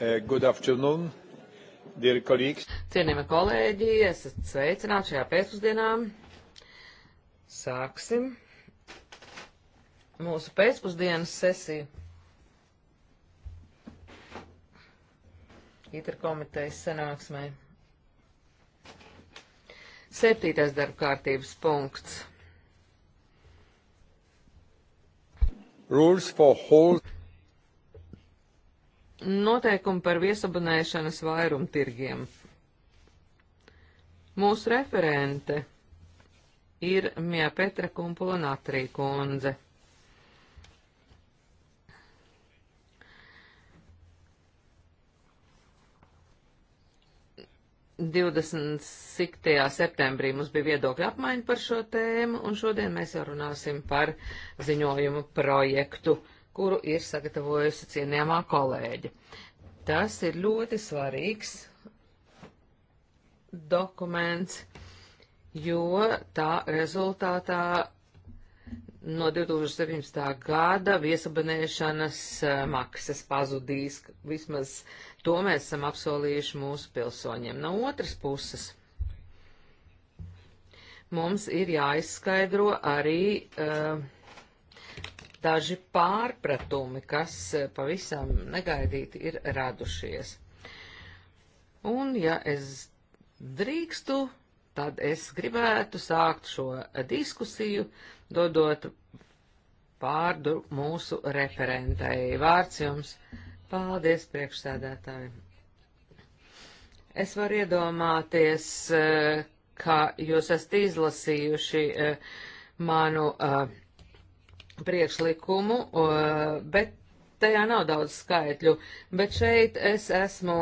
Uh, good afternoon, dear colleagues. Cienījamie kolēģi, esat sveicināti šajā pēcpusdienā. Sāksim mūsu pēcpusdienas sesiju. ITR komitejas sanāksmē. Septītais darba kārtības punkts. Rules for whole Noteikumi par viesabunēšanas vairumtirgiem. Mūsu referente ir Mija Petra Kumpula Natrī kundze. Divdesmit septembrī mums bija viedokļa apmaiņa par šo tēmu, un šodien mēs jau runāsim par ziņojumu projektu. Uh, kuru ir sagatavojusi cienījamā kolēģe. Tas ir ļoti svarīgs dokuments, jo tā rezultātā no 2017. gada viesabonēšanas eh, maksas pazudīs. Vismaz to mēs esam apsolījuši mūsu pilsoņiem. No otras puses, mums ir jāizskaidro arī uh, daži pārpratumi, kas eh, pavisam negaidīti ir radušies. Un, ja es drīkstu, tad es gribētu sākt šo diskusiju, dodot pārdu mūsu referentei. Vārds jums. Paldies, priekšsēdētāji. Es varu iedomāties, eh, ka jūs esat izlasījuši eh, manu uh, priekšlikumu, bet tajā nav daudz skaitļu, bet šeit es esmu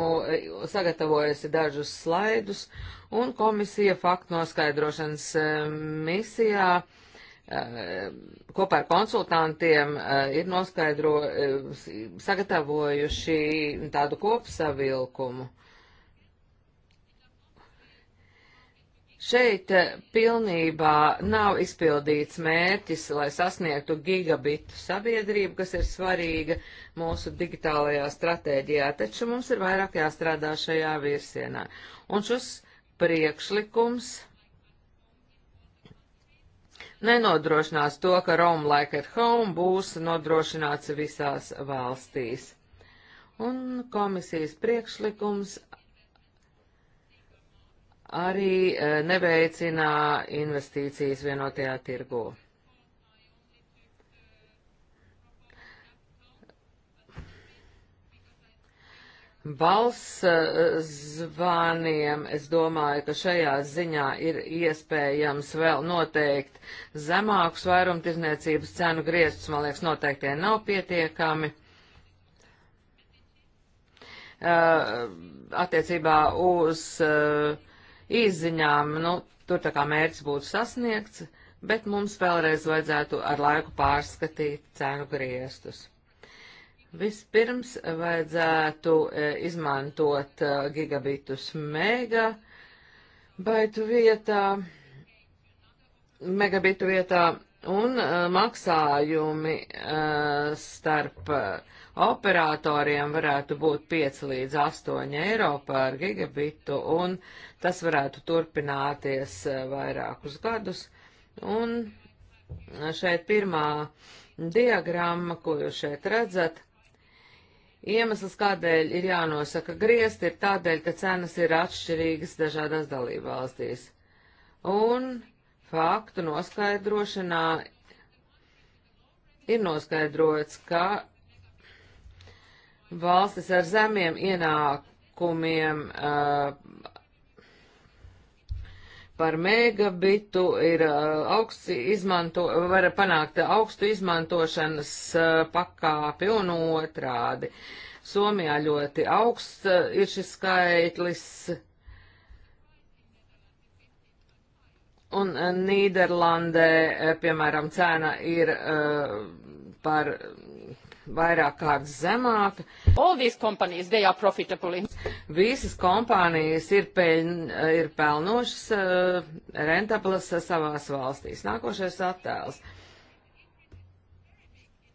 sagatavojusi dažus slaidus, un komisija faktu noskaidrošanas e, misijā e, kopā ar konsultantiem e, ir noskaidro, sagatavojuši tādu kopsavilkumu. Šeit eh, pilnībā nav izpildīts mērķis, lai sasniegtu gigabitu sabiedrību, kas ir svarīga mūsu digitālajā stratēģijā, taču mums ir vairāk jāstrādā šajā virsienā. Un šis priekšlikums nenodrošinās to, ka Rome like at home būs nodrošināts visās valstīs. Un komisijas priekšlikums arī e, neveicina investīcijas vienotajā tirgū. balss zvaniem, es domāju, ka šajā ziņā ir iespējams vēl noteikt zemākus vairumtirdzniecības cenu griestus, man liekas, noteikti nav pietiekami. Uh, attiecībā uz uh, izziņām, nu, tur tā kā mērķis būtu sasniegts, bet mums vēlreiz vajadzētu ar laiku pārskatīt cenu griestus. Vispirms vajadzētu e, izmantot e, gigabitus mega baitu vietā, megabitu vietā, un uh, maksājumi uh, starp uh, operatoriem varētu būt 5 līdz 8 eiro par gigabitu, un tas varētu turpināties uh, vairākus gadus. Un uh, šeit pirmā diagramma, ko jūs šeit redzat, Iemesls, kādēļ ir jānosaka griezt, ir tādēļ, ka cenas ir atšķirīgas dažādās dalībvalstīs. Un faktu noskaidrošanā ir noskaidrots, ka valstis ar zemiem ienākumiem uh, par megabitu ir uh, augsts izmanto, var panākt augstu izmantošanas uh, pakāpi un otrādi. Somijā ļoti augsts ir šis skaitlis. Un eh, Nīderlandē, eh, piemēram, cena ir uh, par vairāk kārtas zemāka. Visas kompānijas ir, peļ, ir pelnošas, uh, rentablas savās valstīs. Nākošais attēls.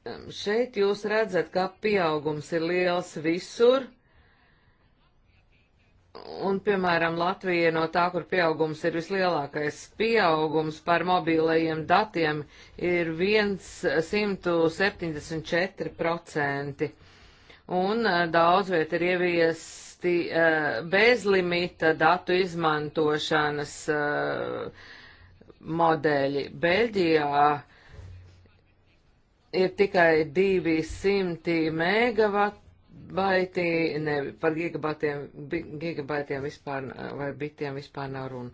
Ehm, šeit jūs redzat, ka pieaugums ir liels visur. Uh, Un, piemēram, Latvija no tā, kur pieaugums ir vislielākais, pieaugums par mobīlajiem datiem ir 174%. Un eh, daudz viet ir ieviesti eh, bezlimita datu izmantošanas eh, modeļi. Beļģijā ir tikai 200 megavat gigabaiti, ne, par gigabaitiem, gigabaitiem vispār vai bitiem vispār nav runa.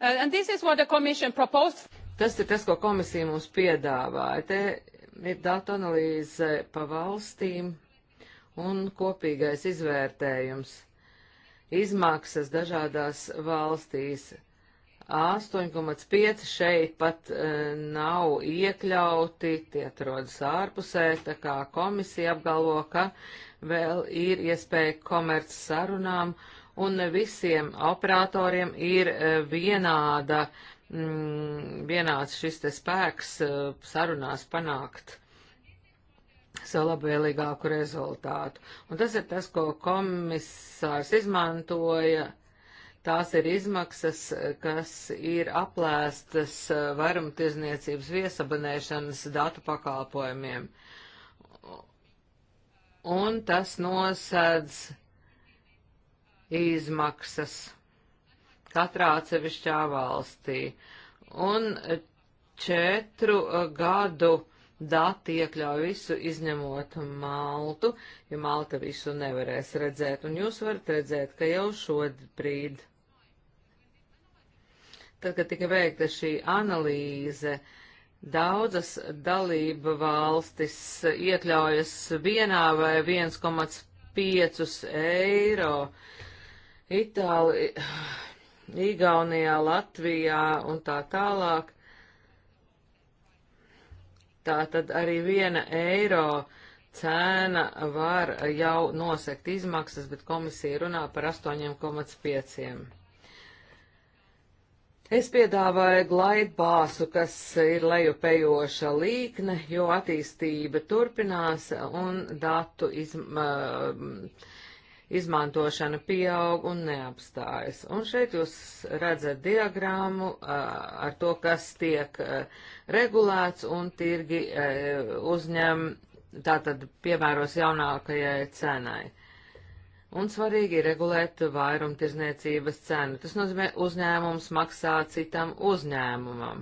Uh, tas ir tas, ko komisija mums piedāvāja. Te ir datu analīze pa valstīm un kopīgais izvērtējums. Izmaksas dažādās valstīs 8,5 šeit pat e, nav iekļauti, tie atrodas ārpusē, tā kā komisija apgalvo, ka vēl ir iespēja komerc sarunām, un ne visiem operatoriem ir e, vienāda, mm, vienāds šis te spēks e, sarunās panākt savu labvēlīgāku rezultātu. Un tas ir tas, ko komisārs izmantoja Tās ir izmaksas, kas ir aplēstas eh, varumtirdzniecības viesabanēšanas datu pakalpojumiem. Un tas nosēdz izmaksas katrā atsevišķā valstī. Un četru eh, gadu dati iekļauj visu, izņemot Maltu, jo Malta visu nevarēs redzēt. Un jūs varat redzēt, ka jau šobrīd tad, kad tika veikta šī analīze, daudzas dalība valstis iekļaujas vienā vai 1,5 eiro. Itāli, Igaunijā, Latvijā un tā tālāk. Tā tad arī viena eiro cēna var jau nosekt izmaksas, bet komisija runā par 8,5. Es piedāvāju glaidbāsu, kas ir lejupējoša līkne, jo attīstība turpinās un datu izma, izmantošana pieaug un neapstājas. Un šeit jūs redzat diagrammu ar to, kas tiek regulēts un tirgi uzņem, tātad piemēros jaunākajai cenai. Un svarīgi ir regulēt vairumtirdzniecības cenu. Tas nozīmē uzņēmums maksā citam uzņēmumam.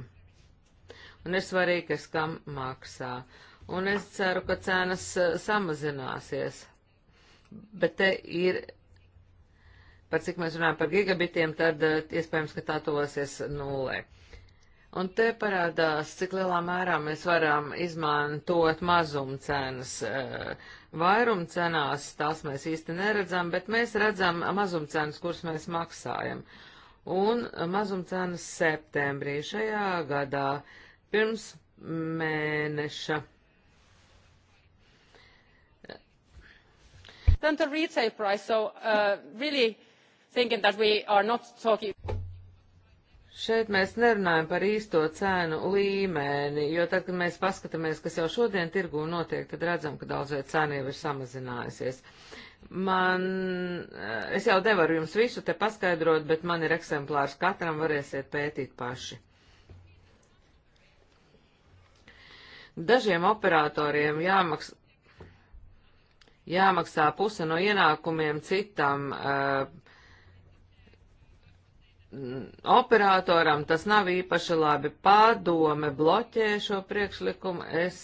Un ir svarīgi, kas kam maksā. Un es ceru, ka cenas eh, samazināsies. Bet te ir par cik mēs runājam par gigabitiem, tad eh, iespējams, ka tā tuvosies nulē. Un te parādās, cik lielā mērā mēs varam izmantot mazumcenas. Eh, vairumcenās tās mēs īsti neredzam, bet mēs redzam mazumcenas, kuras mēs maksājam. Un mazumcenas septembrī šajā gadā pirms mēneša. Than the retail price, so uh, really thinking that we are not talking. Šeit mēs nerunājam par īsto cēnu līmeni, jo tad, kad mēs paskatāmies, kas jau šodien tirgū notiek, tad redzam, ka daudz vai cēna jau ir samazinājusies. Man, eh, es jau nevaru jums visu te paskaidrot, bet man ir eksemplārs katram, varēsiet pētīt paši. Dažiem operatoriem jāmaks, jāmaksā puse no ienākumiem citam uh, operatoram tas nav īpaši labi. Padome bloķē šo priekšlikumu. Es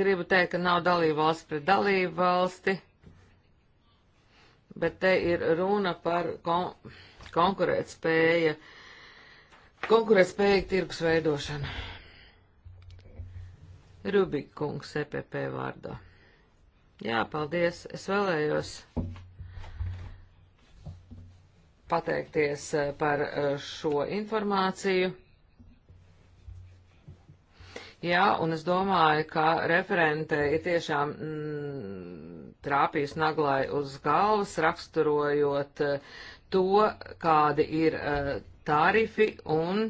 gribu teikt, ka nav dalība valsts pret dalību valsti, bet te ir runa par kon konkurētspēja, konkurētspēja tirgus veidošanu. Rubikungs, EPP vārdā. Jā, paldies. Es vēlējos pateikties eh, par eh, šo informāciju. Jā, un es domāju, ka referente ir tiešām mm, trāpījis naglai uz galvas, raksturojot eh, to, kādi ir tarifi un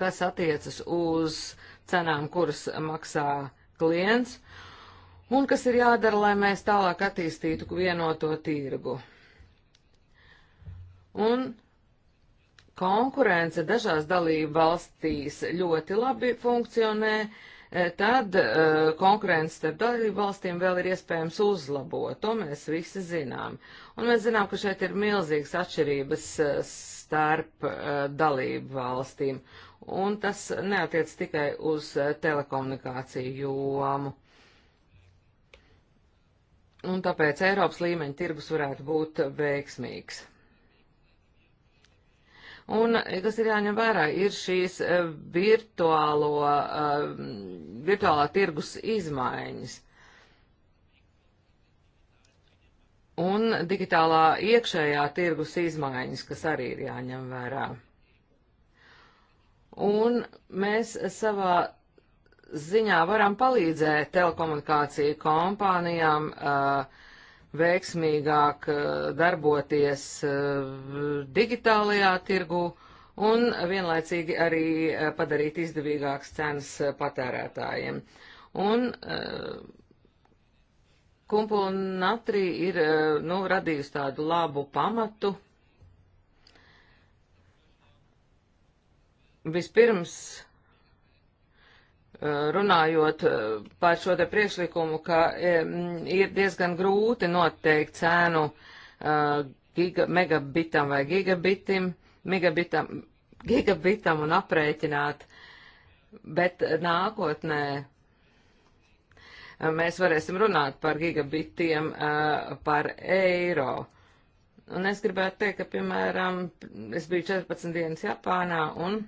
kas attiecas uz cenām, kuras maksā klients, un kas ir jādara, lai mēs tālāk attīstītu vienoto tirgu un konkurence dažās dalību valstīs ļoti labi funkcionē, e, tad uh, konkurence starp dalību valstīm vēl ir iespējams uzlabot. To mēs visi zinām. Un mēs zinām, ka šeit ir milzīgas atšķirības e, starp uh, dalību valstīm. Un tas neatiec tikai uz telekomunikāciju jomu. Un tāpēc Eiropas līmeņa tirgus varētu būt veiksmīgs. Un, kas ir jāņem vērā, ir šīs eh, virtuālo, eh, virtuālā tirgus izmaiņas. Un digitālā iekšējā tirgus izmaiņas, kas arī ir jāņem vērā. Un mēs savā ziņā varam palīdzēt telekomunikāciju kompānijām uh, veiksmīgāk eh, darboties eh, digitālajā tirgu un vienlaicīgi arī eh, padarīt izdevīgākas cenas patērētājiem. Un kumpula natrī ir nu, radījusi tādu labu pamatu. Vispirms runājot eh, par šo te priekšlikumu, ka ir diezgan grūti noteikt cēnu eh, giga, megabitam vai gigabitim, megabitam, gigabitam un aprēķināt, bet nākotnē eh, mēs varēsim runāt par gigabitiem par eiro. Un es gribētu teikt, ka, piemēram, es biju 14 dienas Japānā un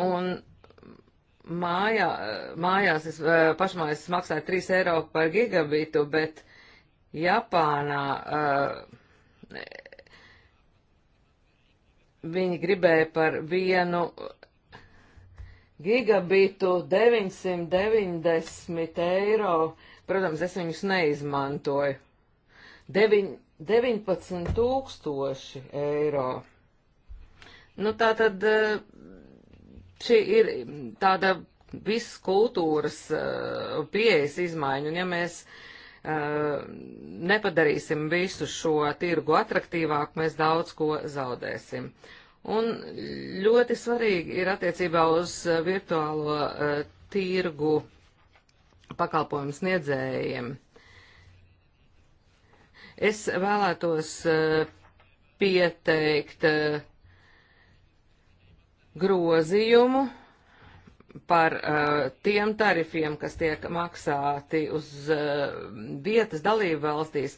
Un mājā, mājās es eh, pašmājas maksāju 3 eiro par gigabitu, bet Japānā uh, viņi gribēja par vienu gigabitu 990 eiro. Protams, es viņus neizmantoju. Deviņ, 19 tūkstoši eiro. Nu, tā tad uh, šī ir tāda viss kultūras uh, pieejas izmaiņa, un ja mēs uh, nepadarīsim visu šo tirgu atraktīvāku, mēs daudz ko zaudēsim. Un ļoti svarīgi ir attiecībā uz eh, virtuālo uh, tirgu pakalpojumu sniedzējiem. Es vēlētos pieteikt uh, grozījumu par uh, tiem tarifiem, kas tiek maksāti uz uh, vietas dalību valstīs.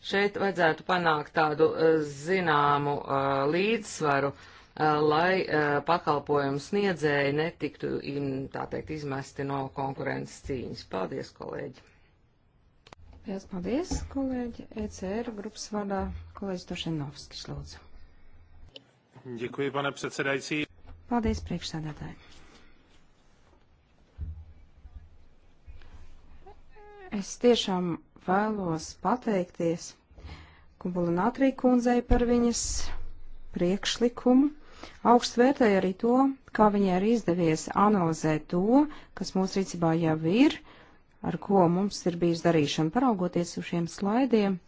Šeit vajadzētu panākt tādu uh, zināmu uh, līdzsvaru, uh, lai uh, pakalpojumu sniedzēji netiktu, in, tā teikt, izmesti no konkurences cīņas. Paldies, kolēģi! Pēc paldies, kolēģi! ECR grupas vadā kolēģis Tošenovskis, lūdzu. Děkuji, pane předsedající. Paldies, priekšsādātāji. Es tiešām vēlos pateikties Kubula Natrī kundzei par viņas priekšlikumu. Augst vērtēja arī to, kā viņai ir izdevies analizēt to, kas mūsu rīcībā jau ir, ar ko mums ir bijis darīšana. Paraugoties uz šiem slaidiem,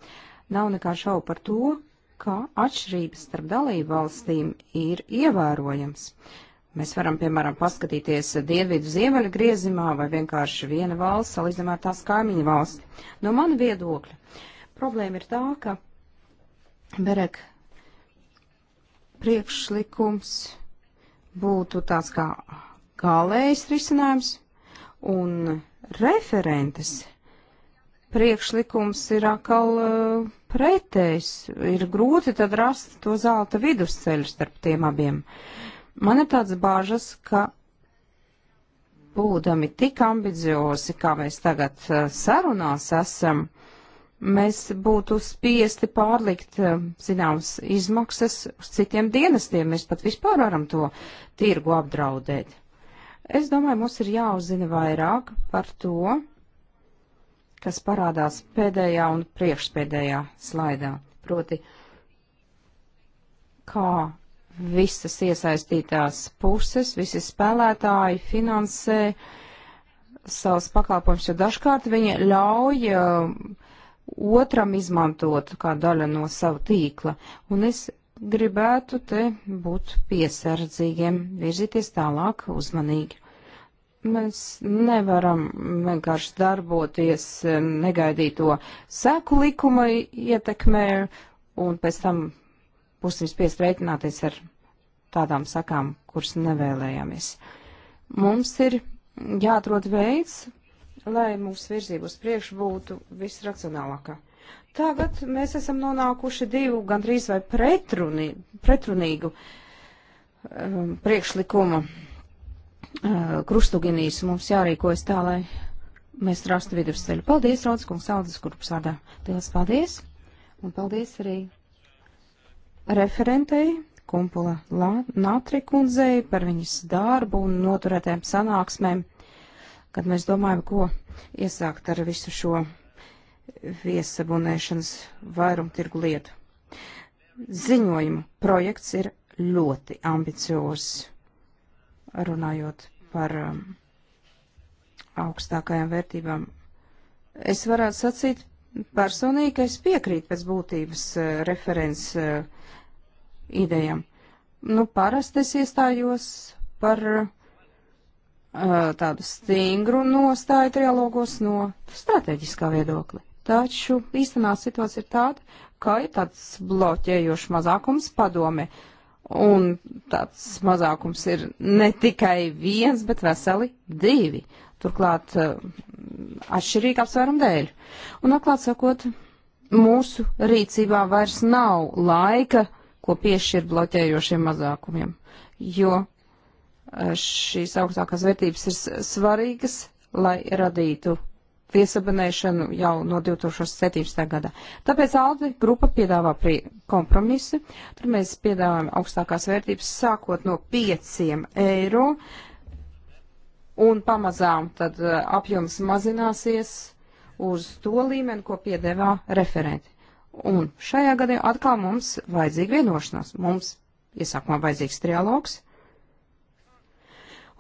nav nekā šaubu par to, ka atšķirības starp dalību valstīm ir ievērojams. Mēs varam, piemēram, paskatīties dienvidu ziemeļu griezumā vai vienkārši viena valsts, salīdzinām ar tās kaimiņu valsti. No mana viedokļa problēma ir tā, ka Berek priekšlikums būtu tāds kā galējs risinājums un referentes priekšlikums ir atkal uh, pretējs, ir grūti tad rast to zelta vidusceļu starp tiem abiem. Man ir tāds bāžas, ka būdami tik ambiciozi, kā mēs tagad sarunās esam, mēs būtu spiesti pārlikt zināmas izmaksas uz citiem dienestiem. Mēs pat vispār varam to tirgu apdraudēt. Es domāju, mums ir jāuzzina vairāk par to, kas parādās pēdējā un priekšpēdējā slaidā. Proti, kā visas iesaistītās puses, visi spēlētāji finansē savus pakalpojumus, jo dažkārt viņi ļauj uh, otram izmantot kā daļa no sava tīkla. Un es gribētu te būt piesardzīgiem, virzīties tālāk uzmanīgi. Mēs nevaram vienkārši darboties negaidīto seku likuma ietekmē un pēc tam būsim spiest rēķināties ar tādām sakām, kuras nevēlējāmies. Mums ir jāatrod veids, lai mūsu virzība uz priekšu būtu visracionālākā. Tagad mēs esam nonākuši divu gandrīz vai pretruni, pretrunīgu um, priekšlikumu Eh, krustuginīs mums jārīkojas tā, lai mēs rastu vidusceļu. Paldies, Rodas kungs, Aldas grupas vārdā. Lielas paldies! Un paldies arī referentei Kumpula Nātri kundzei par viņas darbu un noturētēm sanāksmēm, kad mēs domājam, ko iesākt ar visu šo viesabunēšanas vairumtirgu lietu. Ziņojumu projekts ir ļoti ambiciozs runājot par um, augstākajām vērtībām. Es varētu sacīt personīgi, ka es piekrītu pēc būtības uh, referents uh, idejām. Nu, parasti es iestājos par uh, tādu stingru nostāju trialogos no strateģiskā viedokļa. Taču īstenā situācija ir tāda, ka ir tāds bloķējošs mazākums padome. Uh, Un tāds mazākums ir ne tikai viens, bet veseli divi. Turklāt eh, atšķirīgi apsvērumu dēļ. Un atklāt sakot, mūsu rīcībā vairs nav laika, ko piešķir bloķējošiem mazākumiem, jo eh, šīs augstākās vērtības ir svarīgas, lai radītu piesabinēšanu jau no 2017. gada. Tāpēc ALDE grupa piedāvā kompromisu. Tur mēs piedāvājam augstākās vērtības sākot no 5 eiro un pamazām tad eh, apjoms mazināsies uz to līmeni, ko piedāvā referenti. Un šajā gadījumā atkal mums vajadzīga vienošanās. Mums iesākumā vajadzīgs trialogs.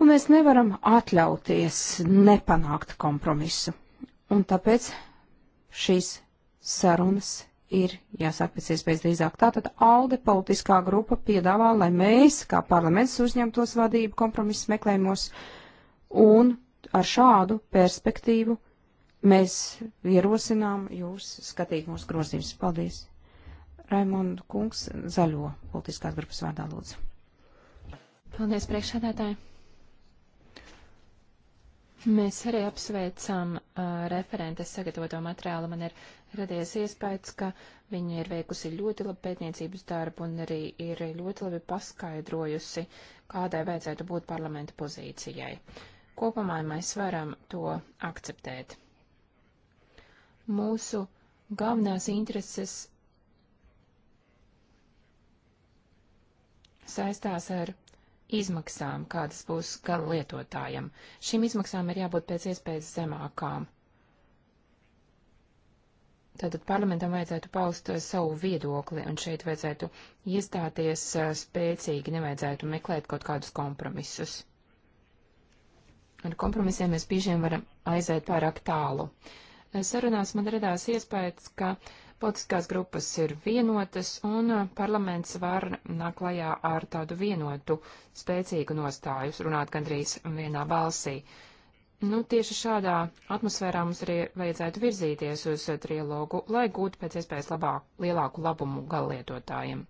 Un mēs nevaram atļauties nepanākt kompromisu. Un tāpēc šīs sarunas ir jāsāk pēc iespējas drīzāk. Tātad ALDE politiskā grupa piedāvā, lai mēs, kā parlaments, uzņemtos vadību kompromisu meklējumos, un ar šādu perspektīvu mēs ierosinām jūs skatīt mūsu grozījumus. Paldies! Raimonda Kungs, zaļo politiskās grupas vārdā lūdzu. Paldies, priekšsēdētāji! Mēs arī apsveicam uh, referentes sagatavoto materiālu. Man ir radies iespējas, ka viņa ir veikusi ļoti labu pētniecības darbu un arī ir ļoti labi paskaidrojusi, kādai vajadzētu būt parlamenta pozīcijai. Kopumā mēs varam to akceptēt. Mūsu galvenās intereses saistās ar izmaksām, kādas būs gala lietotājam. Šīm izmaksām ir jābūt pēc iespējas zemākām. Tātad parlamentam vajadzētu paust savu viedokli, un šeit vajadzētu iestāties eh, spēcīgi, nevajadzētu meklēt kaut kādus kompromisus. Ar kompromisiem mēs bieži vien varam aiziet pārāk tālu. Sarunās man radās iespējas, ka uh, Politiskās grupas ir vienotas, un uh, parlaments var nāk klajā ar tādu vienotu, spēcīgu nostāju, runāt gandrīz vienā balsī. Nu, tieši šādā atmosfērā mums arī vajadzētu virzīties uz uh, trilogu, lai gūtu pēc iespējas labāk, lielāku labumu gallietotājiem.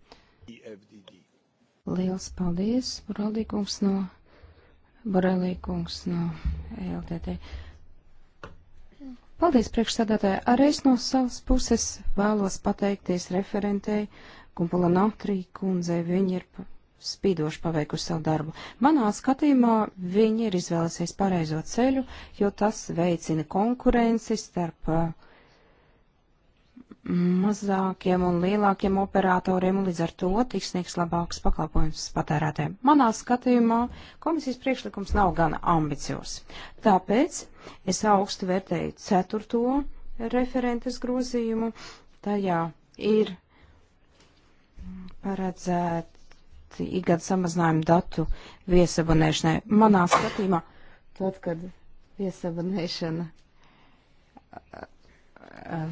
Liels paldies, Borelīkungs no, Borelīkungs no LTT. Paldies, priekšsēdētāji. Arī es no savas puses vēlos pateikties referentei Kumpula Natrī kundzei. Viņa ir spīdoši paveikusi savu darbu. Manā skatījumā viņi ir izvēlēsies pareizo ceļu, jo tas veicina konkurenci starp uh, mazākiem un lielākiem operatoriem, un līdz ar to tiks sniegs labāks pakalpojums patērētēm. Manā skatījumā komisijas priekšlikums nav gana ambicios. Tāpēc es augstu vērtēju ceturto referentes grozījumu. Tajā ir paredzēti ikgada samazinājumi datu viesabonēšanai. Manā skatījumā, tad, kad viesabonēšana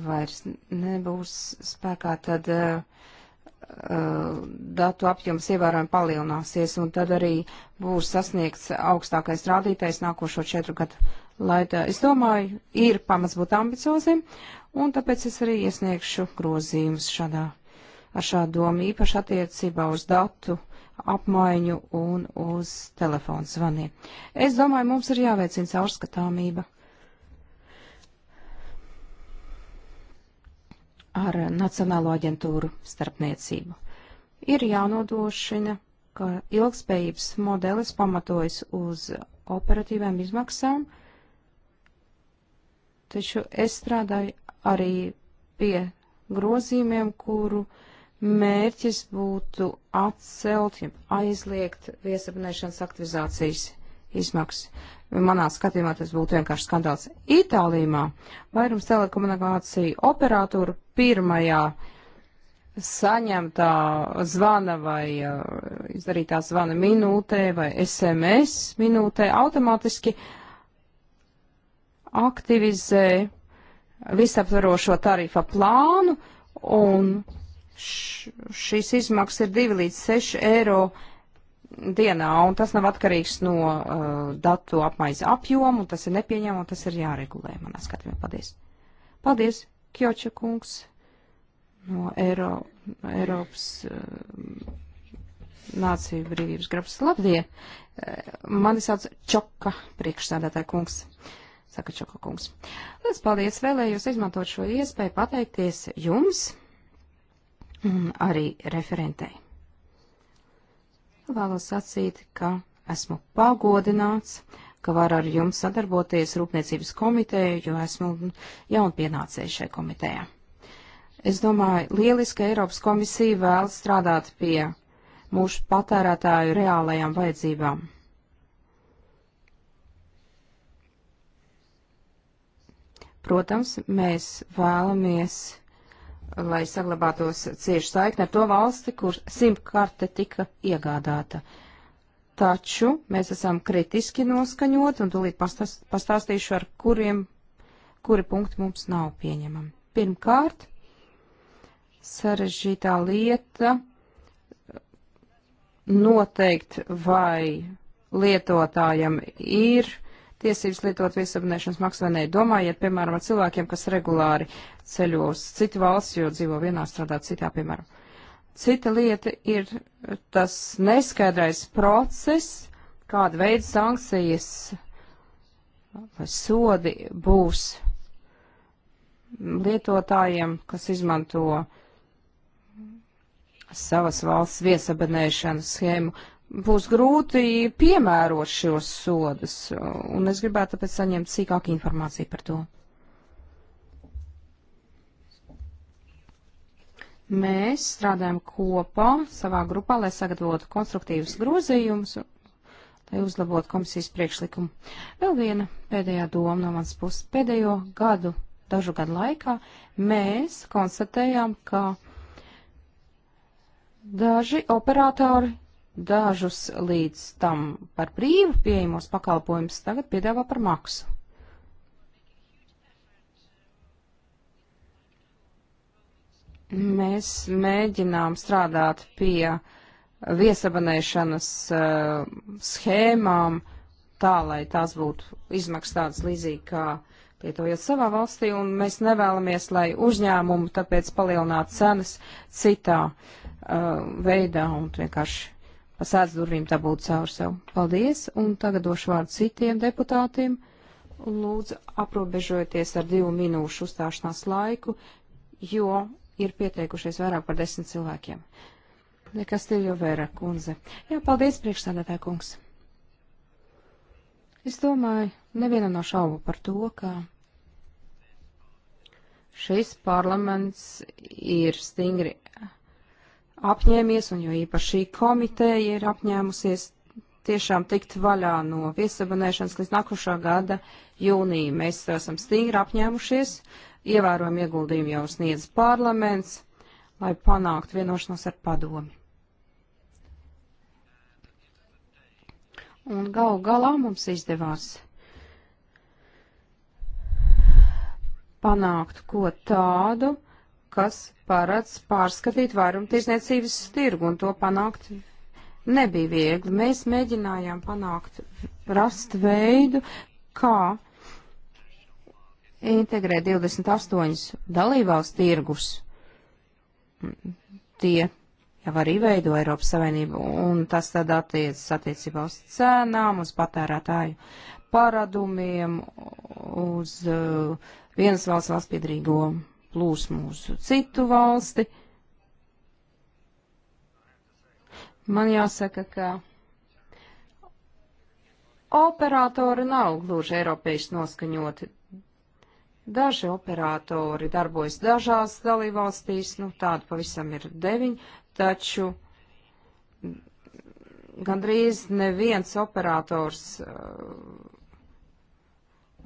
vairs nebūs spēkā, tad uh, datu apjoms ievērojami palielināsies, un tad arī būs sasniegts augstākais rādītais nākošo četru gadu laikā. Es domāju, ir pamats būt ambicioziem, un tāpēc es arī iesniegšu grozījumus šādā, ar šādu domu īpaši attiecībā uz datu apmaiņu un uz telefonu zvaniem. Es domāju, mums ir jāveicina caurskatāmība ar Nacionālo aģentūru starpniecību. Ir jānodrošina, ka ilgspējības modelis pamatojas uz operatīvām izmaksām, taču es strādāju arī pie grozījumiem, kuru mērķis būtu atcelt, aizliegt viesabunēšanas aktivizācijas izmaksas. Manā skatījumā tas būtu vienkārši skandāls. Itālijā vairums telekomunikāciju operatoru pirmajā saņemtā zvana vai uh, izdarītā zvana minūtē vai SMS minūtē automātiski aktivizē visaptvarošo tarifa plānu un šīs izmaksas ir 2 līdz 6 eiro dienā, un tas nav atkarīgs no uh, datu apmaiņas apjomu, tas ir nepieņemama, tas ir jāregulē, manā skatījumā. Paldies. Paldies, Kjoča kungs no Eiro, Eiropas uh, Nāciju brīvības grupas. Labdien! Uh, mani sauc Čoka priekšsēdētāja kungs. Saka Čoka kungs. Liels paldies, vēlējos izmantot šo iespēju pateikties jums un arī referentei. Vēlos sacīt, ka esmu pagodināts, ka var ar jums sadarboties Rūpniecības komiteju, jo esmu jaunpienācējis šai komitejā. Es domāju, lieliski Eiropas komisija vēl strādāt pie mūsu patērētāju reālajām vajadzībām. Protams, mēs vēlamies lai saglabātos cieši saikni ar to valsti, kur simtkarte tika iegādāta. Taču mēs esam kritiski noskaņot, un tūlīt pastāst, pastāstīšu, ar kuriem, kuri punkti mums nav pieņemami. Pirmkārt, sarežģītā lieta noteikt, vai lietotājam ir tiesības lietot viesabunēšanas maksu vai nē. Domājiet, piemēram, ar cilvēkiem, kas regulāri ceļo uz citu valsts, jo dzīvo vienā, strādā citā, piemēram. Cita lieta ir tas neskaidrais process, kāda veida sankcijas vai sodi būs lietotājiem, kas izmanto savas valsts viesabinēšanas schēmu būs grūti piemērot šos sodus, un es gribētu tāpēc saņemt sīkāku informāciju par to. Mēs strādājam kopā savā grupā, lai sagatavotu konstruktīvus grozījumus, lai uzlabotu komisijas priekšlikumu. Vēl viena pēdējā doma no manas puses. Pēdējo gadu, dažu gadu laikā mēs konstatējām, ka daži operatori dažus līdz tam par brīvu pieejamos pakalpojumus tagad piedāvā par maksu. Mēs mēģinām strādāt pie viesabanēšanas uh, schēmām tā, lai tās būtu izmaksas tādas līdzīgi kā lietojot savā valstī, un mēs nevēlamies, lai uzņēmumu tāpēc palielinātu cenas citā uh, veidā un vienkārši pa sēdz durvīm tā būtu caur sev. Paldies, un tagad došu vārdu citiem deputātiem. Lūdzu, aprobežojieties ar divu minūšu uzstāšanās laiku, jo ir pieteikušies vairāk par desmit cilvēkiem. Nekas tev jau vēra, kundze. Jā, paldies, priekšsādātā kungs. Es domāju, nevienam nav no šaubu par to, ka šis parlaments ir stingri apņēmies, un jo īpaši šī komiteja ir apņēmusies tiešām tikt vaļā no viesabunēšanas līdz nākošā gada jūnija. Mēs to esam stingri apņēmušies, ievērojam ieguldījumu jau sniedz parlaments, lai panāktu vienošanos ar padomi. Un gal galā mums izdevās panākt ko tādu, kas paredz pārskatīt vairumtirdzniecības tirgu, un to panākt nebija viegli. Mēs mēģinājām panākt, rast veidu, kā integrēt 28 dalībvalsts tirgus. Tie jau arī veido Eiropas Savienību, un tas tad attiecas attiecībā uz cenām, uz patērētāju paradumiem, uz uh, vienas valsts valsts piedrīgumu plūsmu uz citu valsti. Man jāsaka, ka operatori nav gluži eiropeiski noskaņoti. Daži operatori darbojas dažās dalībvalstīs, nu tādu pavisam ir deviņi, taču gandrīz neviens operators eh,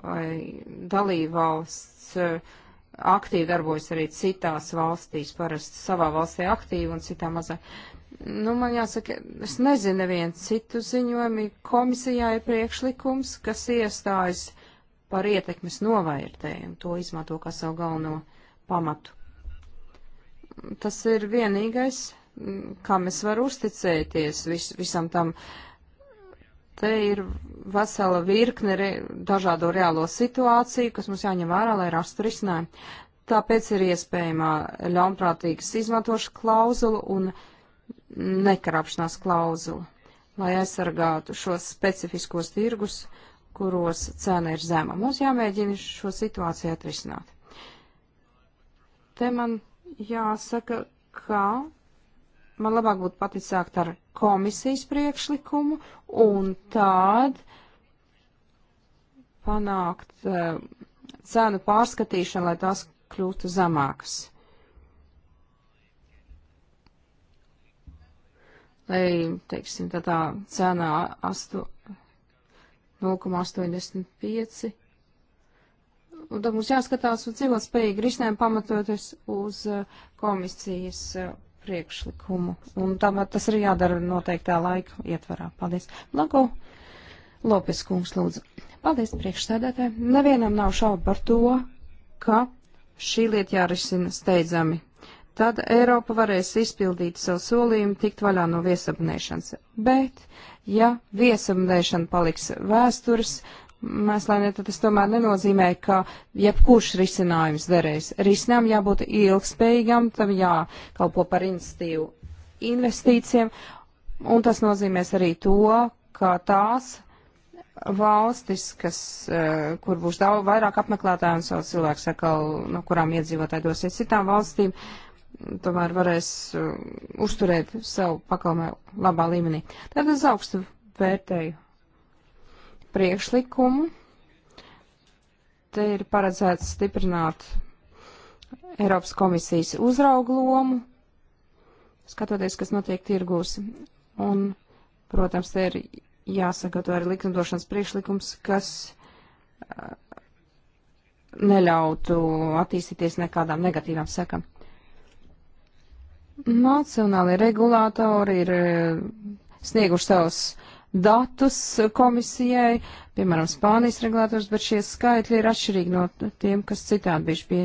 vai dalībvalsts eh, aktīvi darbojas arī citās valstīs, parasti savā valstī aktīvi un citā mazā. Nu, man jāsaka, es nezinu nevienu citu ziņojumu. Komisijā ir priekšlikums, kas iestājas par ietekmes novērtējumu, to izmanto kā savu galveno pamatu. Tas ir vienīgais, kam es varu uzticēties vis, visam tam uh, te ir vesela virkne re, dažādo reālo situāciju, kas mums jāņem vērā, lai rastu risinājumu. Tāpēc ir iespējamā ļaunprātīgas izmantošana klauzula un nekrāpšanās klauzula, lai aizsargātu šos specifiskos tirgus, kuros cena ir zema. Mums jāmēģina šo situāciju atrisināt. Te man jāsaka, ka man labāk būtu paticākt ar komisijas priekšlikumu un tād panākt uh, cenu pārskatīšanu, lai tās kļūtu zemākas. Lai, teiksim, tā tā cenā 0,85. Un tad mums jāskatās uz dzīvotspējīgu risinājumu pamatoties uz eh, komisijas eh, priekšlikumu. Un tam, tas ir jādara noteiktā laika ietvarā. Paldies. Blanko Lopes kungs lūdzu. Paldies priekšsēdētē. Nevienam nav šaubu par to, ka šī lieta jārisina steidzami. Tad Eiropa varēs izpildīt savu solījumu tikt vaļā no viesabunēšanas. Bet, ja viesabunēšana paliks vēstures Mēslēnieta tas tomēr nenozīmē, ka jebkurš risinājums derēs. Risinājumam jābūt ilgspējīgam, tam jākalpo par institīvu investīcijiem, un tas nozīmēs arī to, ka tās valstis, kas, eh, kur būs daudz vairāk apmeklētāju un savu cilvēku sakal, no kurām iedzīvotāji dosies citām valstīm, tomēr varēs eh, uzturēt savu pakalmē labā līmenī. Tad es augstu vērtēju priekšlikumu. Te ir paredzēts stiprināt Eiropas komisijas uzraugu lomu, skatoties, kas notiek tirgūs. Un, protams, te ir jāsagatavo arī likumdošanas priekšlikums, kas uh, neļautu attīstīties nekādām negatīvām sekām. Nacionālie regulātori ir uh, snieguši savus datus komisijai, piemēram, Spānijas regulātors, bet šie skaitļi ir atšķirīgi no tiem, kas citādi bijuši pie.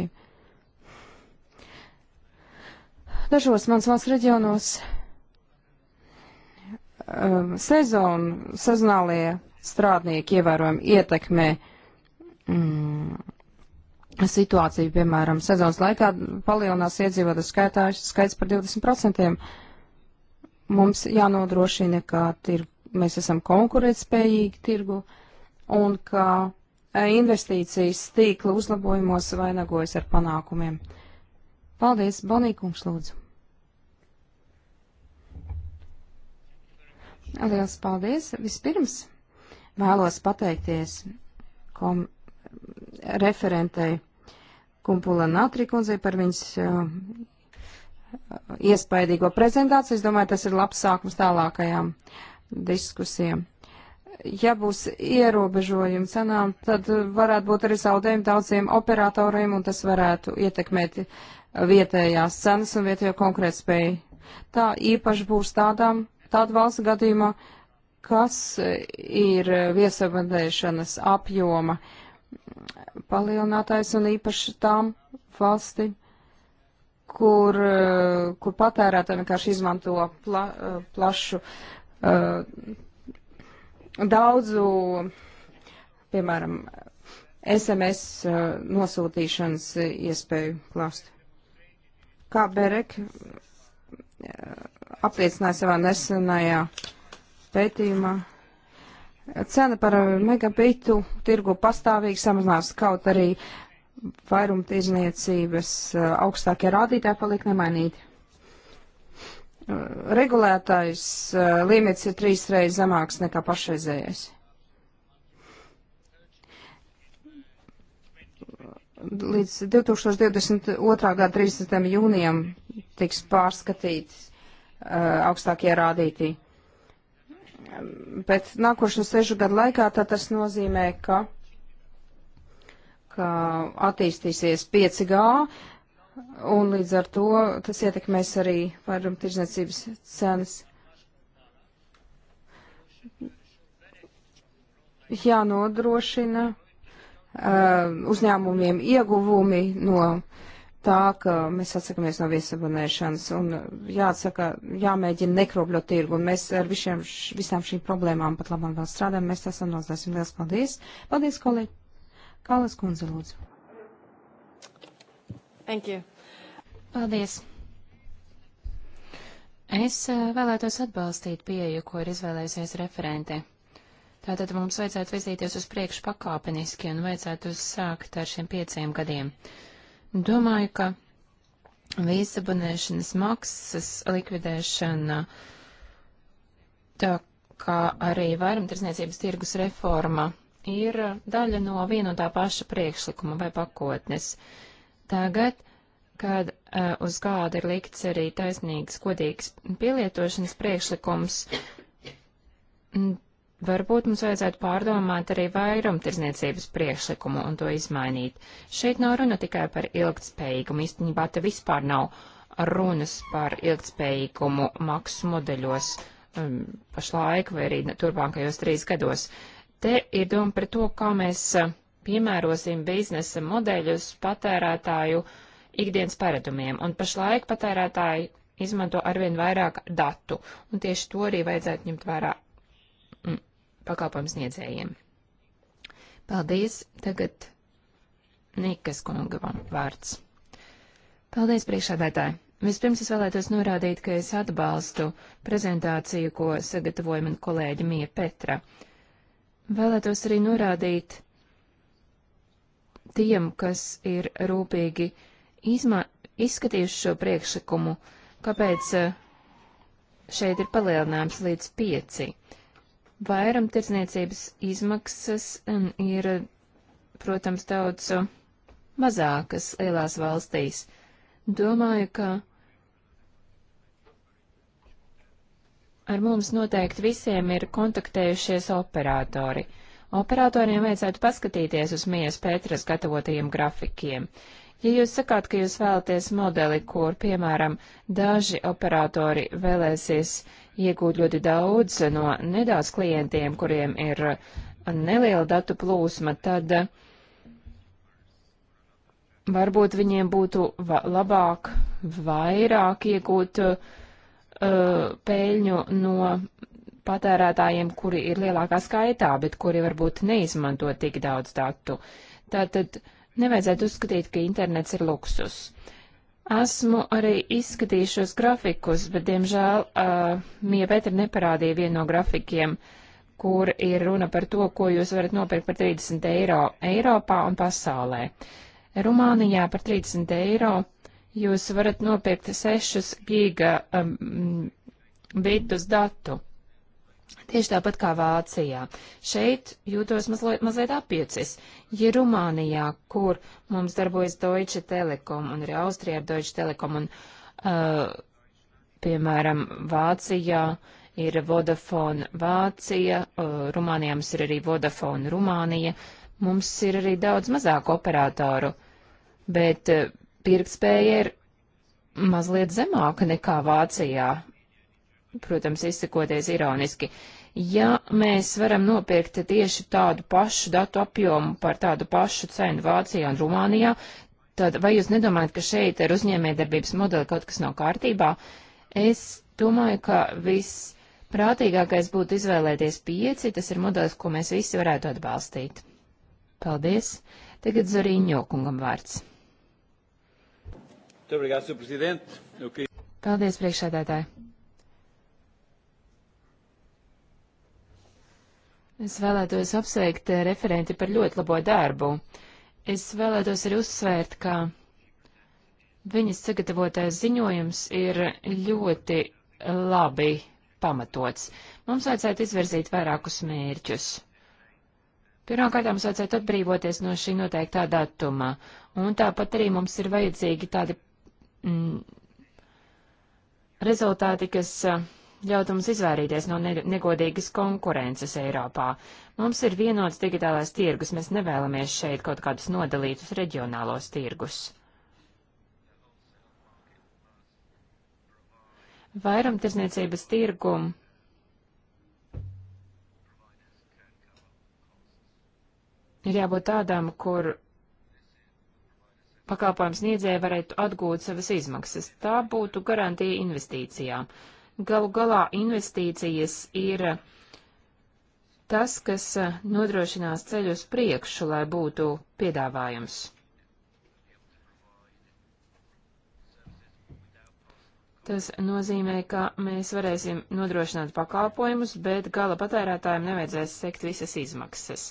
Dažos mans valsts reģionos um, sezonu, sezonālie strādnieki ievērojami ietekmē mm, situāciju, piemēram, sezonas laikā palielinās iedzīvotāju skaitā skaits par 20%. Mums jānodrošina, ka tirgu mēs esam konkurētspējīgi tirgu un ka e, investīcijas tīkla uzlabojumos vainagojas ar panākumiem. Paldies, Bonīkums, lūdzu. Liels paldies! Vispirms vēlos pateikties kom, referentei Kumpula Natrikundzei par viņas uh, iespaidīgo prezentāciju. Es domāju, tas ir labs sākums tālākajām uh, diskusijām. Ja būs ierobežojumi cenām, tad varētu būt arī zaudējumi daudziem operatoriem, un tas varētu ietekmēt vietējās cenas un vietējo konkurētspēju. Tā īpaši būs tādām, tāda valsts gadījumā, kas ir viesavadēšanas apjoma palielinātājs un īpaši tām valstīm, kur, kur patērētāji vienkārši izmanto pla, plašu uh, Uh, daudzu, piemēram, SMS uh, nosūtīšanas iespēju klāstu. Kā Berek uh, apliecināja savā nesenajā pētījumā, cena par megabitu tirgu pastāvīgi samazinās kaut arī vairumtirdzniecības augstākie rādītāji palika nemainīti regulētais eh, limits ir trīs reizes zemāks nekā pašreizējais. Līdz 2022. gada 30. jūnijam tiks pārskatīti uh, augstākie rādītī. Bet nākošo sešu gadu laikā tas nozīmē, ka, ka attīstīsies 5G, uh, un līdz ar to tas ietekmēs arī vairumtirdzniecības cenas. Jānodrošina uh, uzņēmumiem ieguvumi no tā, ka mēs atsakamies no viesabonēšanas un jāatsaka, jāmēģina nekropļot tirgu. Un mēs ar visiem, visām šīm problēmām pat labam vēl strādājam. Mēs esam nozdāsim. Liels paldies. Paldies, kolēģi. Kalas kundze, lūdzu. Thank you. Paldies. Es eh, vēlētos atbalstīt pieeju, ko ir izvēlējusies referente. Tātad mums vajadzētu virzīties uz priekšu pakāpeniski un vajadzētu sākt ar šiem pieciem gadiem. Domāju, ka vīzabunēšanas maksas likvidēšana, tā kā arī vairumtirdzniecības tirgus reforma, ir daļa no viena un tā paša priekšlikuma vai pakotnes. Uh, Tagad, kad uh, uz gāda ir likts arī taisnīgs, godīgs pielietošanas priekšlikums, Varbūt mums vajadzētu pārdomāt arī vairumtirdzniecības priekšlikumu un to izmainīt. Šeit nav runa tikai par ilgtspējīgumu, īstenībā te vispār nav runas par ilgtspējīgumu maksu modeļos um, pašlaik vai arī turpākajos trīs gados. Te ir doma par to, kā mēs uh, piemērosim biznesa modeļus patērētāju ikdienas paradumiem, un pašlaik patērētāji izmanto arvien vairāk datu, un tieši to arī vajadzētu ņemt vērā mm, pakalpojums niedzējiem. Paldies, tagad Nikas kungavam vārds. Paldies, priekšādētāji! Vispirms es vēlētos norādīt, ka es atbalstu prezentāciju, ko sagatavoja man kolēģi Mija Petra. Vēlētos arī norādīt, tiem, kas ir rūpīgi izma izskatījuši šo priekšlikumu, kāpēc eh, šeit ir palielinājums līdz pieci. Vairam tirdzniecības izmaksas um, ir, protams, daudz eh, mazākas lielās valstīs. Domāju, ka ar mums noteikti visiem ir kontaktējušies operatori. Uh, Operatoriem vajadzētu paskatīties uz Mijas Pētras gatavotajiem grafikiem. Ja jūs sakāt, ka jūs vēlaties modeli, kur, piemēram, daži operatori vēlēsies iegūt ļoti daudz no nedaudz klientiem, kuriem ir neliela datu plūsma, tad eh, varbūt viņiem būtu va labāk vairāk iegūt uh, eh, pēļņu no patērētājiem, kuri ir lielākā skaitā, bet kuri varbūt neizmanto tik daudz datu. Tātad nevajadzētu uzskatīt, ka internets ir luksus. Esmu arī izskatījušos grafikus, bet, diemžēl, uh, Mija Petra neparādīja vienu no grafikiem, kur ir runa par to, ko jūs varat nopirkt par 30 eiro Eiropā un pasaulē. Rumānijā par 30 eiro jūs varat nopirkt 6 giga um, bitus datu tieši tāpat kā Vācijā. Šeit jūtos mazliet, mazliet apjucis. Ja Rumānijā, kur mums darbojas Deutsche Telekom un arī Austrijā ar Deutsche Telekom un, uh, piemēram, Vācijā ir Vodafone Vācija, uh, Rumānijā mums ir arī Vodafone Rumānija, mums ir arī daudz mazāku operatoru, bet uh, pirktspēja ir mazliet zemāka nekā Vācijā. Protams, izsakoties ironiski, Ja mēs varam nopirkt tieši tādu pašu datu apjomu par tādu pašu cenu Vācijā un Rumānijā, tad vai jūs nedomājat, ka šeit ar uzņēmējdarbības modeli kaut kas nav kārtībā? Es domāju, ka viss Prātīgākais būtu izvēlēties pieci, tas ir modelis, ko mēs visi varētu atbalstīt. Paldies! Tagad Zorīņo kungam vārds. Paldies, priekšsēdētāji! Es vēlētos apsveikt eh, referenti par ļoti labo darbu. Es vēlētos arī uzsvērt, ka viņas sagatavotais ziņojums ir ļoti labi pamatots. Mums vajadzētu izvirzīt vairākus mērķus. Pirmkārt, mums vajadzētu atbrīvoties no šī noteiktā datuma, un tāpat arī mums ir vajadzīgi tādi mm, rezultāti, kas ļautu mums izvairīties no negodīgas konkurences Eiropā. Mums ir vienots digitālais tirgus, mēs nevēlamies šeit kaut kādus nodalītus reģionālos tirgus. Vairumtirdzniecības tirgumu ir jābūt tādām, kur pakalpojums niedzēja varētu atgūt savas izmaksas. Tā būtu garantija investīcijām. Uh, Galu galā investīcijas ir tas, kas eh, nodrošinās ceļu uz priekšu, lai būtu piedāvājums. Tas nozīmē, ka mēs varēsim nodrošināt pakalpojumus, bet gala patērētājiem nevajadzēs sekt visas izmaksas.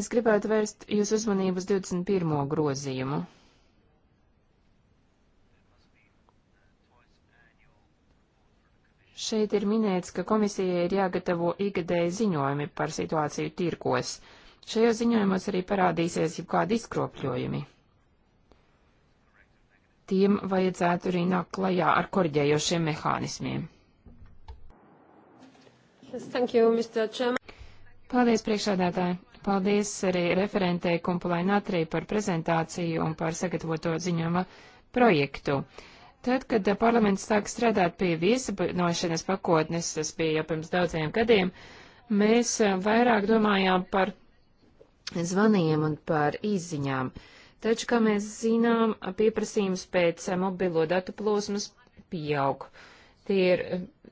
Es gribētu vērst jūs uzmanību uz 21. grozījumu. Šeit ir minēts, ka komisijai ir jāgatavo ikgadēji ziņojumi par situāciju tirkos. Šajos ziņojumos arī parādīsies jau kādi izkropļojumi. Tiem vajadzētu arī nākt klajā ar korģējošiem mehānismiem. Yes, thank you, Mr. Chairman. Paldies, priekšādātāji. Paldies arī referentei Kumpulai Natrī par prezentāciju un par sagatavoto ziņojuma projektu. Uh, Tad, kad parlaments sāka strādāt pie viesabinošanas pakotnes, tas bija jau pirms daudziem gadiem, mēs eh, vairāk domājām par zvaniem un par izziņām. Taču, kā mēs zinām, pieprasījums pēc eh, mobilo datu plūsmas pieaug. Tie ir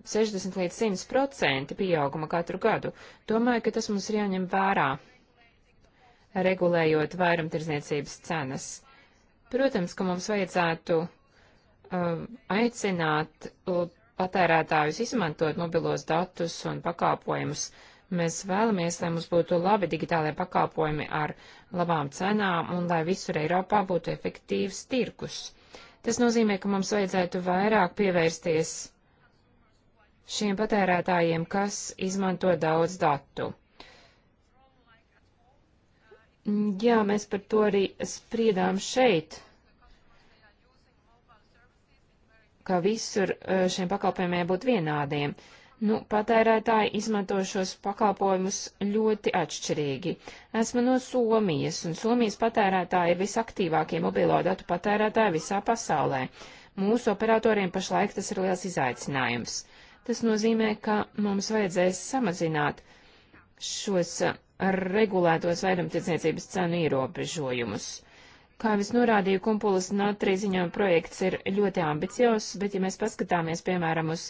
60 eh, līdz 100 procenti pieauguma katru gadu. Domāju, ka tas mums ir jāņem vērā, regulējot vairumtirdzniecības cenas. Protams, ka mums vajadzētu um, aicināt patērētājus izmantot mobilos datus un pakāpojumus. Mēs vēlamies, lai mums būtu labi digitālai pakāpojumi ar labām cenām un lai visur Eiropā būtu efektīvs tirkus. Tas nozīmē, ka mums vajadzētu vairāk pievērsties šiem patērētājiem, kas izmanto daudz datu. Jā, mēs par to arī spriedām šeit, ka visur e, šiem pakalpojumiem būtu vienādiem. Nu, patērētāji izmanto šos pakalpojumus ļoti atšķirīgi. Esmu no Somijas, un Somijas patērētāji ir visaktīvākie mobilo datu patērētāji visā pasaulē. Mūsu operatoriem pašlaik tas ir liels izaicinājums. Tas nozīmē, ka mums vajadzēs samazināt šos regulētos vairumtirdzniecības cenu ierobežojumus. Kā jau es norādīju, kumpulas natrija ziņojuma projekts ir ļoti ambiciozs, bet ja mēs paskatāmies, piemēram, uz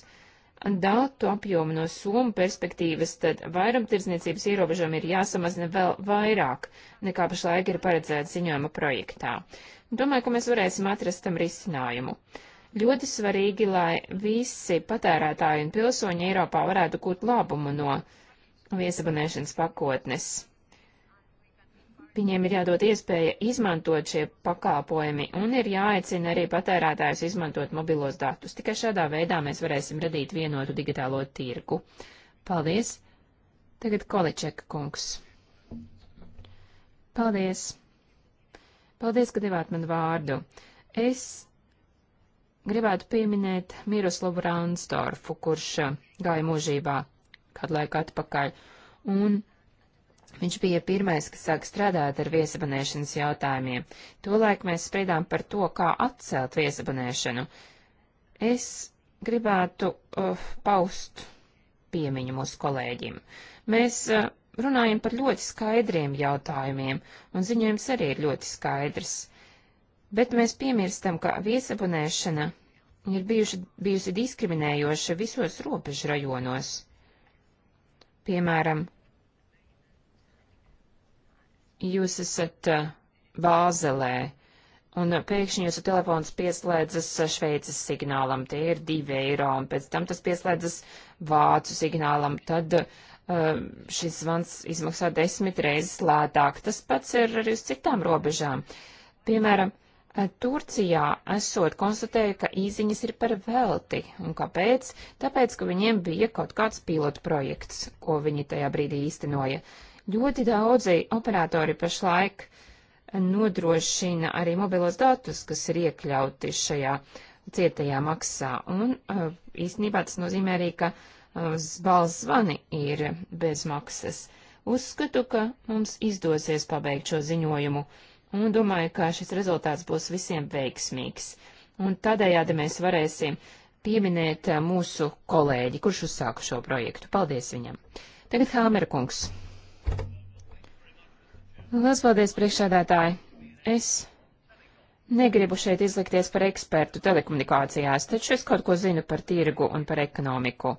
datu apjomu no Somu perspektīvas, tad vairumtirdzniecības ierobežojumi ir jāsamazina vēl vairāk, nekā pašlaik ir paredzēts ziņojuma projektā. Domāju, ka mēs varēsim atrast tam risinājumu. Ļoti svarīgi, lai visi patērētāji un pilsoņi Eiropā varētu gūt labumu no viesabunēšanas pakotnes. Viņiem ir jādod iespēja izmantot šie pakāpojumi un ir jāaicina arī patērētājus izmantot mobilos datus. Tikai šādā veidā mēs varēsim radīt vienotu digitālo tirgu. Paldies! Tagad Količeka kungs. Paldies! Paldies, ka devāt man vārdu. Es gribētu pieminēt Miroslavu Rānstorfu, kurš gāja mūžībā kādu laiku atpakaļ. Un Viņš bija pirmais, kas sāka strādāt ar viesabonēšanas jautājumiem. Tolaik mēs spriedām par to, kā atcelt viesabonēšanu. Es gribētu uh, paust piemiņu mūsu kolēģim. Mēs uh, runājam par ļoti skaidriem jautājumiem, un ziņojums arī ir ļoti skaidrs. Bet mēs piemirstam, ka viesabonēšana ir bijuši, bijusi diskriminējoša visos robežu rajonos. Piemēram, jūs esat eh, Bāzelē, un pēkšņi jūsu telefons pieslēdzas eh, Šveices signālam, tie ir 2 eiro, un pēc tam tas pieslēdzas Vācu signālam, tad uh, šis zvans izmaksā desmit reizes lētāk. Tas pats ir arī uz citām robežām. Piemēram, Turcijā esot konstatēju, ka īziņas ir par velti. Un kāpēc? Tāpēc, ka viņiem bija kaut kāds pilotu projekts, ko viņi tajā brīdī īstenoja. Uh, Ļoti daudzi operatori pašlaik nodrošina arī mobilos datus, kas ir iekļauti šajā cietajā maksā. Un uh, īstenībā tas nozīmē arī, ka uh, balss zvani ir bez maksas. Uzskatu, ka mums izdosies pabeigt šo ziņojumu un domāju, ka šis rezultāts būs visiem veiksmīgs. Un tādējādi mēs varēsim pieminēt uh, mūsu kolēģi, kurš uzsāka šo projektu. Paldies viņam! Tagad Hāmerkungs. kungs. Lielas paldies, priekšsēdētāji! Es negribu šeit izlikties par ekspertu telekomunikācijās, taču es kaut ko zinu par tirgu un par ekonomiku.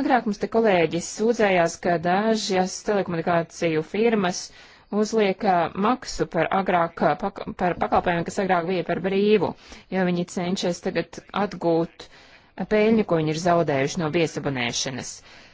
Agrāk mums te kolēģis sūdzējās, ka dažas telekomunikāciju firmas uzliek maksu par, agrāk, pak par pakalpojumiem, kas agrāk bija par brīvu, jo viņi cenšas tagad atgūt peļņu, ko viņi ir zaudējuši no viesabonēšanas. Uh,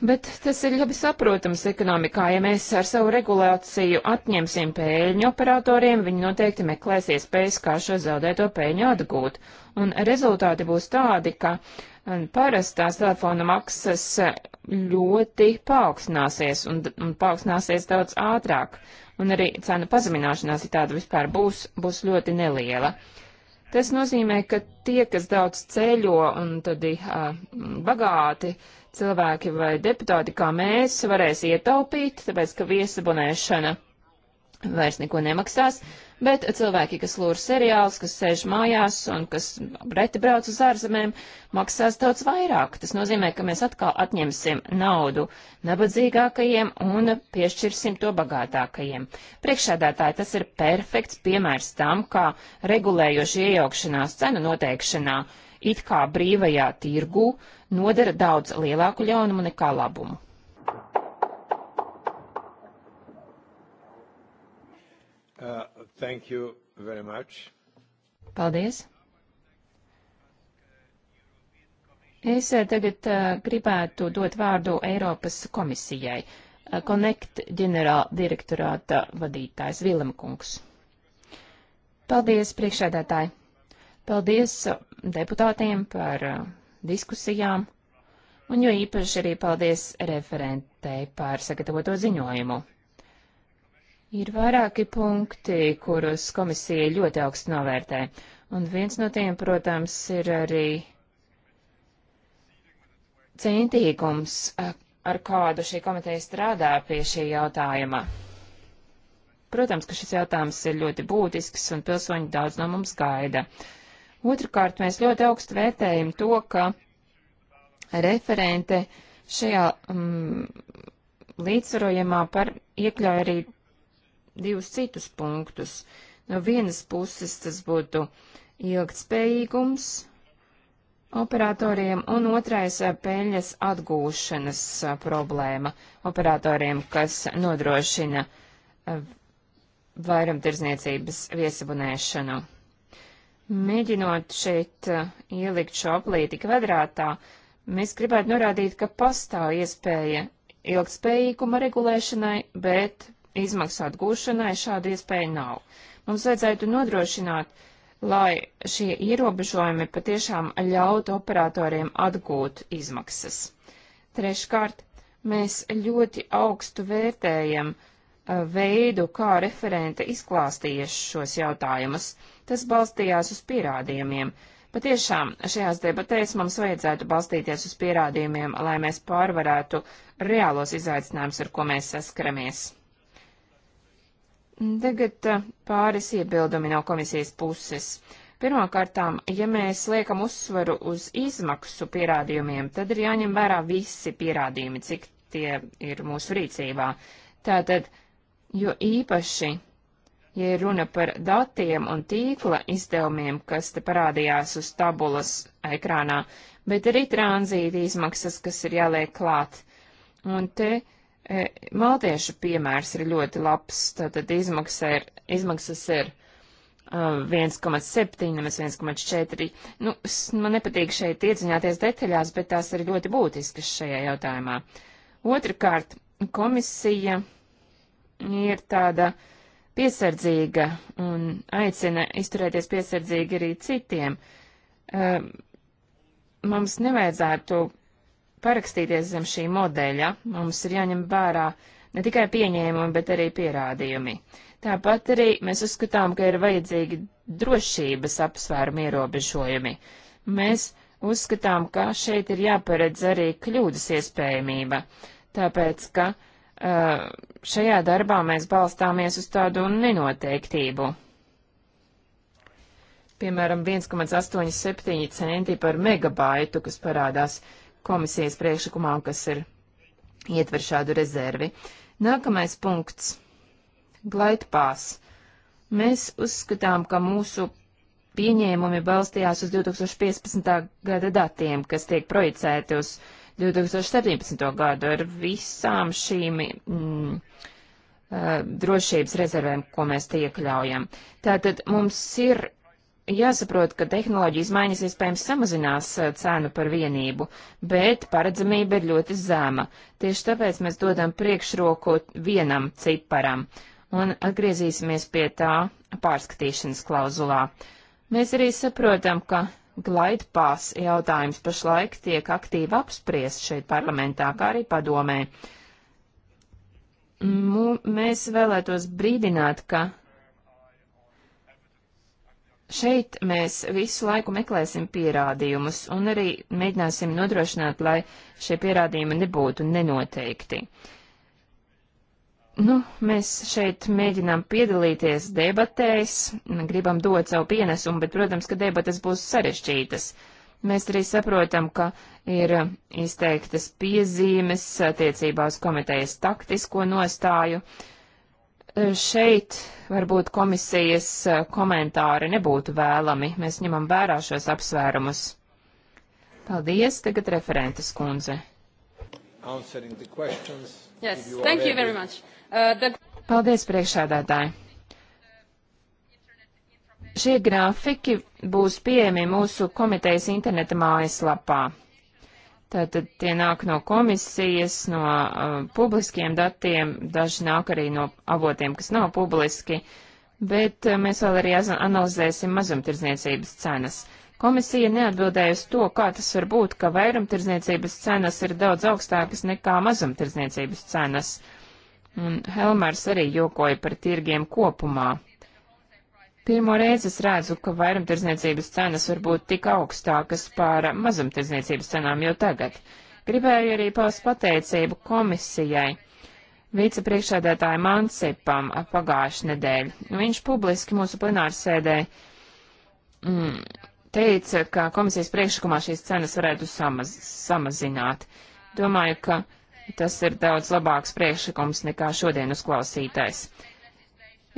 Bet tas ir labi saprotams ekonomikā. Ja mēs ar savu regulāciju atņemsim pēļņu operatoriem, viņi noteikti meklēs iespējas, kā šo zaudēto pēļņu atgūt. Un rezultāti būs tādi, ka um, parastās telefona maksas uh, ļoti paaugstināsies un, un paaugstināsies daudz ātrāk. Un arī cena pazemināšanās, ja tāda vispār būs, būs ļoti neliela. Tas nozīmē, ka tie, kas daudz ceļo un tad uh, bagāti, uh, cilvēki vai deputāti kā mēs varēs ietaupīt, tāpēc ka viesabunēšana vairs neko nemaksās, bet cilvēki, kas lūr seriāls, kas sēž mājās un kas reti brauc uz ārzemēm, maksās daudz vairāk. Tas nozīmē, ka mēs atkal atņemsim naudu nabadzīgākajiem un piešķirsim to bagātākajiem. Priekšādātāji tas ir perfekts piemērs tam, kā regulējoši iejaukšanās cenu noteikšanā it kā brīvajā tirgu nodara daudz lielāku ļaunumu nekā labumu. Uh, thank you very much. Paldies. Es eh, tagad uh, gribētu dot vārdu Eiropas komisijai. Uh, Connect ģenerāla direktorāta vadītājs Vilam Kungs. Paldies, priekšēdētāji. Paldies uh, deputātiem par uh, diskusijām, un jo īpaši arī paldies referentei par sagatavoto ziņojumu. Ir vairāki punkti, kurus komisija ļoti augstu novērtē, un viens no tiem, protams, ir arī centīgums, uh, ar kādu šī komiteja strādā pie šī jautājuma. Protams, ka šis jautājums ir ļoti būtisks, un pilsoņi daudz no mums gaida. Uh, Otrakārt, mēs ļoti augstu vērtējam to, ka referente šajā um, mm, līdzsvarojamā par iekļauj arī divus citus punktus. No vienas puses tas būtu ilgtspējīgums operatoriem, un otrais eh, peļņas atgūšanas eh, problēma operatoriem, kas nodrošina eh, vairumtirdzniecības viesabunēšanu. Mēģinot šeit eh, ielikt šo aplīti kvadrātā, mēs gribētu norādīt, ka pastāv iespēja ilgspējīguma regulēšanai, bet izmaksu atgūšanai šāda iespēja nav. Mums vajadzētu nodrošināt, lai šie ierobežojumi patiešām ļautu operatoriem atgūt izmaksas. Treškārt, mēs ļoti augstu vērtējam eh, veidu, kā referente izklāstījies šos jautājumus. Tas balstījās uz pierādījumiem. Patiešām šajās debatēs mums vajadzētu balstīties uz pierādījumiem, lai mēs pārvarētu reālos izaicinājumus, ar ko mēs saskaramies. Tagad uh, pāris iebildumi no komisijas puses. Pirmkārtām, ja mēs liekam uzsvaru uz izmaksu pierādījumiem, tad ir jāņem vērā visi pierādījumi, cik tie ir mūsu rīcībā. Tātad, jo īpaši Ja ir runa par datiem un tīkla izdevumiem, kas te parādījās uz tabulas ekrānā, bet arī tranzīta izmaksas, kas ir jāliek klāt. Un te e, maltiešu piemērs ir ļoti labs, tātad izmaksa ir, izmaksas ir 1,7, e, nemaz 1,4. Nu, man nepatīk šeit iedziņāties detaļās, bet tās ir ļoti būtiskas šajā jautājumā. Otrakārt, komisija ir tāda piesardzīga un aicina izturēties piesardzīgi arī citiem. Um, mums nevajadzētu parakstīties zem šī modeļa, mums ir jāņem vērā ne tikai pieņēmumi, bet arī pierādījumi. Tāpat arī mēs uzskatām, ka ir vajadzīgi drošības apsvērumi ierobežojumi. Mēs uzskatām, ka šeit ir jāparedz arī kļūdas iespējamība, tāpēc, ka uh, Eh, šajā darbā mēs balstāmies uz tādu nenoteiktību. Piemēram, 1,87 centi par megabaitu, kas parādās komisijas priekšlikumā, kas ir ietver šādu rezervi. Nākamais punkts - glaidpās. Mēs uzskatām, ka mūsu pieņēmumi balstījās uz 2015. gada datiem, kas tiek projicēti uz 2015 2017. gadu ar visām šīm mm, eh, drošības rezervēm, ko mēs te iekļaujam. Tātad mums ir jāsaprot, ka tehnoloģija izmaiņas iespējams samazinās eh, cenu par vienību, bet paredzamība ir ļoti zema. Tieši tāpēc mēs dodam priekšroku vienam ciparam un atgriezīsimies pie tā pārskatīšanas klauzulā. Mēs arī saprotam, ka Glaidpās jautājums pašlaik tiek aktīvi apspriest šeit parlamentā, kā arī padomē. M mēs vēlētos brīdināt, ka šeit mēs visu laiku meklēsim pierādījumus un arī mēģināsim nodrošināt, lai šie pierādījumi nebūtu nenoteikti. Uh, Nu, mēs šeit mēģinām piedalīties debatēs, gribam dot savu pienesumu, bet, protams, ka debatas būs sarežģītas. Mēs arī saprotam, ka ir izteiktas piezīmes attiecībā uz komitejas taktisko nostāju. Šeit varbūt komisijas komentāri nebūtu vēlami. Mēs ņemam vērā šos apsvērumus. Paldies, tagad referentes kundze. Answering the questions. Yes, you thank you very much. Uh, the... Paldies, priekšādātāji! Šie grafiki būs pieejami mūsu komitejas interneta mājaslapā. Tātad tie nāk no komisijas, no uh, publiskiem datiem, daži nāk arī no avotiem, kas nav publiski, bet uh, mēs vēl arī analizēsim mazumtirdzniecības cenas. Komisija neatbildēja uz to, kā tas var būt, ka vairumtirdzniecības cenas ir daudz augstākas nekā mazumtirdzniecības cenas. Uh, Un Helmārs arī jokoja par tirgiem kopumā. Pirmo reizi es redzu, ka vairumtirdzniecības cenas var būt tik augstākas pār mazumtirdzniecības cenām jau tagad. Gribēju arī paust pateicību komisijai, vicepriekšādētāju Mansipam pagājušajā nedēļā. Viņš publiski mūsu plenārsēdē mm, teica, ka komisijas priekšlikumā šīs cenas varētu samaz, samazināt. Domāju, ka Tas ir daudz labāks priekšlikums nekā šodien uzklausītais.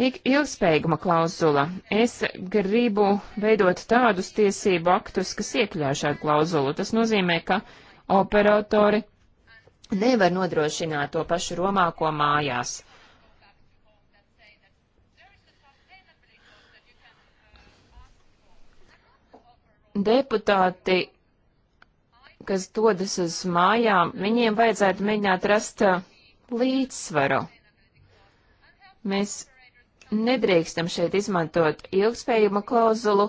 Ik ilgspējīguma klauzula. Es gribu veidot tādus tiesību aktus, kas iekļauj šādu klauzulu. Tas nozīmē, ka operatori nevar nodrošināt to pašu romāko mājās. deputāti kas dodas uz mājām, viņiem vajadzētu mēģināt rast uh, līdzsvaru. Mēs nedrīkstam šeit izmantot ilgspējuma klauzulu,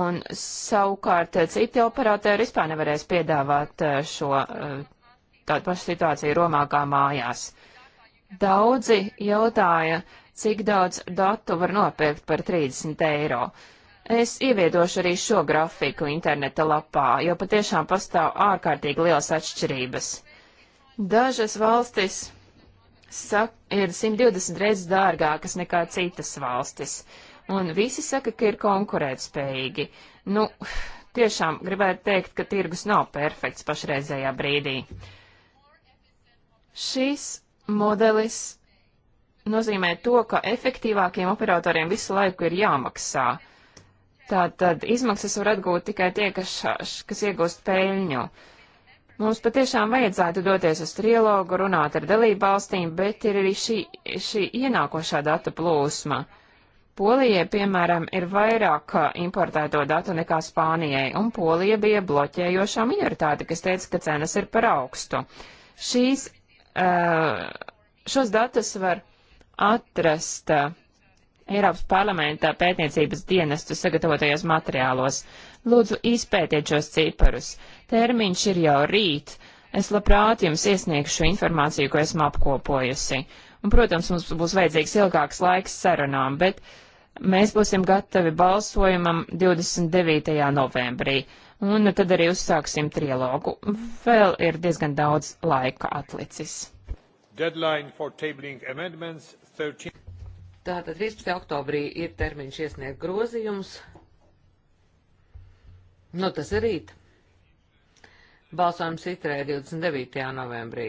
un savukārt uh, citi operatori vispār nevarēs piedāvāt uh, šo tādu pašu situāciju Romā kā mājās. Daudzi jautāja, cik daudz datu var nopirkt par 30 eiro. Uh, Es ieviedošu arī šo grafiku interneta lapā, jo patiešām pastāv ārkārtīgi lielas atšķirības. Dažas valstis sak, ir 120 reizes dārgākas nekā citas valstis, un visi saka, ka ir konkurētspējīgi. Nu, tiešām gribētu teikt, ka tirgus nav perfekts pašreizējā brīdī. Šis modelis nozīmē to, ka efektīvākiem operatoriem visu laiku ir jāmaksā. Tātad izmaksas var atgūt tikai tie, kas, kas iegūst peļņu. Mums patiešām vajadzētu doties uz trilogu, runāt ar dalību valstīm, bet ir arī šī, šī ienākošā data plūsma. Polijai, piemēram, ir vairāk uh, importēto datu nekā Spānijai, un Polija bija bloķējošā minoritāte, kas teica, ka cenas ir par augstu. Šīs, uh, šos datus var atrast uh, Eiropas parlamenta pētniecības dienestu sagatavotajos materiālos. Lūdzu, izpētiet šos ciparus. Termiņš ir jau rīt. Es labprāt jums iesniegšu informāciju, ko esmu apkopojusi. Un, protams, mums būs vajadzīgs ilgāks laiks sarunām, bet mēs būsim gatavi balsojumam 29. novembrī. Un tad arī uzsāksim trilogu. Vēl ir diezgan daudz laika atlicis. 13... Tātad 13. oktobrī ir termiņš iesniegt grozījums. Nu, tas ir rīt. Balsojums itrē 29. novembrī.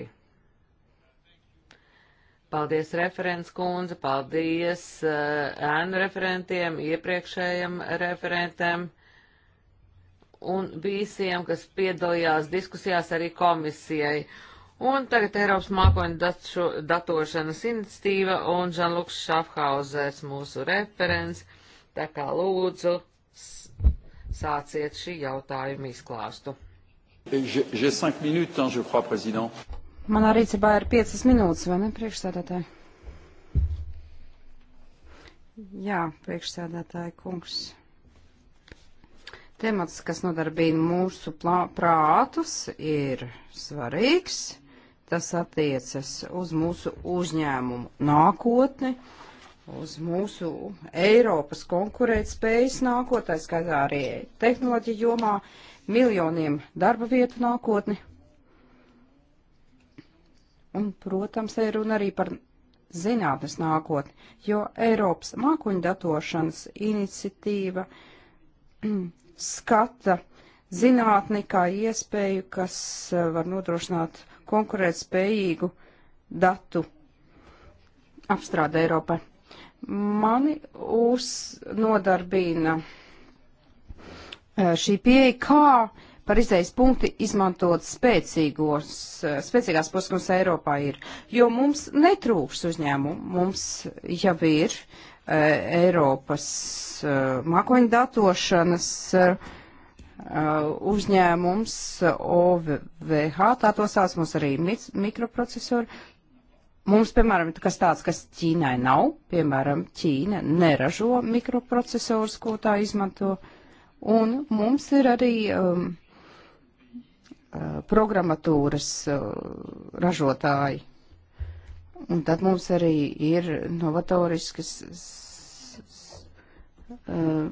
Paldies referents kundze, paldies eh, ēnu uh, referentiem, iepriekšējiem referentiem un visiem, kas piedalījās diskusijās arī komisijai. Un tagad Eiropas mākoņu datu, datošanas iniciatīva un Žanluks Šafhauzers mūsu referents. Tā kā lūdzu, sāciet šī jautājuma izklāstu. J'ai 5 minūtes, hein, je crois, président. Manā rīcībā ir 5 minūtes, vai ne, priekšsēdētāji? Jā, priekšsēdētāji kungs. Temats, kas nodarbina mūsu prātus, ir svarīgs tas attiecas uz mūsu uzņēmumu nākotni, uz mūsu Eiropas konkurētspējas nākotnē, skaitā arī tehnoloģija jomā, miljoniem darba vietu nākotni. Un, protams, te ir runa arī par zinātnes nākotni, jo Eiropas mākoņu datošanas iniciatīva skata zinātni kā iespēju, kas eh, var nodrošināt uh, konkurētspējīgu datu apstrāde Eiropā. Mani uz nodarbina eh, šī pieeja, kā par izējas punkti izmantot spēcīgos, eh, spēcīgās puses, kas Eiropā ir. Jo mums netrūks uzņēmumu, mums jau ir e, Eiropas e, mākoņu datošanas. E, Uh, uzņēmums OVH, uh, tā to sauc mums arī mikroprocesori. Mums, piemēram, kas tāds, kas Ķīnai nav, piemēram, Ķīna neražo mikroprocesorus, ko tā izmanto, un mums ir arī um, uh, programmatūras uh, ražotāji. Un tad mums arī ir novatoriskas. Uh,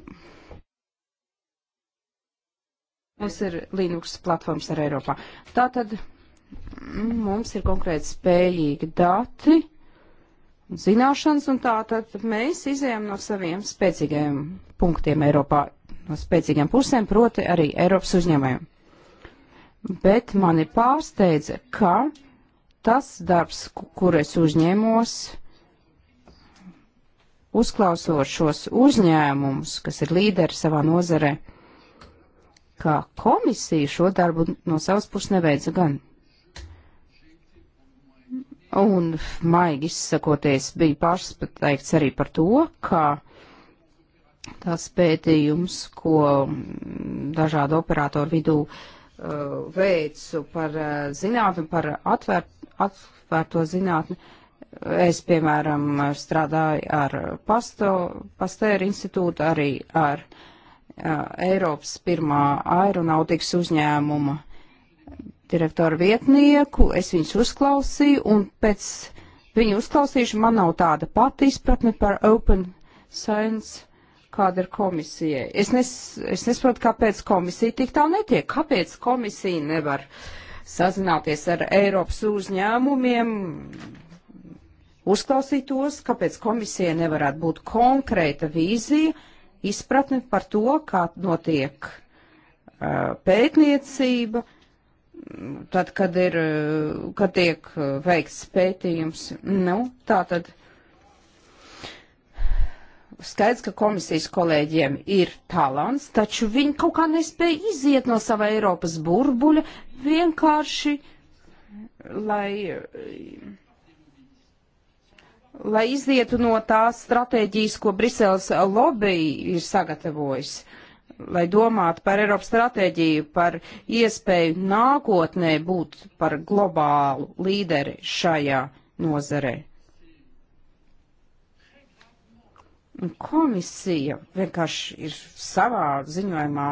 Mums ir Linux platformas ar Eiropā. Tātad mm, mums ir konkrēti spējīgi dati un zināšanas, un tātad mēs izējām no saviem spēcīgajiem punktiem Eiropā, no spēcīgām pusēm, proti arī Eiropas uzņēmējiem. Bet mani pārsteidza, ka tas darbs, kur es uzņēmos, uzklausot šos uzņēmumus, kas ir līderi savā nozarē, ka komisija šo darbu no savas puses neveica gan. Un maigi izsakoties bija pārsteigts arī par to, ka tās pētījums, ko dažādu operatoru vidū uh, veicu par uh, zinātni, par atvērt, atvērto zinātni, es, piemēram, strādāju ar Pasto, Pastēru institūtu, arī ar uh, Eiropas pirmā aeronautikas uzņēmuma direktora vietnieku, es viņus uzklausīju, un pēc viņu uzklausīšu man nav tāda pati izpratne par Open Science, kāda ir komisijai. Es, nes, es nesaprotu, kāpēc komisija tik tālu netiek, kāpēc komisija nevar sazināties ar Eiropas uzņēmumiem, uzklausīt tos, kāpēc komisija nevarētu būt konkrēta vīzija izpratni par to, kā notiek uh, pētniecība, tad, kad, ir, uh, kad tiek uh, veikts pētījums. Nu, tā tad skaidrs, ka komisijas kolēģiem ir talants, taču viņi kaut kā nespēja iziet no sava Eiropas burbuļa vienkārši, lai uh, lai izietu no tās stratēģijas, ko Briseles lobby ir sagatavojis, lai domātu par Eiropas stratēģiju, par iespēju nākotnē būt par globālu līderi šajā nozarē. Komisija vienkārši ir savā ziņojumā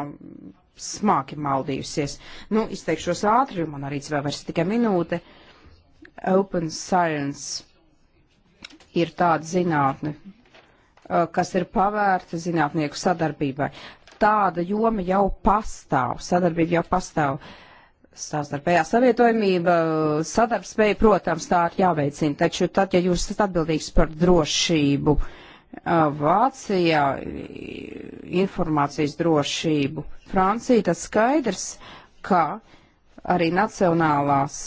smāki maldījusies. Nu, izteikšos ātri, man arī vēl vairs tikai minūte. Open Science ir tāda zinātne, kas ir pavērta zinātnieku sadarbībai. Tāda joma jau pastāv, sadarbība jau pastāv. Savstarpējā savietojamība, sadarbspēja, protams, tā ir jāveicina, taču tad, ja jūs esat atbildīgs par drošību, Vācijā informācijas drošību, Francija, tad skaidrs, ka arī nacionālās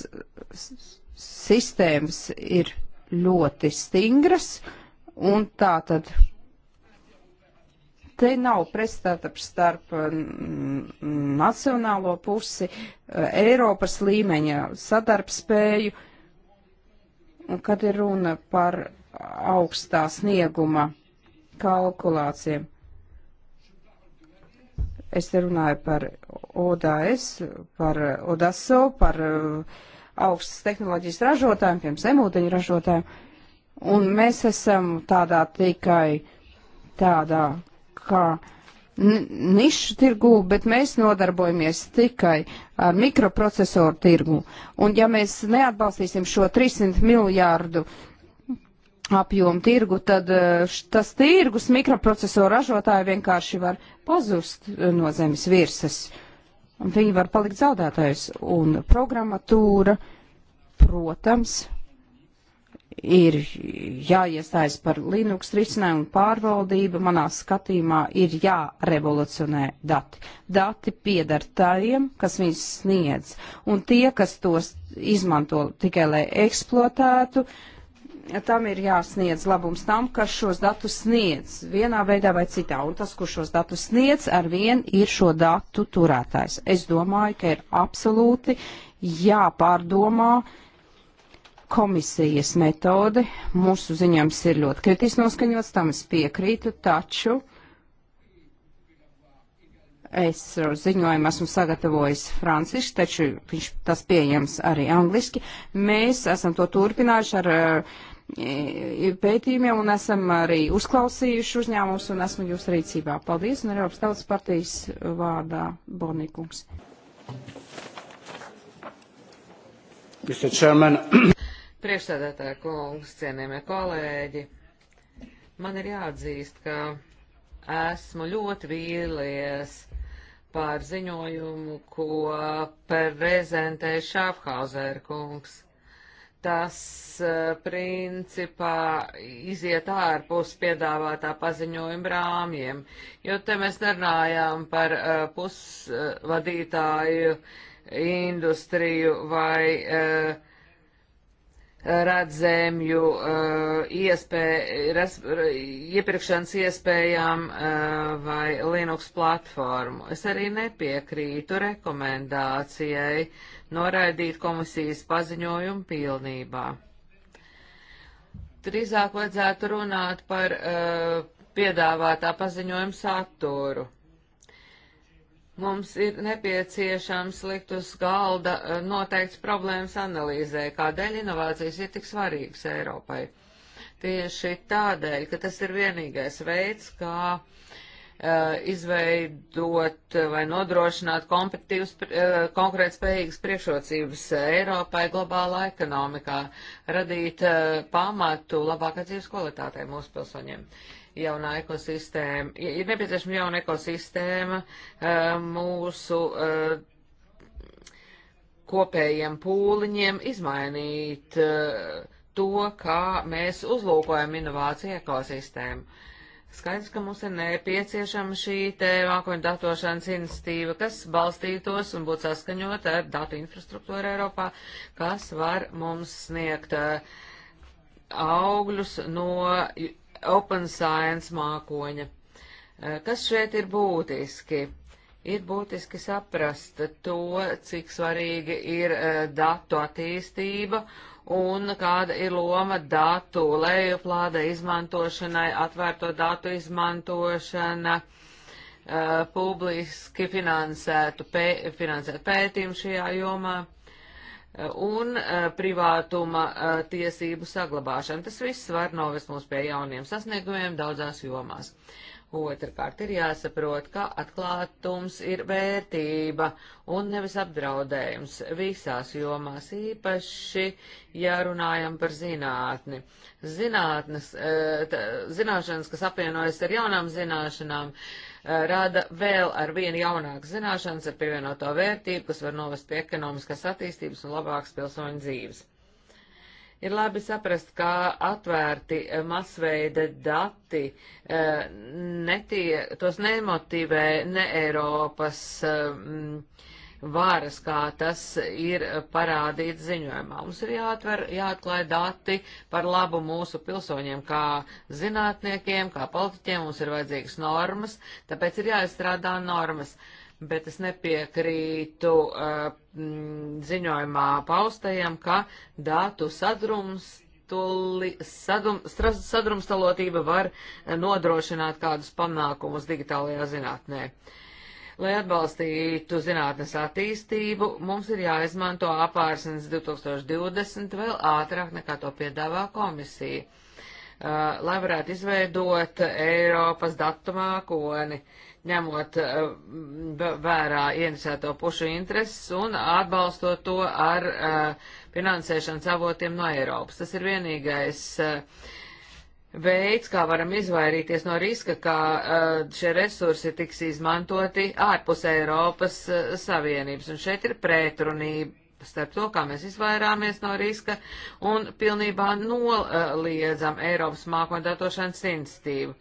sistēmas ir ļoti stingras, un tā tad te nav pretstāta starp mm, mm, nacionālo pusi, eh, Eiropas līmeņa sadarbspēju, un kad ir runa par augstā snieguma kalkulācijām. Es te runāju par ODS, par ODASO, par uh, augstas tehnoloģijas ražotājiem, piemēram, zemūdeņu ražotājiem, un mēs esam tādā tikai tādā kā nišu tirgu, bet mēs nodarbojamies tikai ar mikroprocesoru tirgu. Un ja mēs neatbalstīsim šo 300 miljārdu apjomu tirgu, tad eh, tas tirgus mikroprocesoru ražotāji vienkārši var pazust no zemes virsas. Uh, viņi var palikt zaudētājs. Un programmatūra, protams, ir jāiestājas par Linux risinājumu pārvaldību, manā skatījumā ir jārevolucionē dati. Dati piedar tādiem, kas viņus sniedz, un tie, kas tos izmanto tikai, lai eksploatētu, uh, tam ir jāsniedz labums tam, kas šos datus sniedz vienā veidā vai citā, un tas, kurš šos datus sniedz, ar vien ir šo datu turētājs. Es domāju, ka ir absolūti jāpārdomā komisijas metode. Mūsu ziņojums ir ļoti kritis noskaņots, tam es piekrītu, taču es ziņojumu esmu sagatavojis franciski, taču viņš tas pieejams arī angliski. Mēs esam to turpinājuši ar uh, pētījumiem un esam arī uzklausījuši uzņēmumus un esmu jūsu rīcībā. Paldies un Eiropas Tautas partijas vārdā Bonīkungs. Priekšstādātāja kungs, cienījamie kolēģi, man ir jāatzīst, ka esmu ļoti vīlies par ziņojumu, ko prezentē Šāfhauser kungs Tas eh, principā iziet ārpus piedāvātā paziņojuma rāmjiem, jo te mēs nerunājām par eh, pusvadītāju eh, industriju vai uh, redzēmju eh, iespēja, iepirkšanas iespējām eh, vai Linux platformu. Es arī nepiekrītu rekomendācijai noraidīt komisijas paziņojumu pilnībā. Drīzāk vajadzētu runāt par eh, piedāvātā paziņojuma saturu. Mums ir nepieciešams likt uz galda eh, noteikts problēmas analīzē, kādēļ inovācijas ir tik svarīgas Eiropai. Tieši tādēļ, ka tas ir vienīgais veids, kā uh, izveidot vai nodrošināt uh, konkurētspējīgas priekšrocības Eiropai globālā ekonomikā, radīt uh, pamatu labākai dzīves kvalitātei mūsu pilsoņiem jaunā ekosistēma, ir nepieciešama jauna ekosistēma eh, mūsu eh, kopējiem pūliņiem izmainīt eh, to, kā mēs uzlūkojam inovāciju ekosistēmu. Skaidrs, ka mums ir nepieciešama šī te mākoņu datošanas institīva, kas balstītos un būtu saskaņota ar datu infrastruktūru Eiropā, kas var mums sniegt augļus no Open Science mākoņa. Eh, kas šeit ir būtiski? Ir būtiski saprast to, cik svarīgi ir eh, datu attīstība un kāda ir loma datu lejuplāda izmantošanai, atvērto datu izmantošana, eh, publiski finansētu, pē, finansētu pētījumu šajā jomā un eh, privātuma eh, tiesību saglabāšana. Tas viss var novest mūs pie jauniem sasniegumiem daudzās jomās. Otrakārt ir jāsaprot, ka atklātums ir vērtība un nevis apdraudējums visās jomās, īpaši, ja runājam par zinātni. Zinātnes, eh, zināšanas, kas apvienojas ar jaunām zināšanām, uh, Eh, rada vēl ar vienu jaunāku zināšanas ar pievienoto vērtību, kas var novest pie ekonomiskas attīstības un labākas pilsoņu dzīves. Ir labi saprast, ka atvērti eh, masveida dati eh, netie, tos nemotivē ne Eiropas mm, varas, kā tas ir parādīts ziņojumā. Mums ir jāatver, jāatklāj dati par labu mūsu pilsoņiem, kā zinātniekiem, kā politiķiem, mums ir vajadzīgas normas, tāpēc ir jāizstrādā normas. Bet es nepiekrītu uh, ziņojumā paustajam, ka datu sadrums tuli, sadum, stras, sadrumstalotība var eh, nodrošināt kādus panākumus digitālajā zinātnē. Uh, Lai atbalstītu zinātnes attīstību, mums ir jāizmanto apārsnes 2020 vēl ātrāk nekā to piedāvā komisija, uh, lai varētu izveidot Eiropas datu mākoni, ņemot uh, vērā ienesēto pušu intereses un atbalstot to ar uh, finansēšanas avotiem no Eiropas. Tas ir vienīgais uh, veids, kā varam izvairīties no riska, ka uh, šie resursi tiks izmantoti ārpus Eiropas uh, Savienības. Un šeit ir pretrunība starp to, kā mēs izvairāmies no riska un pilnībā noliedzam Eiropas mākoņu datošanas institīvu.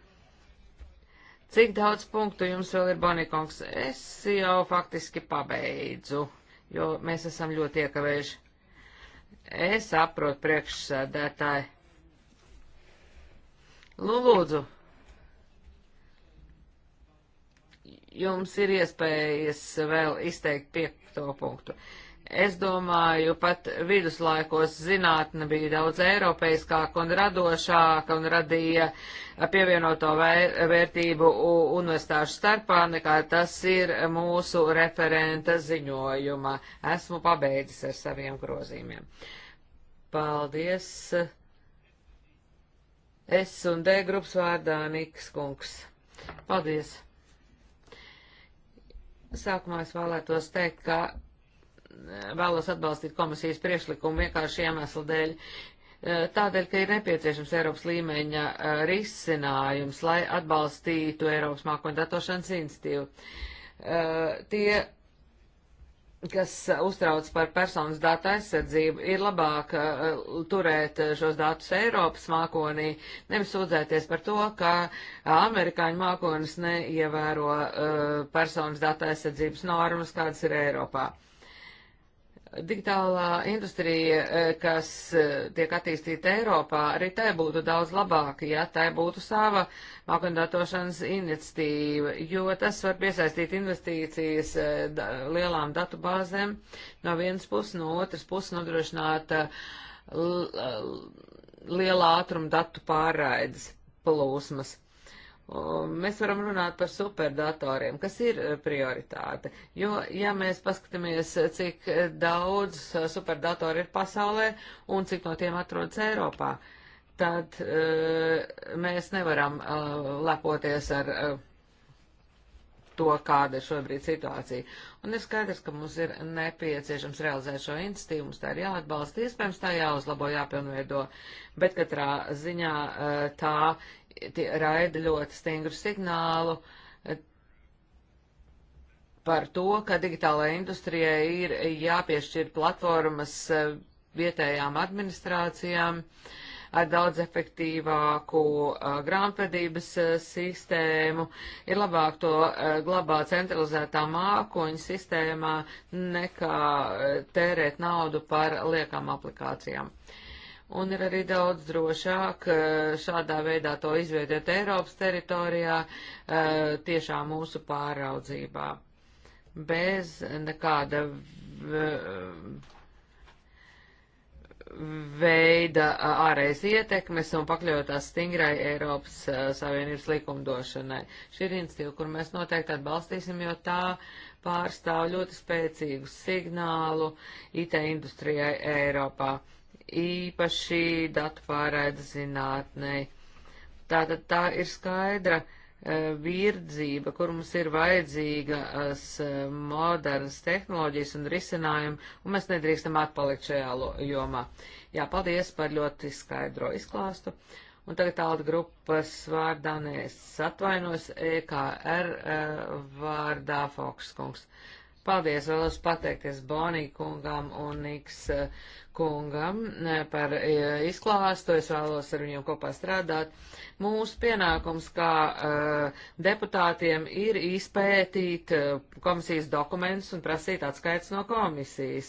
Cik daudz punktu jums vēl ir, Bonikungs? Es jau faktiski pabeidzu, jo mēs esam ļoti iekavējuši. Es saprotu priekšsēdētāji Nu, lūdzu, jums ir iespējas vēl izteikt piekto punktu. Es domāju, pat viduslaikos zinātne bija daudz eiropeiskāka un radošāka un radīja pievienoto vērtību universitāšu starpā, nekā tas ir mūsu referenta ziņojuma. Esmu pabeidzis ar saviem grozījumiem. Paldies! S un D grupas vārdā Niks Kungs. Paldies! Sākumā es vēlētos teikt, ka eh, vēlos atbalstīt komisijas priekšlikumu vienkārši iemeslu dēļ, eh, tādēļ, ka ir nepieciešams Eiropas līmeņa eh, risinājums, lai atbalstītu Eiropas mākoņu datošanas institīvu. Tie kas uztrauc par personas datu aizsardzību, ir labāk uh, turēt šos datus Eiropas mākonī, nevis sūdzēties par to, ka amerikāņu mākonis neievēro uh, personas datu aizsardzības normas, kādas ir Eiropā. Uh, Digitālā industrija, eh, kas eh, tiek attīstīta Eiropā, arī tai būtu daudz labāka, ja tai būtu sava mākondatošanas iniciatīva, jo tas var piesaistīt investīcijas eh, lielām datu bāzēm no vienas puses, no otras puses nodrošināt lielā ātruma datu pārraides plūsmas. Un mēs varam runāt par superdatoriem, kas ir eh, prioritāte. Jo, ja mēs paskatāmies, eh, cik eh, daudz superdatoru ir pasaulē un cik no tiem atrodas Eiropā, tad uh, mēs nevaram uh, lepoties ar uh, to, kāda ir šobrīd situācija. Un ir skaidrs, ka mums ir nepieciešams realizēt šo institīvu, mums tā ir jāatbalsta, iespējams tā jāuzlabo, jāpilnveido, bet katrā ziņā tā tie raida ļoti stingru signālu eh, par to, ka digitālajai industrijai ir jāpiešķir platformas eh, vietējām administrācijām ar daudz efektīvāku eh, grāmatvedības sistēmu. Ir labāk to glabāt centralizētā mākoņu sistēmā nekā tērēt naudu par liekām aplikācijām. Uh, un ir arī daudz drošāk eh, šādā veidā to izveidot Eiropas teritorijā, eh, tiešā mūsu pāraudzībā, bez nekāda veida eh, ārējas ietekmes un pakļautās stingrai Eiropas Savienības likumdošanai. Šī ir institīva, kur mēs noteikti atbalstīsim, jo tā pārstāv ļoti spēcīgu signālu IT industrijai Eiropā. Uh, īpaši datu pārraides zinātnei. Tātad tā ir skaidra e, virdzība, kur mums ir vajadzīgas e, modernas tehnoloģijas un risinājumi, un mēs nedrīkstam atpalikt šajā jomā. Jā, paldies par ļoti skaidro izklāstu. Un tagad tāda grupas vārdā nēs atvainojos EKR e, vārdā Fokskungs. kungs. Paldies vēlos pateikties Bonī kungam un Niks eh, kungam eh, par eh, izklāstu. Es vēlos ar viņiem kopā strādāt. Mūsu pienākums kā uh, deputātiem ir izpētīt uh, komisijas dokumentus un prasīt atskaits no komisijas.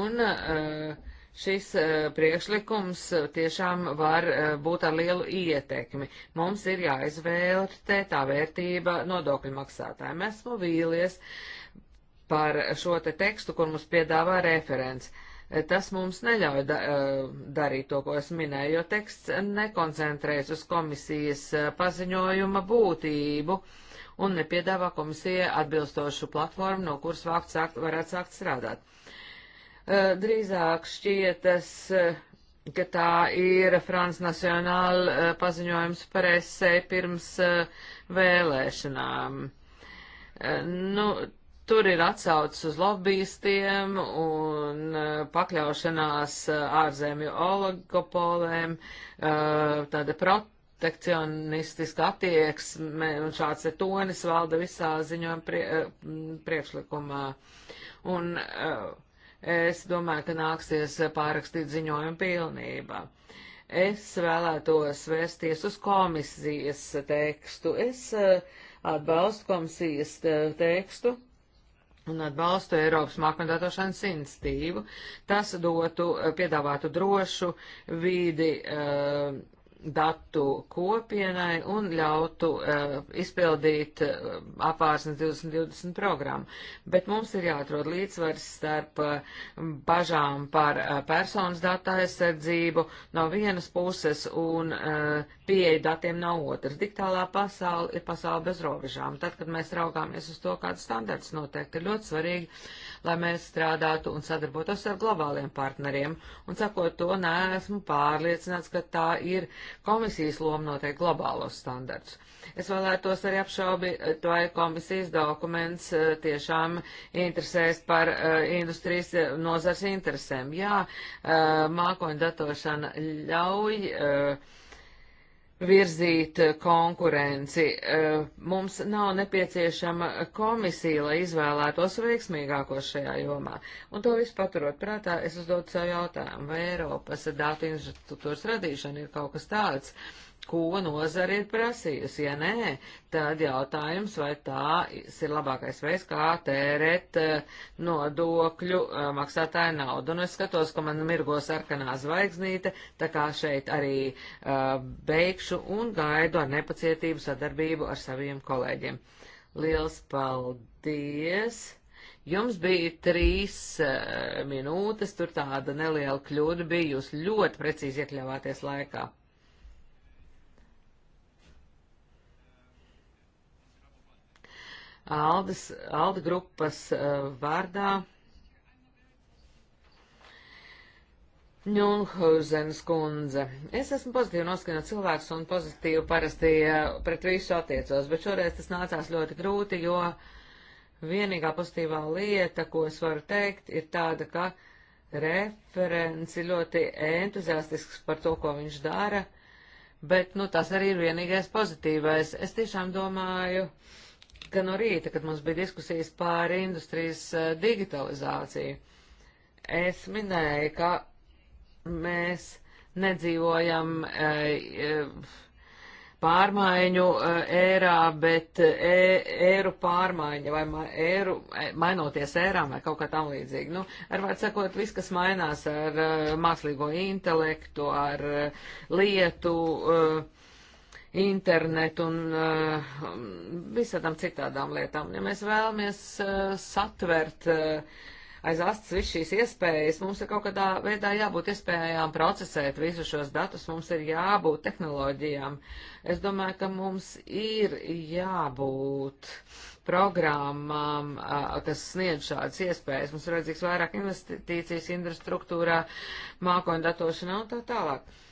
Un, uh, šis uh, priekšlikums tiešām var uh, būt ar lielu ietekmi. Mums ir jāizvērtē tā vērtība nodokļu maksātājiem. Esmu vīlies, par šo te tekstu, kur mums piedāvā referents. Tas mums neļauj da, eh, darīt to, ko es minēju, jo teksts nekoncentrējas uz komisijas eh, paziņojuma būtību un nepiedāvā komisijai atbilstošu platformu, no kuras vākt sākt, varētu sākt strādāt. Eh, drīzāk šķietas, ka tā ir Frans Nacionāla paziņojums par esei pirms vēlēšanām. Nu, Tur ir atsaucis uz lobbyistiem un eh, pakļaušanās eh, ārzemju oligopolēm, eh, tāda protekcionistiska attieksme, un šāds tonis valda visā ziņojuma prie, priekšlikumā. Un es domāju, ka nāksies pārakstīt ziņojumu pilnībā. Es vēlētos vērsties uz komisijas tekstu. Es atbalstu komisijas tekstu un atbalstu Eiropas mākmendatošanas institīvu. Tas dotu, piedāvātu drošu vīdi. Uh, eh, datu kopienai un ļautu uh, izpildīt uh, apvārsnes 2020 programmu. Bet mums ir jāatrod līdzsvars starp uh, bažām par uh, personas datu aizsardzību no vienas puses un uh, pieeja datiem no otras. Digitālā pasaule ir pasaule bez robežām. Tad, kad mēs raugāmies uz to, kādas standarts noteikti ir ļoti svarīgi, uh, lai mēs strādātu un sadarbotos ar globāliem partneriem. Un sakot to, neesmu pārliecināts, ka tā ir komisijas loma noteikti globālos standarts. Es vēlētos arī apšaubīt, vai komisijas dokuments eh, tiešām interesēs par eh, industrijas eh, nozars interesēm. Jā, mākoņu datošana ļauj virzīt eh, konkurenci. Eh, mums nav nepieciešama komisija, lai izvēlētos veiksmīgākos šajā jomā. Un to visu paturot prātā, es uzdodu sev jautājumu, vai Eiropas datu infrastruktūras radīšana ir kaut kas tāds, uh, ko nozara ir prasījusi. Ja nē, tad jautājums, vai tā ir labākais veids, kā tērēt eh, nodokļu eh, maksātāju naudu. Un nu, es skatos, ka man mirgo sarkanā zvaigznīte, tā kā šeit arī uh, beigšu un gaidu ar nepacietību sadarbību ar saviem kolēģiem. Liels paldies! Jums bija trīs uh, minūtes, tur tāda neliela kļūda bija, jūs ļoti precīzi iekļāvāties laikā. Aldas, Alda grupas uh, vārdā. Ņūnhausenas kundze. Es esmu pozitīvi noskaņot cilvēks un pozitīvi parasti eh, pret visu attiecos, bet šoreiz tas nācās ļoti grūti, jo vienīgā pozitīvā lieta, ko es varu teikt, ir tāda, ka referenci ļoti entuziastisks par to, ko viņš dara, bet, nu, tas arī ir vienīgais pozitīvais. Es tiešām domāju, uh, ka no rīta, kad mums bija diskusijas pār industrijas eh, digitalizāciju, es minēju, ka mēs nedzīvojam eh, eh, pārmaiņu ērā, bet ēru pārmaiņa vai ēru, mainoties ērām vai kaut kā tam līdzīgi. Nu, ar vārdu sakot, viss, kas mainās ar mākslīgo intelektu, ar lietu, uh, internetu un uh, visādām citādām lietām. Ja mēs vēlamies uh, satvert uh, aiz astes visu šīs iespējas, mums ir kaut kādā veidā jābūt iespējām procesēt visus šos datus, mums ir jābūt tehnoloģijām. Es domāju, ka mums ir jābūt programmām, kas sniedz šādas iespējas. Mums ir vajadzīgs vairāk investīcijas infrastruktūrā, mākoņu datošanā un tā tālāk. Uh,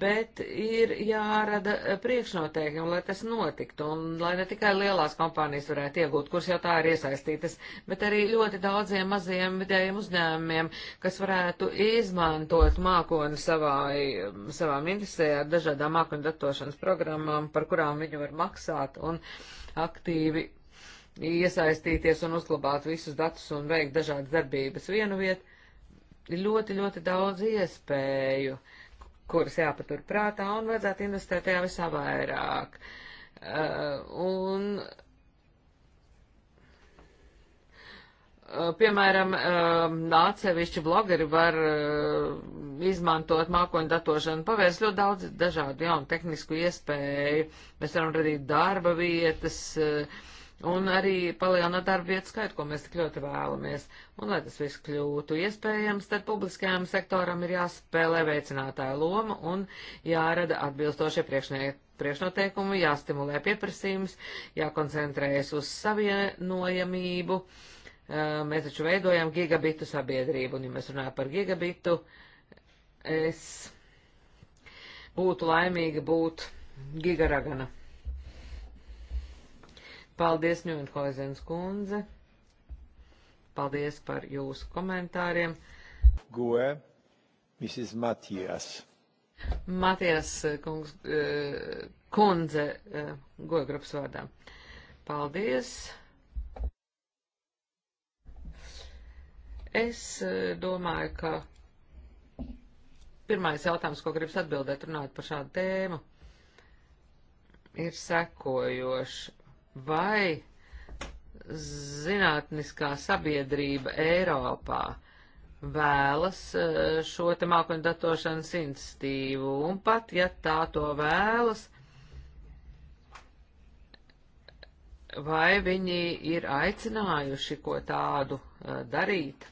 bet ir jārada priekšnoteikumi, lai tas notiktu, un lai ne tikai lielās kompānijas varētu iegūt, kuras jau tā ir iesaistītas, bet arī ļoti daudziem maziem vidējiem uzņēmumiem, kas varētu izmantot mākoni savai, savām interesē ar dažādām mākoņu datošanas programmām, par kurām viņi var maksāt un aktīvi iesaistīties un uzglabāt visus datus un veikt dažādas darbības vienu vietu. Ir ļoti, ļoti daudz iespēju. Uh, kuras jāpatur prātā un vajadzētu investēt tajā visā vairāk. Uh, un, uh, piemēram, uh, atsevišķi blogeri var izmantot mākoņu datošanu, pavērst ļoti daudz dažādu jaunu tehnisku iespēju. Mēs varam radīt darba vietas, uh, un arī palielināt darba vietu skaitu, ko mēs tik ļoti vēlamies. Un, lai tas viss kļūtu iespējams, tad publiskajam sektoram ir jāspēlē veicinātāja loma un jārada atbilstošie priekšnoteikumi, jāstimulē pieprasījums, jākoncentrējas uz savienojamību. Mēs taču veidojam gigabitu sabiedrību, un, ja mēs runājam par gigabitu, es būtu laimīga būt gigaragana. Paldies, Ņūnhoizens kundze. Paldies par jūsu komentāriem. Goe, Mrs. Matijas. Matijas eh, kungs, eh, kundze, eh, goe grupas vārdā. Paldies. Es domāju, ka pirmais jautājums, ko gribas atbildēt, runājot par šādu tēmu, ir sekojošs vai zinātniskā sabiedrība Eiropā vēlas eh, šo te mākoņu datošanas institīvu, un pat, ja tā to vēlas, vai viņi ir aicinājuši ko tādu eh, darīt.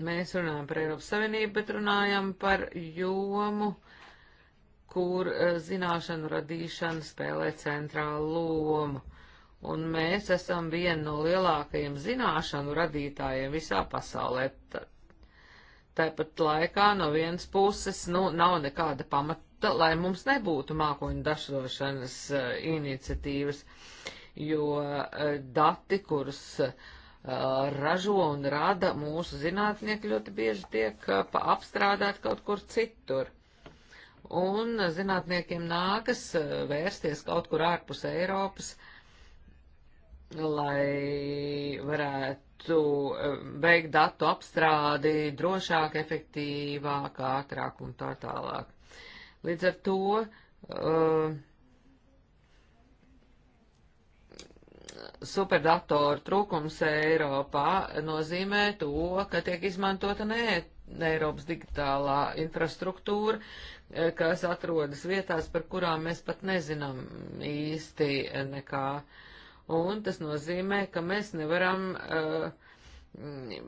Mēs runājam par Eiropas Savienību, bet runājam par jomu, uh, kur e, zināšanu radīšana spēlē centrālu lomu. Un mēs esam viena no lielākajiem zināšanu radītājiem visā pasaulē. Tāpat laikā no vienas puses nu, nav nekāda pamata, lai mums nebūtu mākoņu dažošanas uh, e, iniciatīvas, jo uh, dati, kurus uh, ražo un rada mūsu zinātnieki, ļoti bieži tiek apstrādāti kaut kur citur un zinātniekiem nākas eh, vērsties kaut kur ārpus Eiropas, lai varētu eh, veikt datu apstrādi drošāk, efektīvāk, ātrāk un tā tālāk. Līdz ar to uh, superdatoru trūkums Eiropā nozīmē to, ka tiek izmantota neet Eiropas digitālā infrastruktūra, eh, kas atrodas vietās, par kurām mēs pat nezinām īsti eh, nekā. Un tas nozīmē, ka mēs nevaram uh,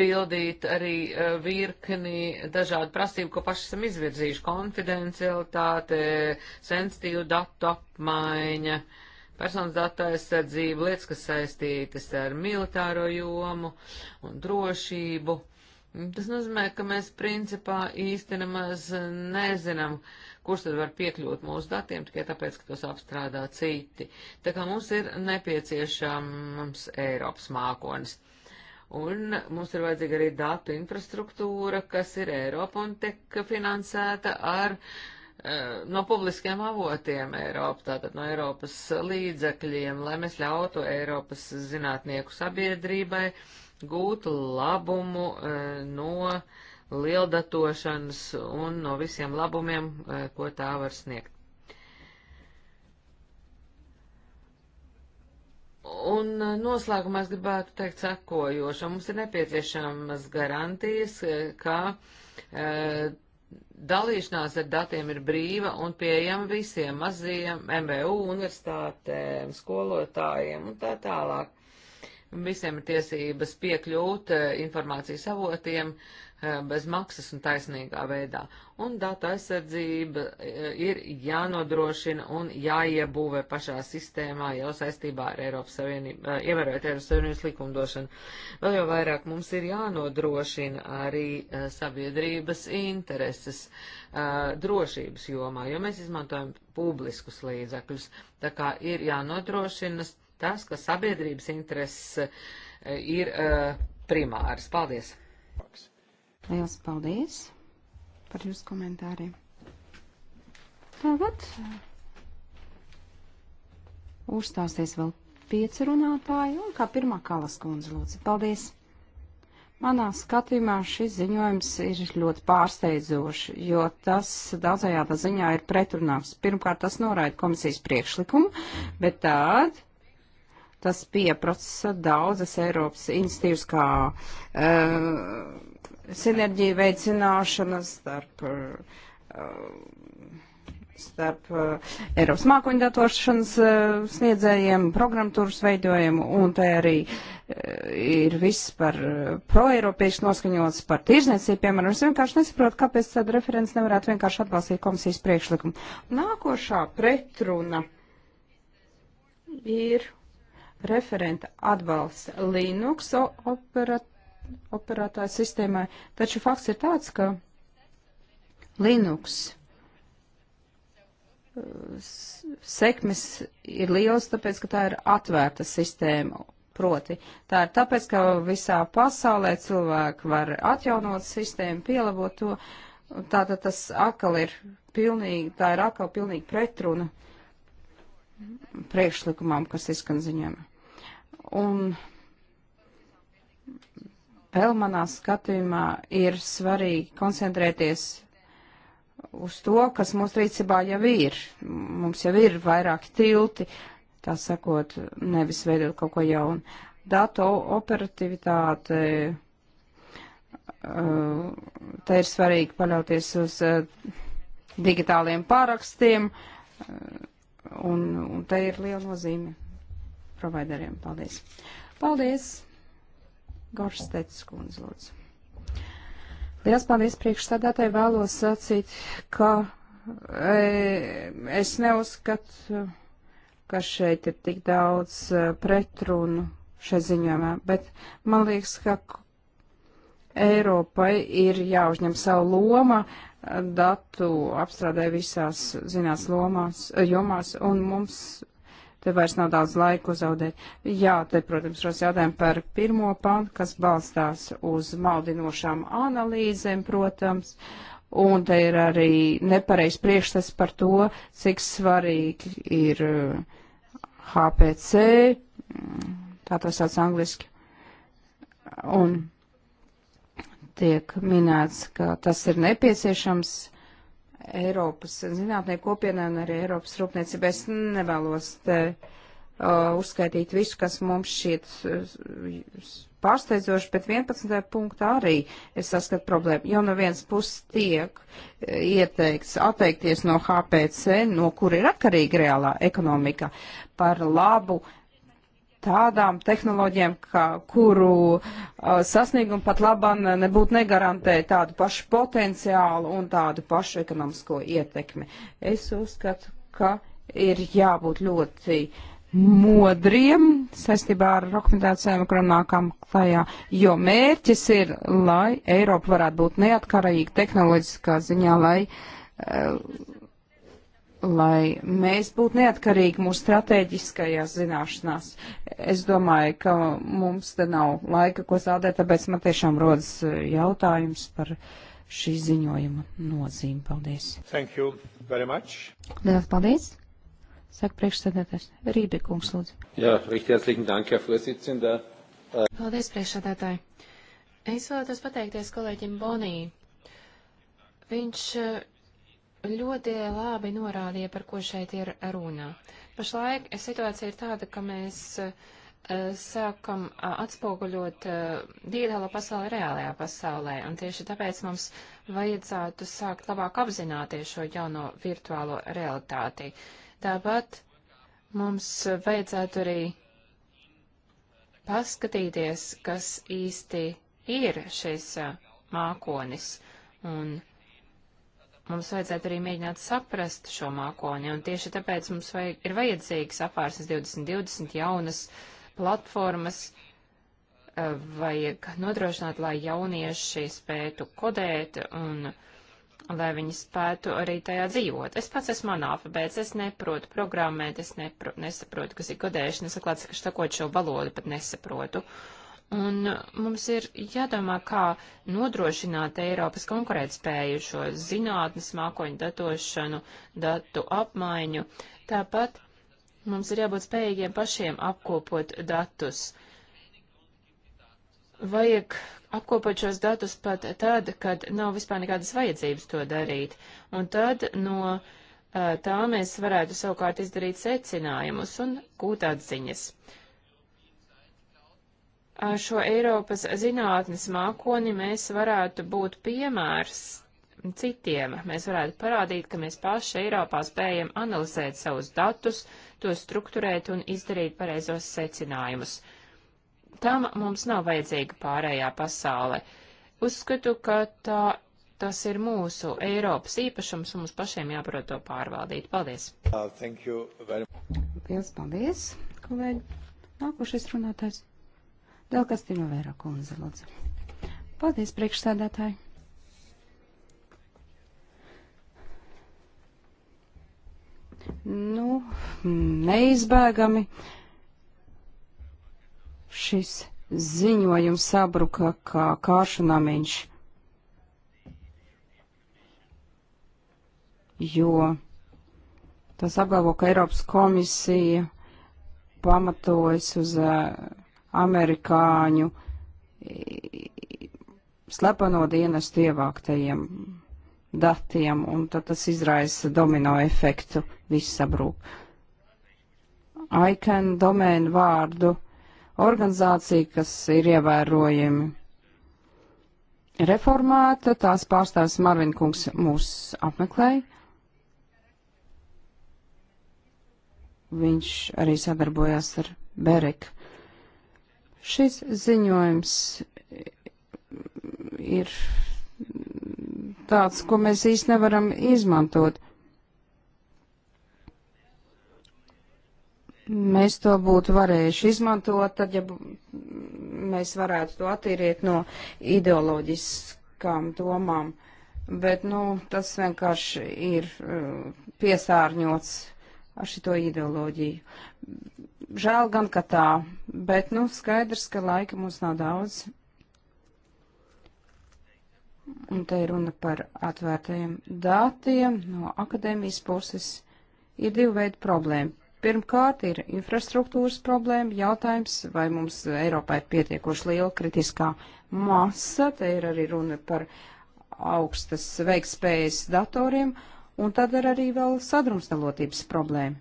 pildīt arī uh, virkni dažādu prasību, ko paši esam izvirzījuši - konfidencialitāte, sensitīvu datu apmaiņa, personas datu aizsardzība, lietas, kas saistītas ar militāro jomu un drošību. Uh, Tas nozīmē, ka mēs principā īsti nemaz nezinām, kurš tad var piekļūt mūsu datiem, tikai tāpēc, ka tos apstrādā citi. Tā kā mums ir nepieciešams Eiropas mākonis. Un mums ir vajadzīga arī datu infrastruktūra, kas ir Eiropa un tiek finansēta ar, eh, no publiskiem avotiem Eiropa, tātad no Eiropas līdzekļiem, lai mēs ļautu Eiropas zinātnieku sabiedrībai gūtu labumu e, no lieldatošanas un no visiem labumiem, e, ko tā var sniegt. Un e, noslēgumā es gribētu teikt sekojošo. Mums ir nepieciešamas garantijas, ka e, dalīšanās ar datiem ir brīva un pieejama visiem mazajiem MBU universitātēm, skolotājiem un tā tālāk. Visiem ir tiesības piekļūt eh, informācijas avotiem eh, bez maksas un taisnīgā veidā. Un data aizsardzība eh, ir jānodrošina un jāiebūvē pašā sistēmā jau saistībā ar Eiropas Savienību, ievērojot Eiropas Savienības likumdošanu. Vēl jau vairāk mums ir jānodrošina arī sabiedrības intereses drošības jomā, jo mēs izmantojam publiskus līdzekļus. Tā kā ir jānodrošina tas, ka sabiedrības intereses e, ir e, primāras. Paldies! Liels paldies par jūsu komentāriem. Tagad e, uzstāsies vēl pieci runātāji un kā pirmā kalas kundze lūdzu. Paldies! Manā skatījumā šis ziņojums ir ļoti pārsteidzošs, jo tas daudzajādā ziņā ir pretrunāts. Pirmkārt, tas noraida komisijas priekšlikumu, bet tād Tas pieprasa daudzas Eiropas institīvas kā uh, sinerģija veicināšana starp, uh, starp uh, Eiropas mākoņdatošanas uh, sniedzējiem, programmatūras veidojumu un te arī uh, ir viss par uh, proeiropiešu noskaņots par tirzniecību, piemēram, es vienkārši nesaprotu, kāpēc tad referents nevarētu vienkārši atbalstīt komisijas priekšlikumu. Nākošā pretruna ir Referenta atbalsts Linux operat operatāju sistēmai, taču fakts ir tāds, ka Linux uh, sekmes ir liels, tāpēc, ka tā ir atvērta sistēma. Proti, tā ir tāpēc, ka visā pasaulē cilvēki var atjaunot sistēmu, pielabot to. Tātad tas atkal ir pilnīgi, tā ir atkal pilnīgi pretruna priekšlikumam, kas izskan ziņojumā. Un vēl manā skatījumā ir svarīgi koncentrēties uz to, kas mūsu rīcībā jau ir. Mums jau ir vairāki tilti, tā sakot, nevis veidot kaut ko jaunu. Datu operativitāte, uh, te ir svarīgi paļauties uz uh, digitāliem pārakstiem, uh, un, un te ir liela nozīme provideriem. Paldies. Paldies, Gorstets kundze, lūdzu. Liels paldies priekšsādātāji vēlos sacīt, ka e, es neuzskatu, ka šeit ir tik daudz e, pretrunu šai ziņojumā, bet man liekas, ka Eiropai ir jāuzņem savu loma datu apstrādē visās zinās lomās, jomās, un mums Te vairs nav daudz laiku zaudēt. Jā, te, protams, šos jautājumu par pirmo pantu, kas balstās uz maldinošām analīzēm, protams. Un te ir arī nepareiz priekšstats par to, cik svarīgi ir HPC, eh, mm, tā tas sauc angliski. Un tiek minēts, ka tas ir nepieciešams Eiropas zinātnieku kopienai un arī Eiropas rūpniecībai. Es nevēlos te uh, uzskaitīt visu, kas mums šķiet uh, pārsteidzoši, bet 11. punktā arī es saskatu problēmu. Jau no vienas puses tiek uh, ieteikts atteikties no HPC, no kur ir atkarīga reālā ekonomika, par labu uh, tādām tehnoloģijām, kā, kuru uh, sasniegumu pat labam nebūtu negarantē tādu pašu potenciālu un tādu pašu ekonomisko ietekmi. Es uzskatu, ka ir jābūt ļoti modriem saistībā ar rekomendācijām, kurām nākam klajā, jo mērķis ir, lai Eiropa varētu būt neatkarīga tehnoloģiskā ziņā, lai uh, lai mēs būtu neatkarīgi mūsu strateģiskajās zināšanās. Es domāju, ka mums te nav laika, ko zādēt, tāpēc man tiešām rodas eh, jautājums par šī ziņojuma nozīmi. Paldies. Thank you very much. Lielas paldies. Saka priekšsēdētājs. Rībe kungs, lūdzu. Jā, richtig herzlichen dank, Herr Vorsitzender. Paldies, priekšsēdētāji. Es vēlētos pateikties kolēģim Bonī. Viņš eh, ļoti labi norādīja, par ko šeit ir runa. Pašlaik situācija ir tāda, ka mēs uh, sākam uh, atspoguļot uh, digitālo pasauli reālajā pasaulē, un tieši tāpēc mums vajadzētu sākt labāk apzināties šo jauno virtuālo realitāti. Tāpat mums vajadzētu arī paskatīties, kas īsti ir šis mākonis, un Mums vajadzētu arī mēģināt saprast šo mākoni, un tieši tāpēc mums vajag, ir vajadzīgs apārsnes 2020 jaunas platformas, eh, vajag nodrošināt, lai jaunieši spētu kodēt un lai viņi spētu arī tajā dzīvot. Es pats esmu analfabēts, es neprotu programmēt, es nepro, nesaprotu, kas ir kodēšana, es atklāts, ka štakot šo valodu pat nesaprotu. Uh, Un mums ir jādomā, kā nodrošināt Eiropas konkurētspēju šo zinātnes mākoņu datošanu, datu apmaiņu. Tāpat mums ir jābūt spējīgiem pašiem apkopot datus. Vajag apkopot šos datus pat tad, kad nav vispār nekādas vajadzības to darīt. Un tad no tā mēs varētu savukārt izdarīt secinājumus un gūt atziņas. ziņas šo Eiropas zinātnes mākoni mēs varētu būt piemērs citiem. Mēs varētu parādīt, ka mēs paši Eiropā spējam analizēt savus datus, tos strukturēt un izdarīt pareizos secinājumus. Tam mums nav vajadzīga pārējā pasaule. Uzskatu, ka tā, tas ir mūsu Eiropas īpašums un mums pašiem jāprot to pārvaldīt. Paldies! Uh, Liels paldies, kolēģi! Nākošais runātājs. Del Kastino Vēra kundze, lūdzu. Paldies, priekšsēdētāji. Nu, neizbēgami šis ziņojums sabruka kā kāršu namiņš, jo tas apgalvo, ka Eiropas komisija pamatojas uz uh, amerikāņu slepeno dienestu ievāktajiem datiem, un tad tas izraisa domino efektu, viss sabrūk. ICAN domēnu vārdu organizācija, kas ir ievērojami reformēta, tās pārstāvis Marvinkungs mūs apmeklēja. Viņš arī sadarbojās ar Bereku Šis ziņojums ir tāds, ko mēs īsti nevaram izmantot. Mēs to būtu varējuši izmantot, tad, ja mēs varētu to attīrīt no ideoloģiskām domām, bet, nu, tas vienkārši ir uh, piesārņots ar šito ideoloģiju žēl gan, ka tā, bet, nu, skaidrs, ka laika mums nav daudz. Un te ir runa par atvērtajiem datiem no akadēmijas puses. Ir divi veidi problēma. Pirmkārt, ir infrastruktūras problēma, jautājums, vai mums Eiropā ir pietiekoši liela kritiskā masa, te ir arī runa par augstas veikspējas datoriem, un tad ir arī vēl sadrumstalotības problēma.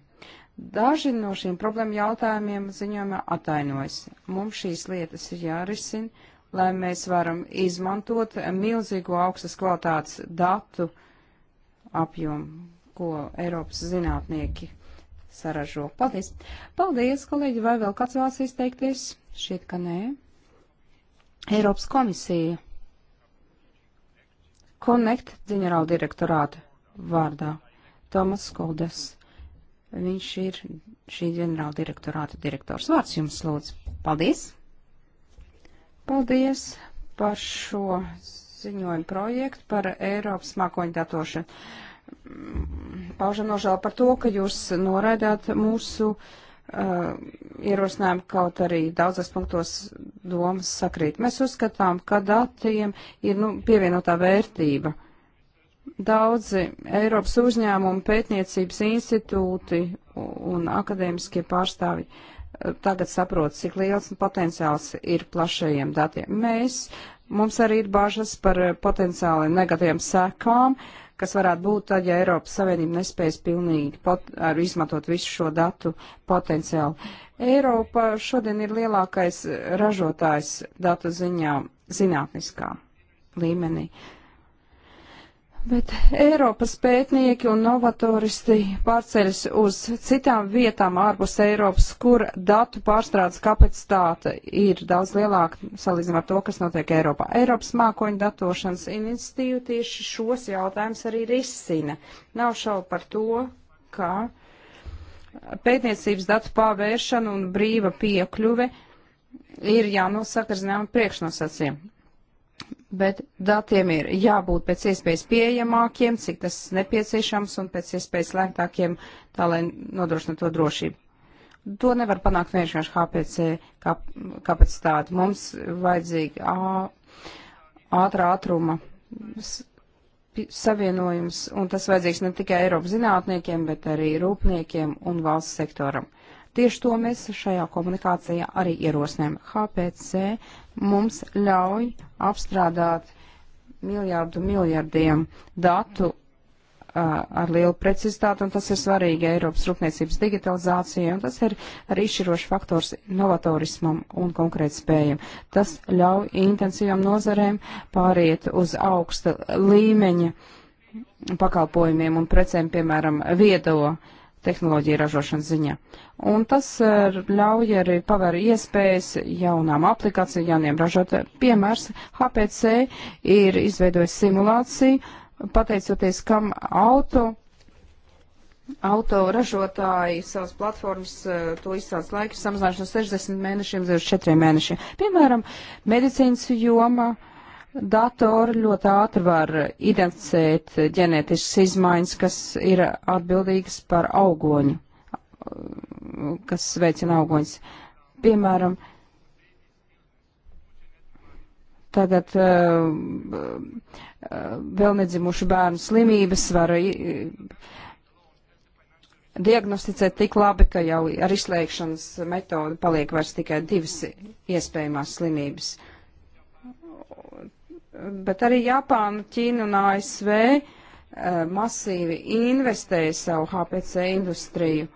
Daži no šiem problēmu jautājumiem ziņojumā atainojas. Mums šīs lietas ir jārisina, lai mēs varam izmantot milzīgo augstas kvalitātes datu apjomu, ko Eiropas zinātnieki saražo. Paldies! Paldies, kolēģi! Vai vēl kāds vēlas izteikties? Šķiet, ka nē. Eiropas komisija. Connect ģenerāldirektorāta vārdā. Tomas Skoldes. Viņš ir šī ģenerāla direktorāta direktors. Vārds jums lūdzu. Paldies! Paldies par šo ziņojumu projektu par Eiropas mākoņu datošanu. Paužam nožēlu par to, ka jūs noraidāt mūsu uh, ierosinājumu, kaut arī daudzas punktos domas sakrīt. Mēs uzskatām, ka datiem ir nu, pievienotā vērtība. Uh, Daudzi Eiropas uzņēmumi, pētniecības institūti un akadēmiskie pārstāvi eh, tagad saprot, cik liels potenciāls ir plašajiem datiem. Mēs, mums arī ir bažas par eh, potenciāli negatīviem sekām, kas varētu būt tad, ja Eiropas Savienība nespējas pilnīgi pot, ar, izmantot visu šo datu potenciālu. Eiropa šodien ir lielākais ražotājs datu ziņā zinātniskā līmenī. Uh, Bet Eiropas pētnieki un novatoristi pārceļas uz citām vietām ārpus Eiropas, kur datu pārstrādes kapacitāte ir daudz lielāka salīdzinot ar to, kas notiek Eiropā. Eiropas mākoņu datošanas iniciatīva tieši šos jautājumus arī risina. Nav šau par to, ka pētniecības datu pārvēršana un brīva piekļuve ir jānosaka zinām priekšnosacījumi bet datiem ir jābūt pēc iespējas pieejamākiem, cik tas nepieciešams, un pēc iespējas lētākiem, tā lai nodrošinātu to drošību. To nevar panākt vienkārši HPC kap, kapacitāti. Mums vajadzīga ātrā ātruma savienojums, un tas vajadzīgs ne tikai Eiropas zinātniekiem, bet arī rūpniekiem un valsts sektoram. Tieši to mēs šajā komunikācijā arī ierosinām. HPC mums ļauj apstrādāt miljārdu miljardiem datu ar lielu precizitāti, un tas ir svarīgi Eiropas rūpniecības digitalizācijai, un tas ir arī izšķirošs faktors novatorismam un konkrēt spējam. Tas ļauj intensīvām nozarēm pāriet uz augsta līmeņa pakalpojumiem un precēm, piemēram, viedo uh, tehnoloģija ražošanas ziņā. Un tas e, ļauj arī paver iespējas jaunām aplikācijām, jauniem ražotājiem. Piemērs HPC ir izveidojis simulāciju, pateicoties kam auto, auto ražotāji savas platformas e, to izstrādes laiku samazināšu no 60 mēnešiem līdz 4 mēnešiem. Piemēram, medicīnas joma. Uh, datori ļoti ātri var identificēt ģenētiskas izmaiņas, kas ir atbildīgas par augoņu, kas veicina augoņus. Piemēram, tagad eh, eh, vēl nedzimuši bērnu slimības var diagnosticēt tik labi, ka jau ar izslēgšanas metodu paliek vairs tikai divas iespējamās slimības bet arī Japāna, Ķīna un ASV eh, masīvi investēja savu HPC industriju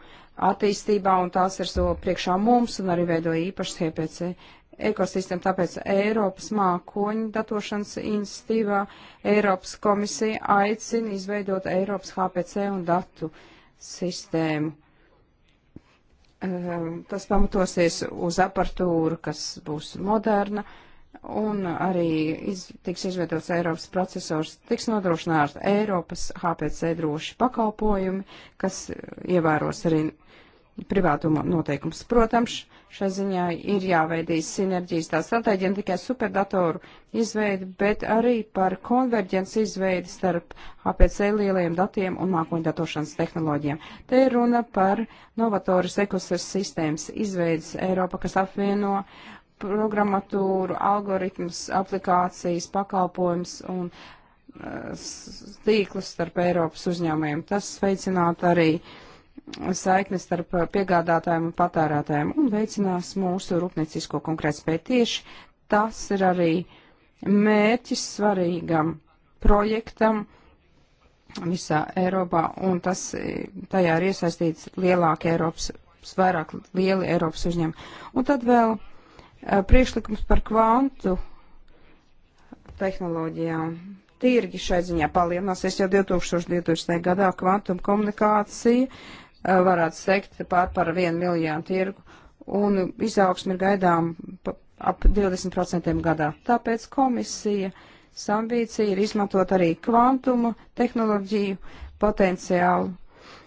attīstībā, un tās ir soli priekšā mums, un arī veidoja īpašas HPC ekosistēmu. Tāpēc Eiropas mākoņu datošanas institīvā Eiropas komisija aicina izveidot Eiropas HPC un datu sistēmu. Eh, tas pamatosies uz aparatūru, kas būs moderna, uh, un arī iz, tiks izveidots Eiropas procesors, tiks nodrošināts Eiropas HPC droši pakalpojumi, kas ievēros arī privātuma noteikums. Protams, šai ziņā ir jāveidīs sinerģijas tā stratēģija ne tikai superdatoru izveidi, bet arī par konverģents izveidi starp HPC lielajiem datiem un mākoņdatošanas tehnoloģijām. Te ir runa par novatoras ekosfēras sistēmas izveidas Eiropa, kas apvieno programmatūru, algoritmus, aplikācijas, pakalpojums un eh, tīklus starp Eiropas uzņēmējiem. Tas veicinātu arī saikni starp piegādātājiem un patērētājiem un veicinās mūsu rūpniecisko konkrētspēju. Tieši tas ir arī mērķis svarīgam projektam visā Eiropā, un tas, eh, tajā ir iesaistīts lielāki Eiropas, vairāk lieli Eiropas uzņēmumi. Un tad vēl priekšlikums par kvantu tehnoloģijām. Tīrgi šai ziņā palielināsies jau 2020. gadā kvantuma komunikācija varētu teikt pār par 1 miljonu tirgu un izaugsmi ir gaidām ap 20% gadā. Tāpēc komisija ambīcija ir izmantot arī kvantumu tehnoloģiju potenciālu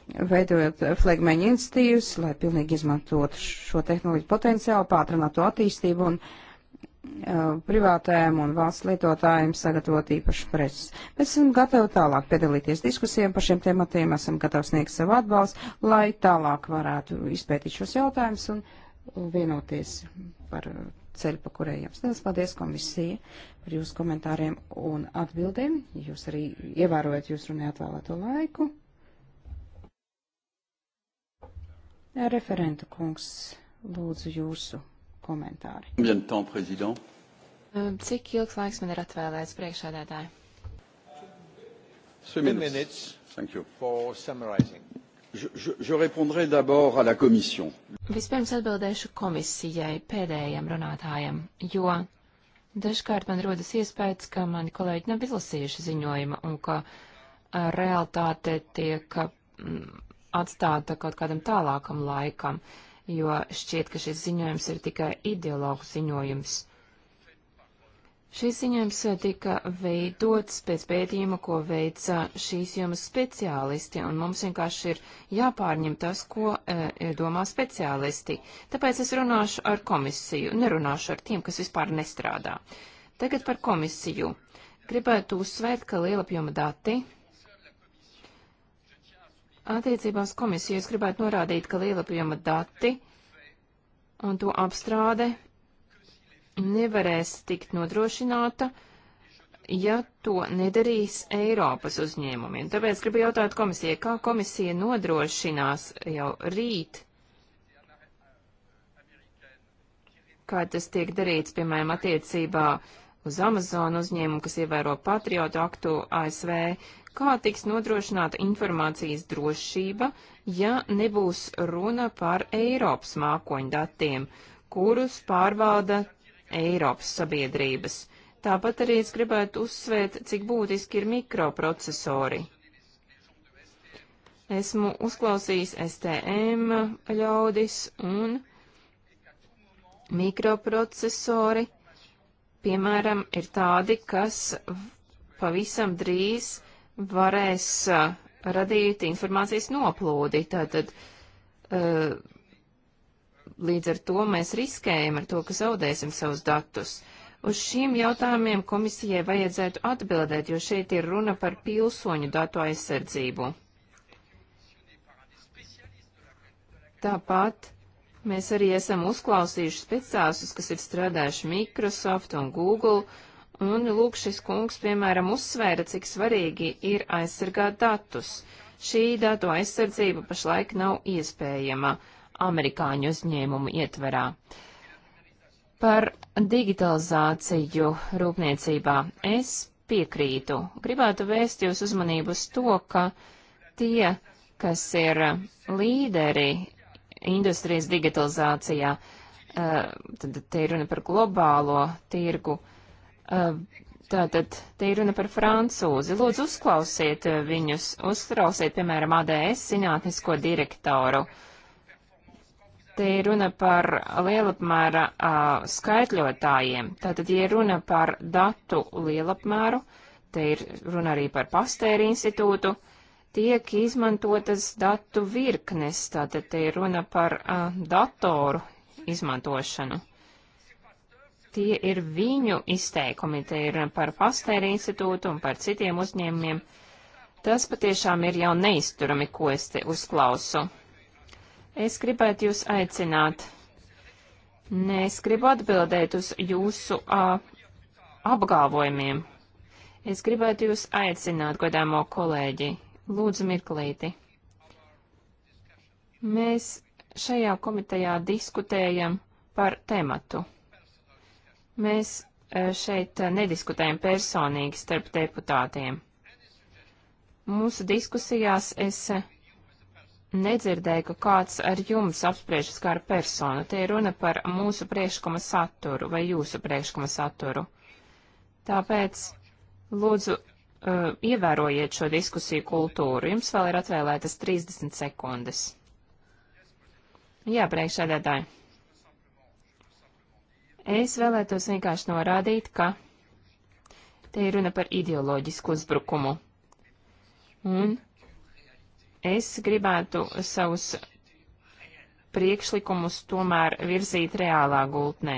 veidojot flagmaņu institīvus, lai pilnīgi izmantotu šo tehnoloģiju potenciālu, pātrinātu attīstību un uh, privātējiem un valsts lietotājiem sagatavot īpašu preces. Mēs esam gatavi tālāk piedalīties diskusijām par šiem tematiem, esam gatavi sniegt savu atbalstu, lai tālāk varētu izpētīt šos jautājumus un vienoties par uh, ceļu, pa kurējiem. Lielas paldies komisija par jūsu komentāriem un atbildēm. Jūs arī ievērojat jūs runājāt vēlēto laiku. Referenta kungs, lūdzu jūsu komentāri. Um, cik ilgs laiks man ir atvēlēts priekšādētāji? Vispirms atbildēšu komisijai, pēdējiem runātājiem, jo dažkārt man rodas iespējas, ka mani kolēģi nav izlasījuši ziņojuma un ka uh, realitāte tiek mm, atstāta kaut kādam tālākam laikam, jo šķiet, ka šis ziņojums ir tikai ideologu ziņojums. Šis ziņojums tika veidots pēc pētījuma, ko veica šīs jomas speciālisti, un mums vienkārši ir jāpārņem tas, ko e, domā speciālisti. Tāpēc es runāšu ar komisiju, nerunāšu ar tiem, kas vispār nestrādā. Tagad par komisiju. Gribētu uzsvērt, ka lielapjoma dati Attiecībās komisijas gribētu norādīt, ka lielapjoma dati un to apstrāde nevarēs tikt nodrošināta, ja to nedarīs Eiropas uzņēmumi. Tāpēc gribu jautāt komisijai, kā komisija nodrošinās jau rīt, kā tas tiek darīts, piemēram, attiecībā uz Amazon uzņēmumu, kas ievēro patriotu aktu ASV, Kā tiks nodrošināta informācijas drošība, ja nebūs runa par Eiropas mākoņdatiem, kurus pārvalda Eiropas sabiedrības? Tāpat arī es gribētu uzsvērt, cik būtiski ir mikroprocesori. Esmu uzklausījis STM ļaudis un mikroprocesori, piemēram, ir tādi, kas pavisam drīz varēs uh, radīt informācijas noplūdi. Tātad uh, līdz ar to mēs riskējam ar to, ka zaudēsim savus datus. Uz šiem jautājumiem komisijai vajadzētu atbildēt, jo šeit ir runa par pilsoņu datu aizsardzību. Tāpat mēs arī esam uzklausījuši speciālistus, kas ir strādājuši Microsoft un Google, uh, Un lūk, šis kungs, piemēram, uzsvēra, cik svarīgi ir aizsargāt datus. Šī datu aizsardzība pašlaik nav iespējama amerikāņu uzņēmumu ietverā. Par digitalizāciju rūpniecībā es piekrītu. Gribētu vēst jūs uzmanību uz to, ka tie, kas ir līderi industrijas digitalizācijā, eh, tad te ir runa par globālo tirgu, uh, Tātad te ir runa par francūzi. Lūdzu, uzklausiet viņus, uzklausiet, piemēram, ADS zinātnisko direktoru. Te ir runa par lielapmēra uh, skaitļotājiem. Tātad, ja runa par datu lielapmēru, te ir runa arī par pastēri institūtu, tiek izmantotas datu virknes. Tātad, te ir runa par uh, datoru izmantošanu. Uh, tie ir viņu izteikumi, tie ir par Pastēri institūtu un par citiem uzņēmumiem. Tas patiešām ir jau neizturami, ko es te uzklausu. Es gribētu jūs aicināt. Nē, es gribu atbildēt uz jūsu uh, apgalvojumiem. Es gribētu jūs aicināt, godāmo kolēģi. Lūdzu, mirklīti. Mēs šajā komitejā diskutējam par tematu. Mēs e, šeit e, nediskutējam personīgi starp deputātiem. Mūsu diskusijās es e, nedzirdēju, ka kāds ar jums apspriežas kā ar personu. Te ir runa par mūsu priekšlikuma saturu vai jūsu priekšlikuma saturu. Tāpēc, lūdzu, ievērojiet šo diskusiju kultūru. Jums vēl ir atvēlētas 30 sekundes. Jā, priekšsēdētāji. Es vēlētos vienkārši norādīt, ka te ir runa par ideoloģisku uzbrukumu. Un es gribētu savus priekšlikumus tomēr virzīt reālā gultnē.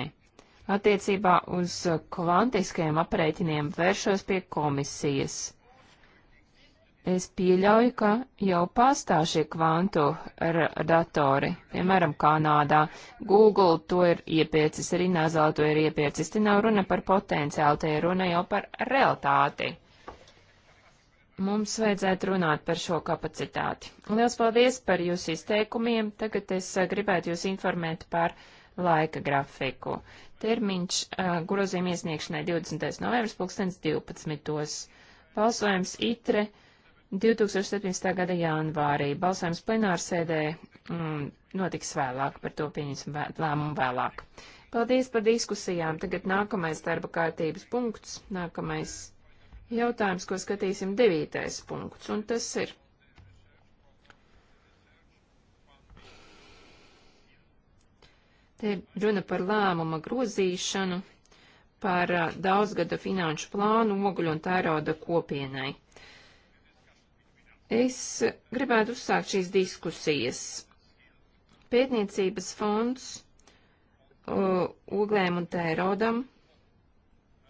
Attiecībā uz kvantiskajiem aprēķiniem vēršos pie komisijas. Es pieļauju, ka jau pastāv šie kvantu datori, piemēram, Kanādā. Google to ir iepiecis, arī NASA to ir iepiecis. Te nav runa par potenciālu, te ir runa jau par realitāti. Mums vajadzētu runāt par šo kapacitāti. Liels paldies par jūsu izteikumiem. Tagad es eh, gribētu jūs informēt par laika grafiku. Termiņš uh, grozījuma iesniegšanai 20. novembris 2012. Balsojums ITRE 2017. gada janvārī. Balsojums plenārsēdē mm, notiks vēlāk, par to pieņemsim vē, lēmumu vēlāk. Paldies par diskusijām. Tagad nākamais darba kārtības punkts, nākamais jautājums, ko skatīsim, devītais punkts, un tas ir. Te ir runa par lēmuma grozīšanu, par a, daudzgada finanšu plānu ogļu un tērauda kopienai. Es gribētu uzsākt šīs diskusijas. Pētniecības fonds oglēm un tērodam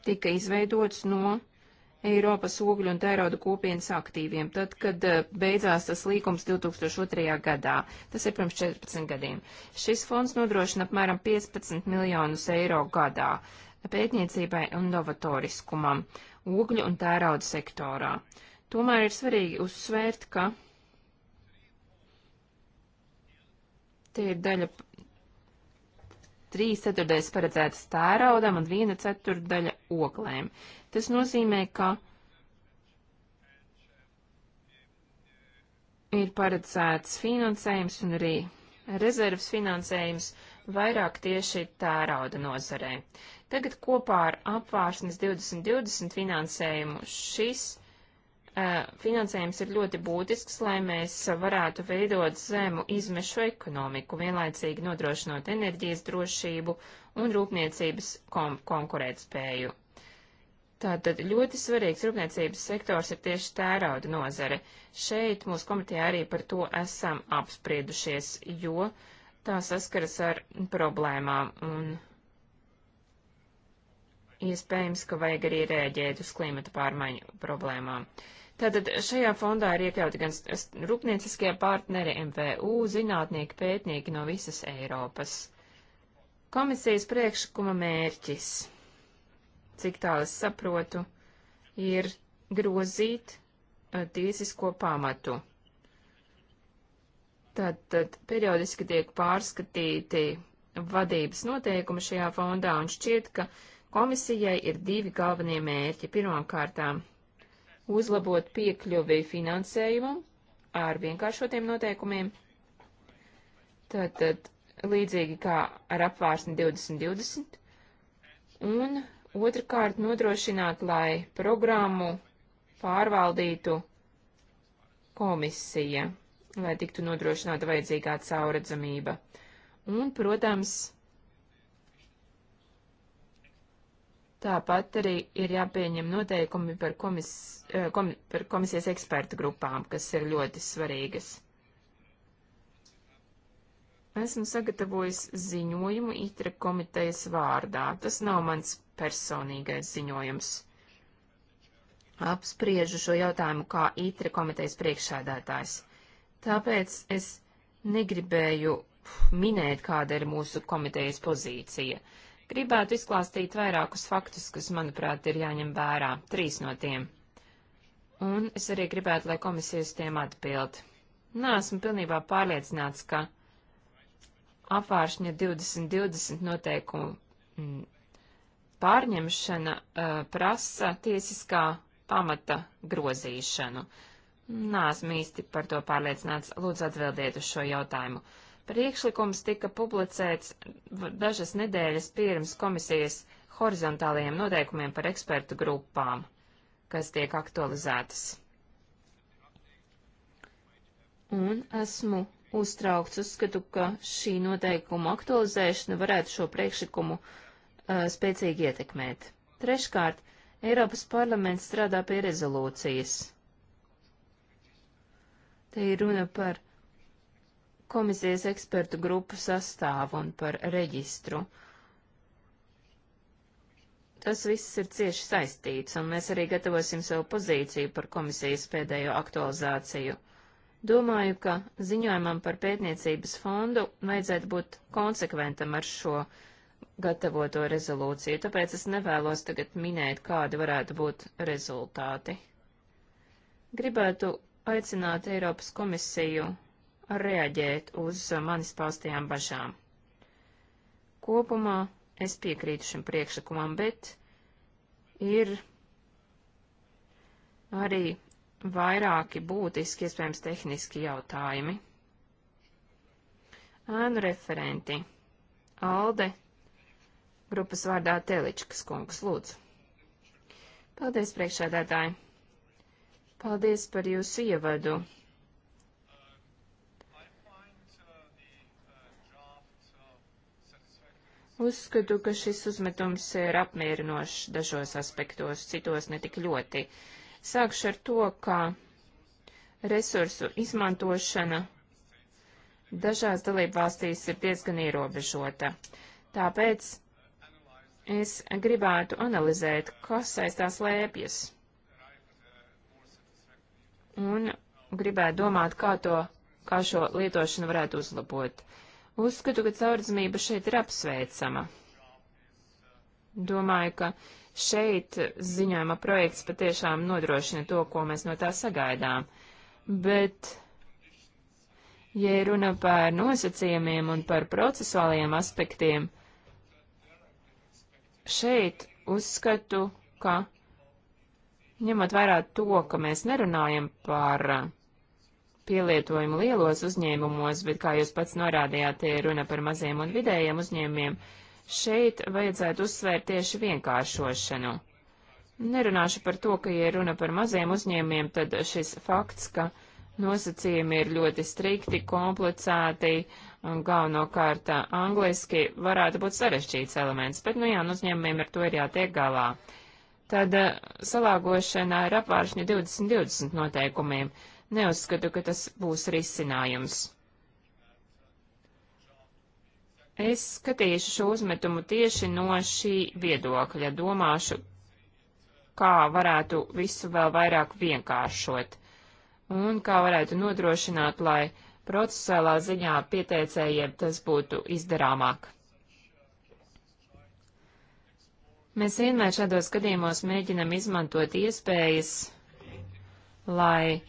tika izveidots no Eiropas ogļu un tērauda kopienas aktīviem, tad, kad e, beidzās tas līgums 2002. gadā. Tas ir pirms 14 gadiem. Šis fonds nodrošina apmēram 15 miljonus eiro gadā pētniecībai un novatoriskumam ogļu un tērauda sektorā. Uh, Tomēr ir svarīgi uzsvērt, ka te ir daļa 3 ceturdaļas paredzētas tēraudam un 1 ceturdaļa oglēm. Tas nozīmē, ka ir paredzēts finansējums un arī rezerves finansējums vairāk tieši tērauda nozarē. Tagad kopā ar apvārsnes 2020 finansējumu šis finansējums ir ļoti būtisks, lai mēs varētu veidot zemu izmešu ekonomiku, vienlaicīgi nodrošinot enerģijas drošību un rūpniecības kom konkurētspēju. Tātad ļoti svarīgs rūpniecības sektors ir tieši tērauda nozare. Šeit mūsu komitejā arī par to esam apspriedušies, jo tā saskaras ar problēmām un iespējams, ka vajag arī rēģēt uz klimata pārmaiņu problēmām. Uh, Tātad šajā fondā ir iekļauti gan rūpnieciskie partneri, MVU, zinātnieki, pētnieki no visas Eiropas. Komisijas priekšlikuma mērķis, cik tālu es saprotu, ir grozīt eh, tiesisko pamatu. Tātad periodiski tiek pārskatīti vadības noteikumi šajā fondā un šķiet, ka komisijai ir divi galvenie mērķi. Pirmām kārtām uzlabot piekļuvi finansējumam ar vienkāršotiem noteikumiem. Tātad līdzīgi kā ar apvārsni 2020. Un otrkārt nodrošināt, lai programmu pārvaldītu komisija, lai tiktu nodrošināta vajadzīgā cauradzamība. Un, protams, Tāpat arī ir jāpieņem noteikumi par, komis, eh, kom, par komisijas ekspertu grupām, kas ir ļoti svarīgas. Esmu sagatavojis ziņojumu ITRE komitejas vārdā. Tas nav mans personīgais ziņojums. Apspriežu šo jautājumu kā ITRE komitejas priekšsēdētājs. Tāpēc es negribēju minēt, kāda ir mūsu komitejas pozīcija. Uh, Gribētu izklāstīt vairākus faktus, kas, manuprāt, ir jāņem vērā. Trīs no tiem. Un es arī gribētu, lai komisijas tiem atbild. Nē, esmu pilnībā pārliecināts, ka apvāršņa 2020 noteikumu mm, pārņemšana uh, prasa tiesiskā pamata grozīšanu. Nē, esmu īsti par to pārliecināts. Lūdzu, atbildiet uz šo jautājumu. Uh, Priekšlikums tika publicēts dažas nedēļas pirms komisijas horizontālajiem noteikumiem par ekspertu grupām, kas tiek aktualizētas. Un esmu uztraukts, uzskatu, ka šī noteikuma aktualizēšana varētu šo priekšlikumu uh, spēcīgi ietekmēt. Treškārt, Eiropas parlaments strādā pie rezolūcijas. Te ir runa par komisijas ekspertu grupu sastāvu un par reģistru. Tas viss ir cieši saistīts, un mēs arī gatavosim savu pozīciju par komisijas pēdējo aktualizāciju. Domāju, ka ziņojumam par pētniecības fondu vajadzētu būt konsekventam ar šo gatavoto rezolūciju, tāpēc es nevēlos tagad minēt, kādi varētu būt rezultāti. Gribētu aicināt Eiropas komisiju reaģēt uz manis paustajām bažām. Kopumā es piekrītu šim priekšlikumam, bet ir arī vairāki būtiski, iespējams, tehniski jautājumi. Ēnu referenti. Alde. Grupas vārdā Teličkas kungs, lūdzu. Paldies, priekšādātāji. Paldies par jūsu ievadu. Uzskatu, ka šis uzmetums ir apmierinošs dažos aspektos, citos netik ļoti. Sākšu ar to, ka resursu izmantošana dažās dalībvalstīs ir diezgan ierobežota. Tāpēc es gribētu analizēt, kas aizstās lēpjas. Un gribētu domāt, kā, to, kā šo lietošanu varētu uzlabot. Uh, Uzskatu, ka caurdzamība šeit ir apsveicama. Domāju, ka šeit ziņojuma projekts patiešām nodrošina to, ko mēs no tā sagaidām. Bet, ja runa par nosacījumiem un par procesuālajiem aspektiem, šeit uzskatu, ka ņemot vairāk to, ka mēs nerunājam par pielietojumu lielos uzņēmumos, bet, kā jūs pats norādījāt, ir runa par maziem un vidējiem uzņēmumiem, šeit vajadzētu uzsvērt tieši vienkāršošanu. Nerunāšu par to, ka, ja runa par maziem uzņēmumiem, tad šis fakts, ka nosacījumi ir ļoti strikti, komplicēti un galvenokārt angliski, varētu būt sarežģīts elements, bet, nu jā, uzņēmumiem ar to ir jātiek galā. Tad salāgošana ar apvāršņu 2020 noteikumiem neuzskatu, ka tas būs risinājums. Es skatīšu šo uzmetumu tieši no šī viedokļa, domāšu, kā varētu visu vēl vairāk vienkāršot un kā varētu nodrošināt, lai procesuālā ziņā pieteicējiem tas būtu izdarāmāk. Mēs vienmēr šādos gadījumos mēģinam izmantot iespējas, lai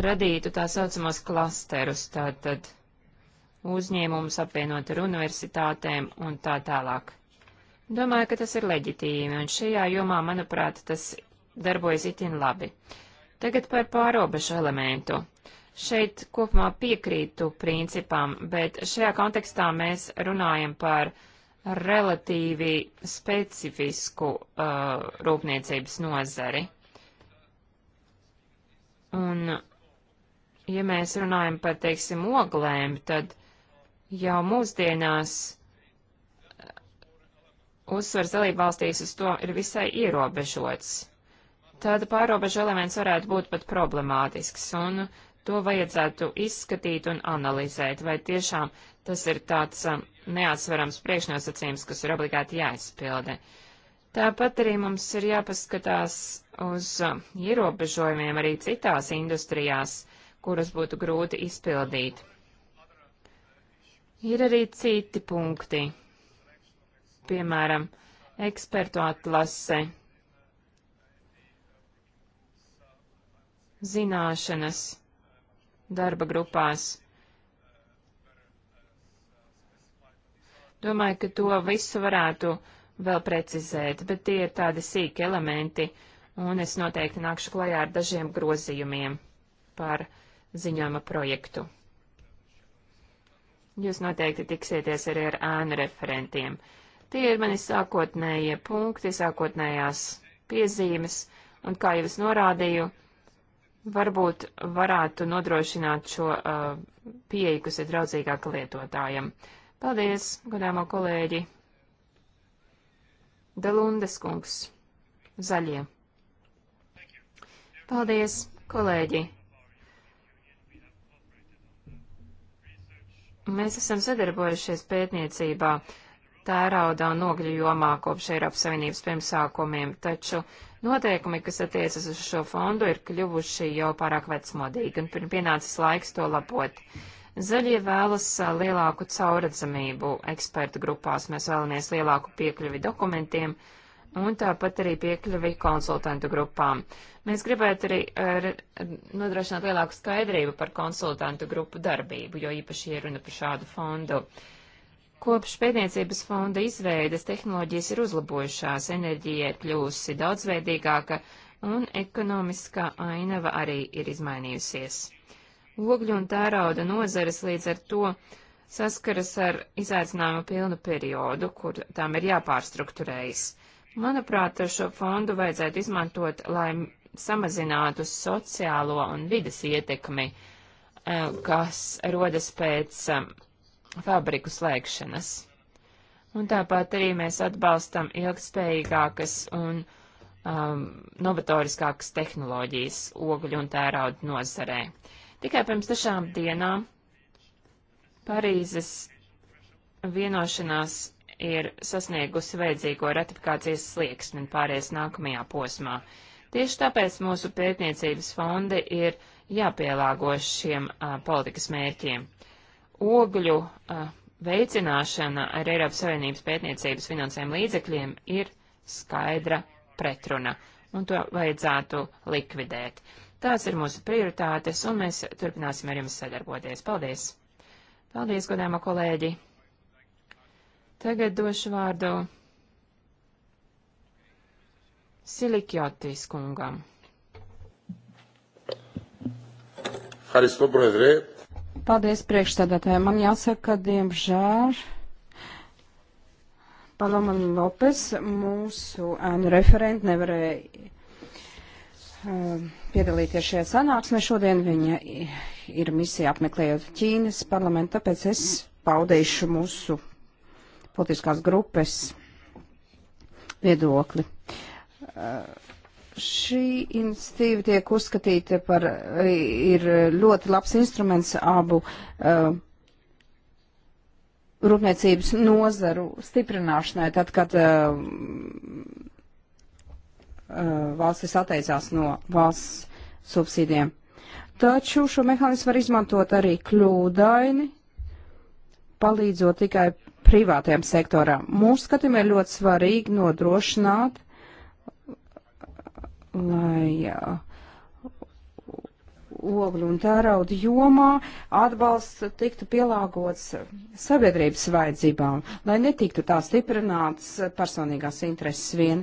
radītu tā saucamos klasterus, tātad uzņēmumus apvienot ar universitātēm un tā tālāk. Domāju, ka tas ir leģitīmi, un šajā jomā, manuprāt, tas darbojas itin labi. Tagad par pārobežu elementu. Šeit kopumā piekrītu principam, bet šajā kontekstā mēs runājam par relatīvi specifisku uh, rūpniecības nozari. Un ja mēs runājam par, teiksim, oglēm, tad jau mūsdienās uh, uzsvars dalībvalstīs uz to ir visai ierobežots. Tāda pārobežu elements varētu būt pat problemātisks, un to vajadzētu izskatīt un analizēt, vai tiešām tas ir tāds um, neatsverams priekšnosacījums, kas ir obligāti jāizpilda. Tāpat arī mums ir jāpaskatās uz um, ierobežojumiem arī citās industrijās, kurus būtu grūti izpildīt. Ir arī citi punkti, piemēram, ekspertu atlase, zināšanas darba grupās. Domāju, ka to visu varētu vēl precizēt, bet tie ir tādi sīki elementi, un es noteikti nākšu klajā ar dažiem grozījumiem par ziņojuma projektu. Jūs noteikti tiksieties arī ar ēnu referentiem. Tie ir mani sākotnējie punkti, sākotnējās piezīmes, un kā jau es norādīju, varbūt varētu nodrošināt šo uh, pieeju, kas ir draudzīgāka lietotājam. Paldies, godāmo kolēģi! Dalundes kungs, zaļie. Paldies, kolēģi! Mēs esam sadarbojušies pētniecībā tērauda un ogļu jomā kopš Eiropas Savienības pirmsākumiem, taču noteikumi, kas attiecas uz šo fondu, ir kļuvuši jau pārāk vecmodīgi un pienācis laiks to labot. Zaļie vēlas lielāku cauradzamību ekspertu grupās, mēs vēlamies lielāku piekļuvi dokumentiem, uh, un tāpat arī piekļuvi konsultantu grupām. Mēs gribētu arī ar, eh, nodrošināt lielāku skaidrību par konsultantu grupu darbību, jo īpaši ir runa par šādu fondu. Kopš pētniecības fonda izveidas tehnoloģijas ir uzlabojušās, enerģija ir kļūsi daudzveidīgāka un ekonomiskā ainava arī ir izmainījusies. Ogļu un tērauda nozares līdz ar to saskaras ar izaicinājumu pilnu periodu, kur tām ir jāpārstruktūrējas. Manuprāt, šo fondu vajadzētu izmantot, lai samazinātu sociālo un vidas ietekmi, eh, kas rodas pēc eh, fabriku slēgšanas. Un tāpat arī mēs atbalstam ilgspējīgākas un um, novatoriskākas tehnoloģijas ogļu un tērauda nozarē. Tikai pirms dažām dienām Parīzes vienošanās ir sasniegusi vajadzīgo ratifikācijas slieksni un pāries nākamajā posmā. Tieši tāpēc mūsu pētniecības fondi ir jāpielāgo šiem a, politikas mērķiem. Ogļu a, veicināšana ar Eiropas Savienības pētniecības finansēm līdzekļiem ir skaidra pretruna, un to vajadzētu likvidēt. Tās ir mūsu prioritātes, un mēs turpināsim ar jums sadarboties. Paldies! Paldies, godāmā kolēģi! Tagad došu vārdu Silikjotīs kungam. Paldies priekšstādātājiem. Man jāsaka, ka diemžēl Paloma Lopes, mūsu ēnu referenti, nevarēja uh, piedalīties šajā sanāksmē. Šodien viņa ir misija apmeklējot Ķīnas parlamentu, tāpēc es paudīšu mūsu politiskās grupas viedokli. Šī institīva tiek uzskatīta par, ir ļoti labs instruments abu uh, rūpniecības nozaru stiprināšanai, tad, kad uh, uh, valstis atteicās no valsts subsīdiem. Taču šo mehānismu var izmantot arī kļūdaini, palīdzot tikai privātajam sektoram. Mūsu skatījumā ir ļoti svarīgi nodrošināt, lai ogļu un tērauda jomā atbalsts tiktu pielāgots sabiedrības vajadzībām, lai netiktu tā stiprināts personīgās intereses vien.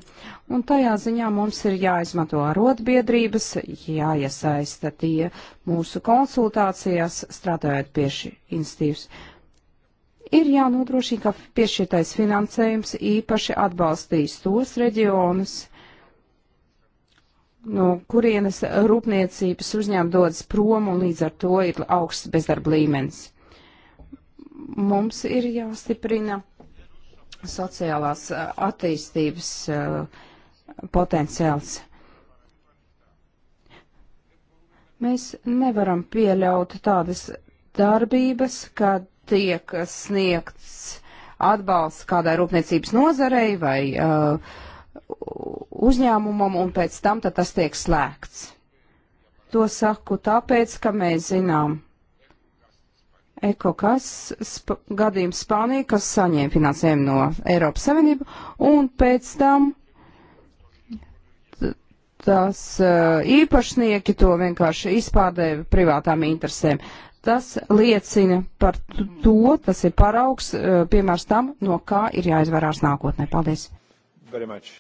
Un tajā ziņā mums ir jāizmanto arotbiedrības, jāiesaista tie mūsu konsultācijās, strādājot pie šī institīvas. Ir jānodrošina, ka piešķirtais finansējums īpaši atbalstīs tos reģionus, no kurienes rūpniecības uzņēmumi dodas prom un līdz ar to ir augsts bezdarba līmenis. Mums ir jāstiprina sociālās uh, attīstības uh, potenciāls. Mēs nevaram pieļaut tādas darbības, kad tiek sniegts atbalsts kādai rūpniecības nozarei vai uh, uzņēmumam, un pēc tam tas tiek slēgts. To saku tāpēc, ka mēs zinām ekokas sp gadījumu Spānija, kas saņēma finansējumu no Eiropas Savienību, un pēc tam tās uh, īpašnieki to vienkārši izpārdēja privātām interesēm. Tas liecina par to, tas ir paraugs, eh, piemērs tam, no kā ir jāizvarās nākotnē. Paldies!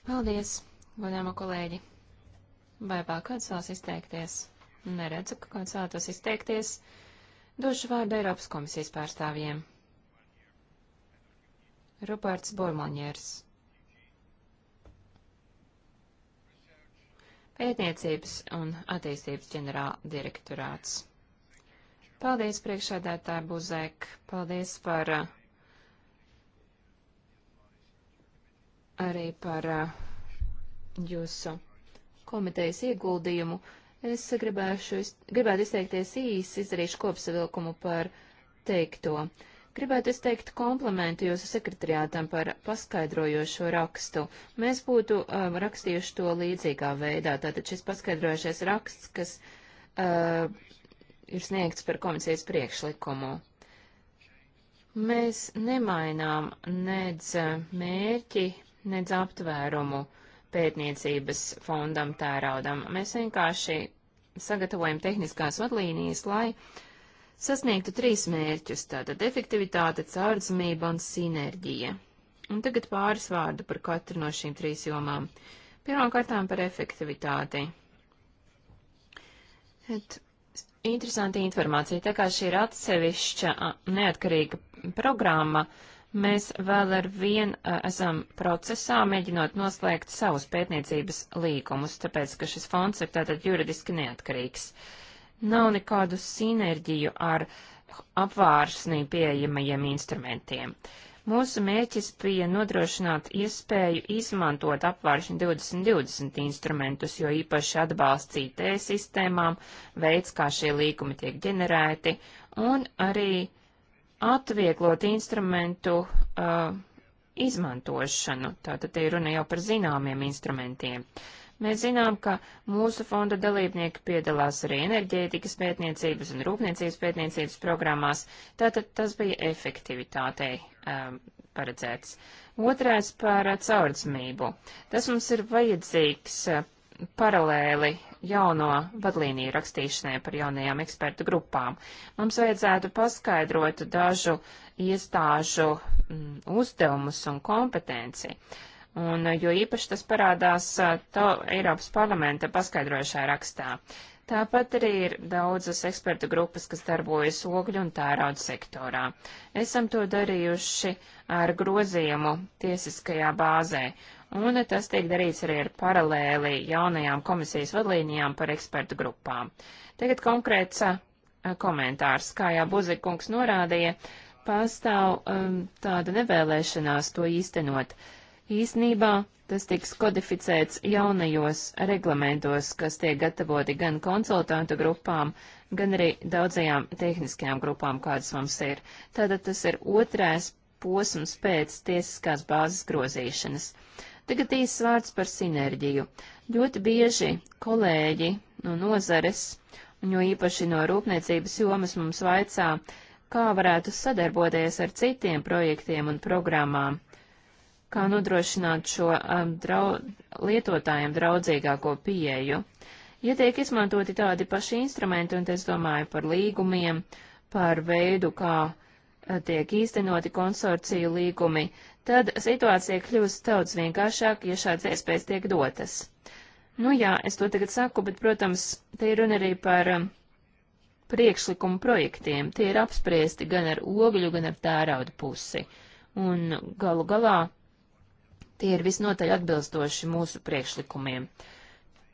Paldies, godāmo kolēģi! Vai vēl kāds vēlas izteikties? Neredzu, ka kāds vēlētos izteikties. Došu vārdu Eiropas komisijas pārstāvjiem. Ruparts Bormaņers. Pētniecības un attīstības ģenerāla direktorāts. Paldies, priekšēdētāji Buzēk. Paldies par arī par jūsu komitejas ieguldījumu. Es gribēšu, gribētu izteikties īsi, izdarīšu kopsavilkumu par teikto. Gribētu izteikt komplementu jūsu sekretariātam par paskaidrojošo rakstu. Mēs būtu um, rakstījuši to līdzīgā veidā. Tātad šis paskaidrojošais raksts, kas uh, ir sniegts par komisijas priekšlikumu. Mēs nemainām nedz mērķi, nedz aptvērumu pētniecības fondam tēraudam. Mēs vienkārši sagatavojam tehniskās vadlīnijas, lai sasniegtu trīs mērķus - tātad efektivitāte, caurdzamība un sinerģija. Un tagad pāris vārdu par katru no šīm trīs jomām. Pirmkārtām par efektivitāti. Et interesanta informācija. Tā kā šī ir atsevišķa neatkarīga programma, mēs vēl ar vien esam procesā mēģinot noslēgt savus pētniecības līgumus, tāpēc, ka šis fonds ir tātad juridiski neatkarīgs. Nav nekādu sinerģiju ar apvāršanī pieejamajiem instrumentiem. Uh, Mūsu mērķis bija nodrošināt iespēju izmantot apvāršņu 2020 instrumentus, jo īpaši atbalsts IT sistēmām, veids, kā šie līgumi tiek ģenerēti, un arī atvieglot instrumentu uh, izmantošanu. Tātad te ir runa jau par zināmiem instrumentiem. Uh, Mēs zinām, ka mūsu fonda dalībnieki piedalās arī enerģētikas pētniecības un rūpniecības pētniecības programmās, tātad tas bija efektivitātei um, paredzēts. Otrais par uh, caurdzmību. Tas mums ir vajadzīgs uh, paralēli jauno vadlīniju rakstīšanai par jaunajām ekspertu grupām. Mums vajadzētu paskaidrot dažu iestāžu mm, uzdevumus un kompetenci. Uh, un eh, jo īpaši tas parādās eh, to Eiropas parlamenta paskaidrojušā rakstā. Tāpat arī ir daudzas ekspertu grupas, kas darbojas ogļu un tērauda sektorā. Esam to darījuši ar grozījumu tiesiskajā bāzē, un eh, tas tiek darīts arī ar paralēli jaunajām komisijas vadlīnijām par ekspertu grupām. Tagad konkrēts komentārs, kā jau Buzikungs norādīja, pastāv um, tāda nevēlēšanās to īstenot. Uh, Īsnībā tas tiks kodificēts jaunajos reglamentos, kas tiek gatavoti gan konsultantu grupām, gan arī daudzajām tehniskajām grupām, kādas mums ir. Tātad tas ir otrais posms pēc tiesiskās bāzes grozīšanas. Tagad īsts vārds par sinerģiju. Ļoti bieži kolēģi no nozares, un jo īpaši no rūpniecības jomas mums vaicā, kā varētu sadarboties ar citiem projektiem un programmām kā nodrošināt šo um, drau lietotājiem draudzīgāko pieeju. Ja tiek izmantoti tādi paši instrumenti, un es domāju par līgumiem, par veidu, kā uh, tiek īstenoti konsorciju līgumi, tad situācija kļūst daudz vienkāršāk, ja šāds iespējas tiek dotas. Nu jā, es to tagad saku, bet, protams, te ir runa arī par um, priekšlikumu projektiem. Tie ir apspriesti gan ar ogļu, gan ar tērauda pusi. Un galu galā Tie ir visnotaļ atbilstoši mūsu priekšlikumiem.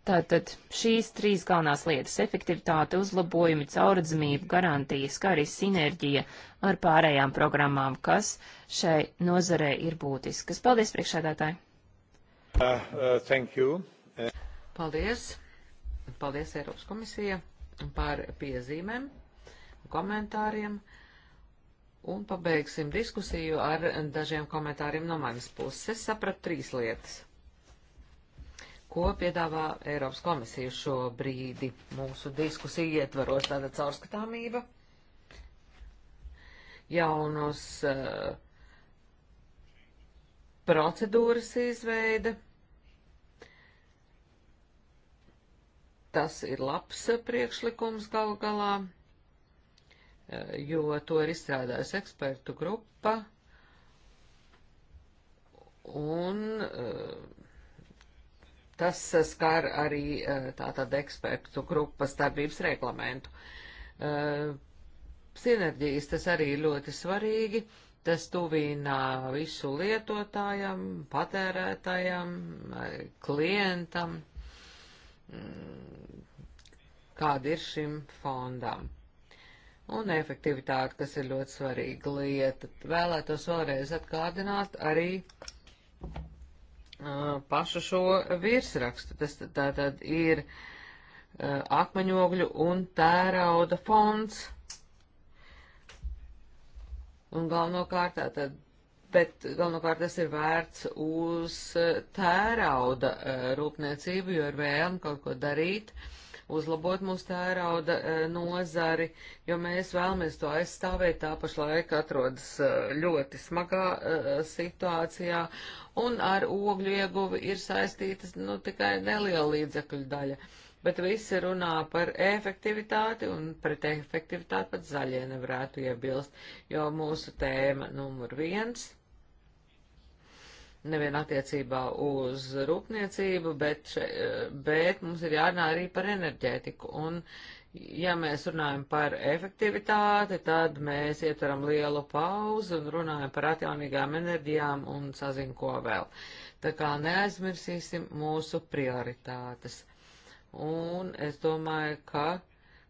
Tātad šīs trīs galvenās lietas - efektivitāte, uzlabojumi, caurredzamība, garantijas, kā arī sinerģija ar pārējām programmām, kas šai nozarē ir būtiskas. Paldies, priekšādātāji! Uh, uh, uh. Paldies! Paldies Eiropas komisija par piezīmēm, komentāriem. Uh, un pabeigsim diskusiju ar dažiem komentāriem no manas puses. Es sapratu trīs lietas, ko piedāvā Eiropas komisija šo brīdi mūsu diskusiju ietvaros. Tāda caurskatāmība, jaunos uh, procedūras izveide. Tas ir labs priekšlikums galu galā jo to ir izstrādājusi ekspertu grupa, un eh, tas skar arī eh, tātad ekspertu grupas darbības reglamentu. Eh, sinerģijas tas arī ir ļoti svarīgi, tas tuvinā visu lietotājam, patērētājam, klientam, mm, kāda ir šim fondam un efektivitāte, kas ir ļoti svarīga lieta. Vēlētos vēlreiz atkārdināt arī uh, pašu šo virsrakstu. Tas tā tad ir uh, akmeņogļu un tērauda fonds. Un galvenokārt tā tad, bet galvenokārt tas ir vērts uz tērauda uh, rūpniecību, jo ir vēlme kaut ko darīt. Uh, uzlabot mūsu tērauda e, nozari, jo mēs vēlamies to aizstāvēt. Tā pašlaik atrodas e, ļoti smagā e, situācijā, un ar ogļu ieguvi ir saistītas nu, tikai neliela līdzekļu daļa. Bet visi runā par efektivitāti, un pret efektivitāti pat zaļie nevarētu iebilst, jo mūsu tēma numur viens nevien attiecībā uz rūpniecību, bet, še, bet mums ir jārunā arī par enerģētiku. Un, ja mēs runājam par efektivitāti, tad mēs ietveram lielu pauzi un runājam par atjaunīgām enerģijām un sazin ko vēl. Tā kā neaizmirsīsim mūsu prioritātes. Un es domāju, ka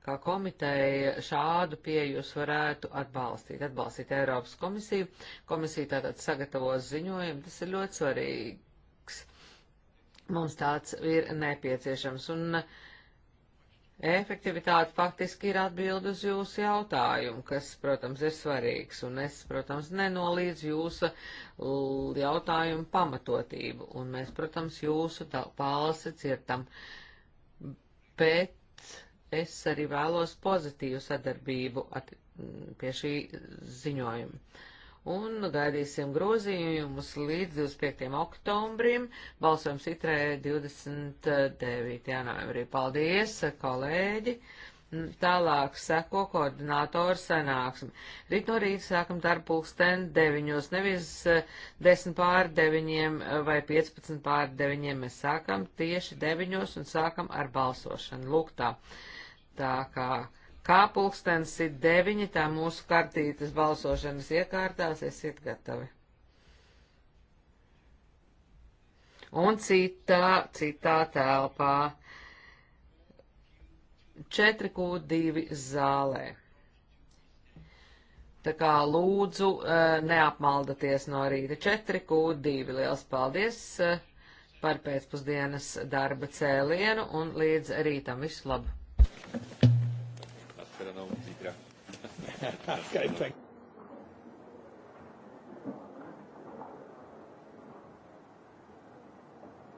kā komiteja šādu pieejus varētu atbalstīt. Atbalstīt Eiropas komisiju. Komisija tātad sagatavos ziņojumu, tas ir ļoti svarīgs. Mums tāds ir nepieciešams. Un efektivitāte faktiski ir atbild uz jūsu jautājumu, kas, protams, ir svarīgs. Un es, protams, nenolīdz jūsu jautājumu pamatotību. Un mēs, protams, jūsu balsi cietam. Bet es arī vēlos pozitīvu sadarbību at, pie šī ziņojuma. Un gaidīsim grozījumus līdz 25. oktobrim, balsojums itrē 29. novembrī. Paldies, kolēģi! Tālāk seko koordinātoru sanāksmi. Rīt no rīta sākam darbu pulksten 9, nevis 10 eh, pār 9 eh, vai 15 pār 9. Mēs sākam tieši 9 un sākam ar balsošanu. Lūk tā. Tā kā kā pulkstens ir deviņi, tā mūsu kartītes balsošanas iekārtās esiet gatavi. Un citā, citā telpā 4Q2 zālē. Tā kā lūdzu e, neapmaldaties no rīta 4Q2. Liels paldies e, par pēcpusdienas darba cēlienu un līdz rītam visu labu! Aspetta, non mi Skype.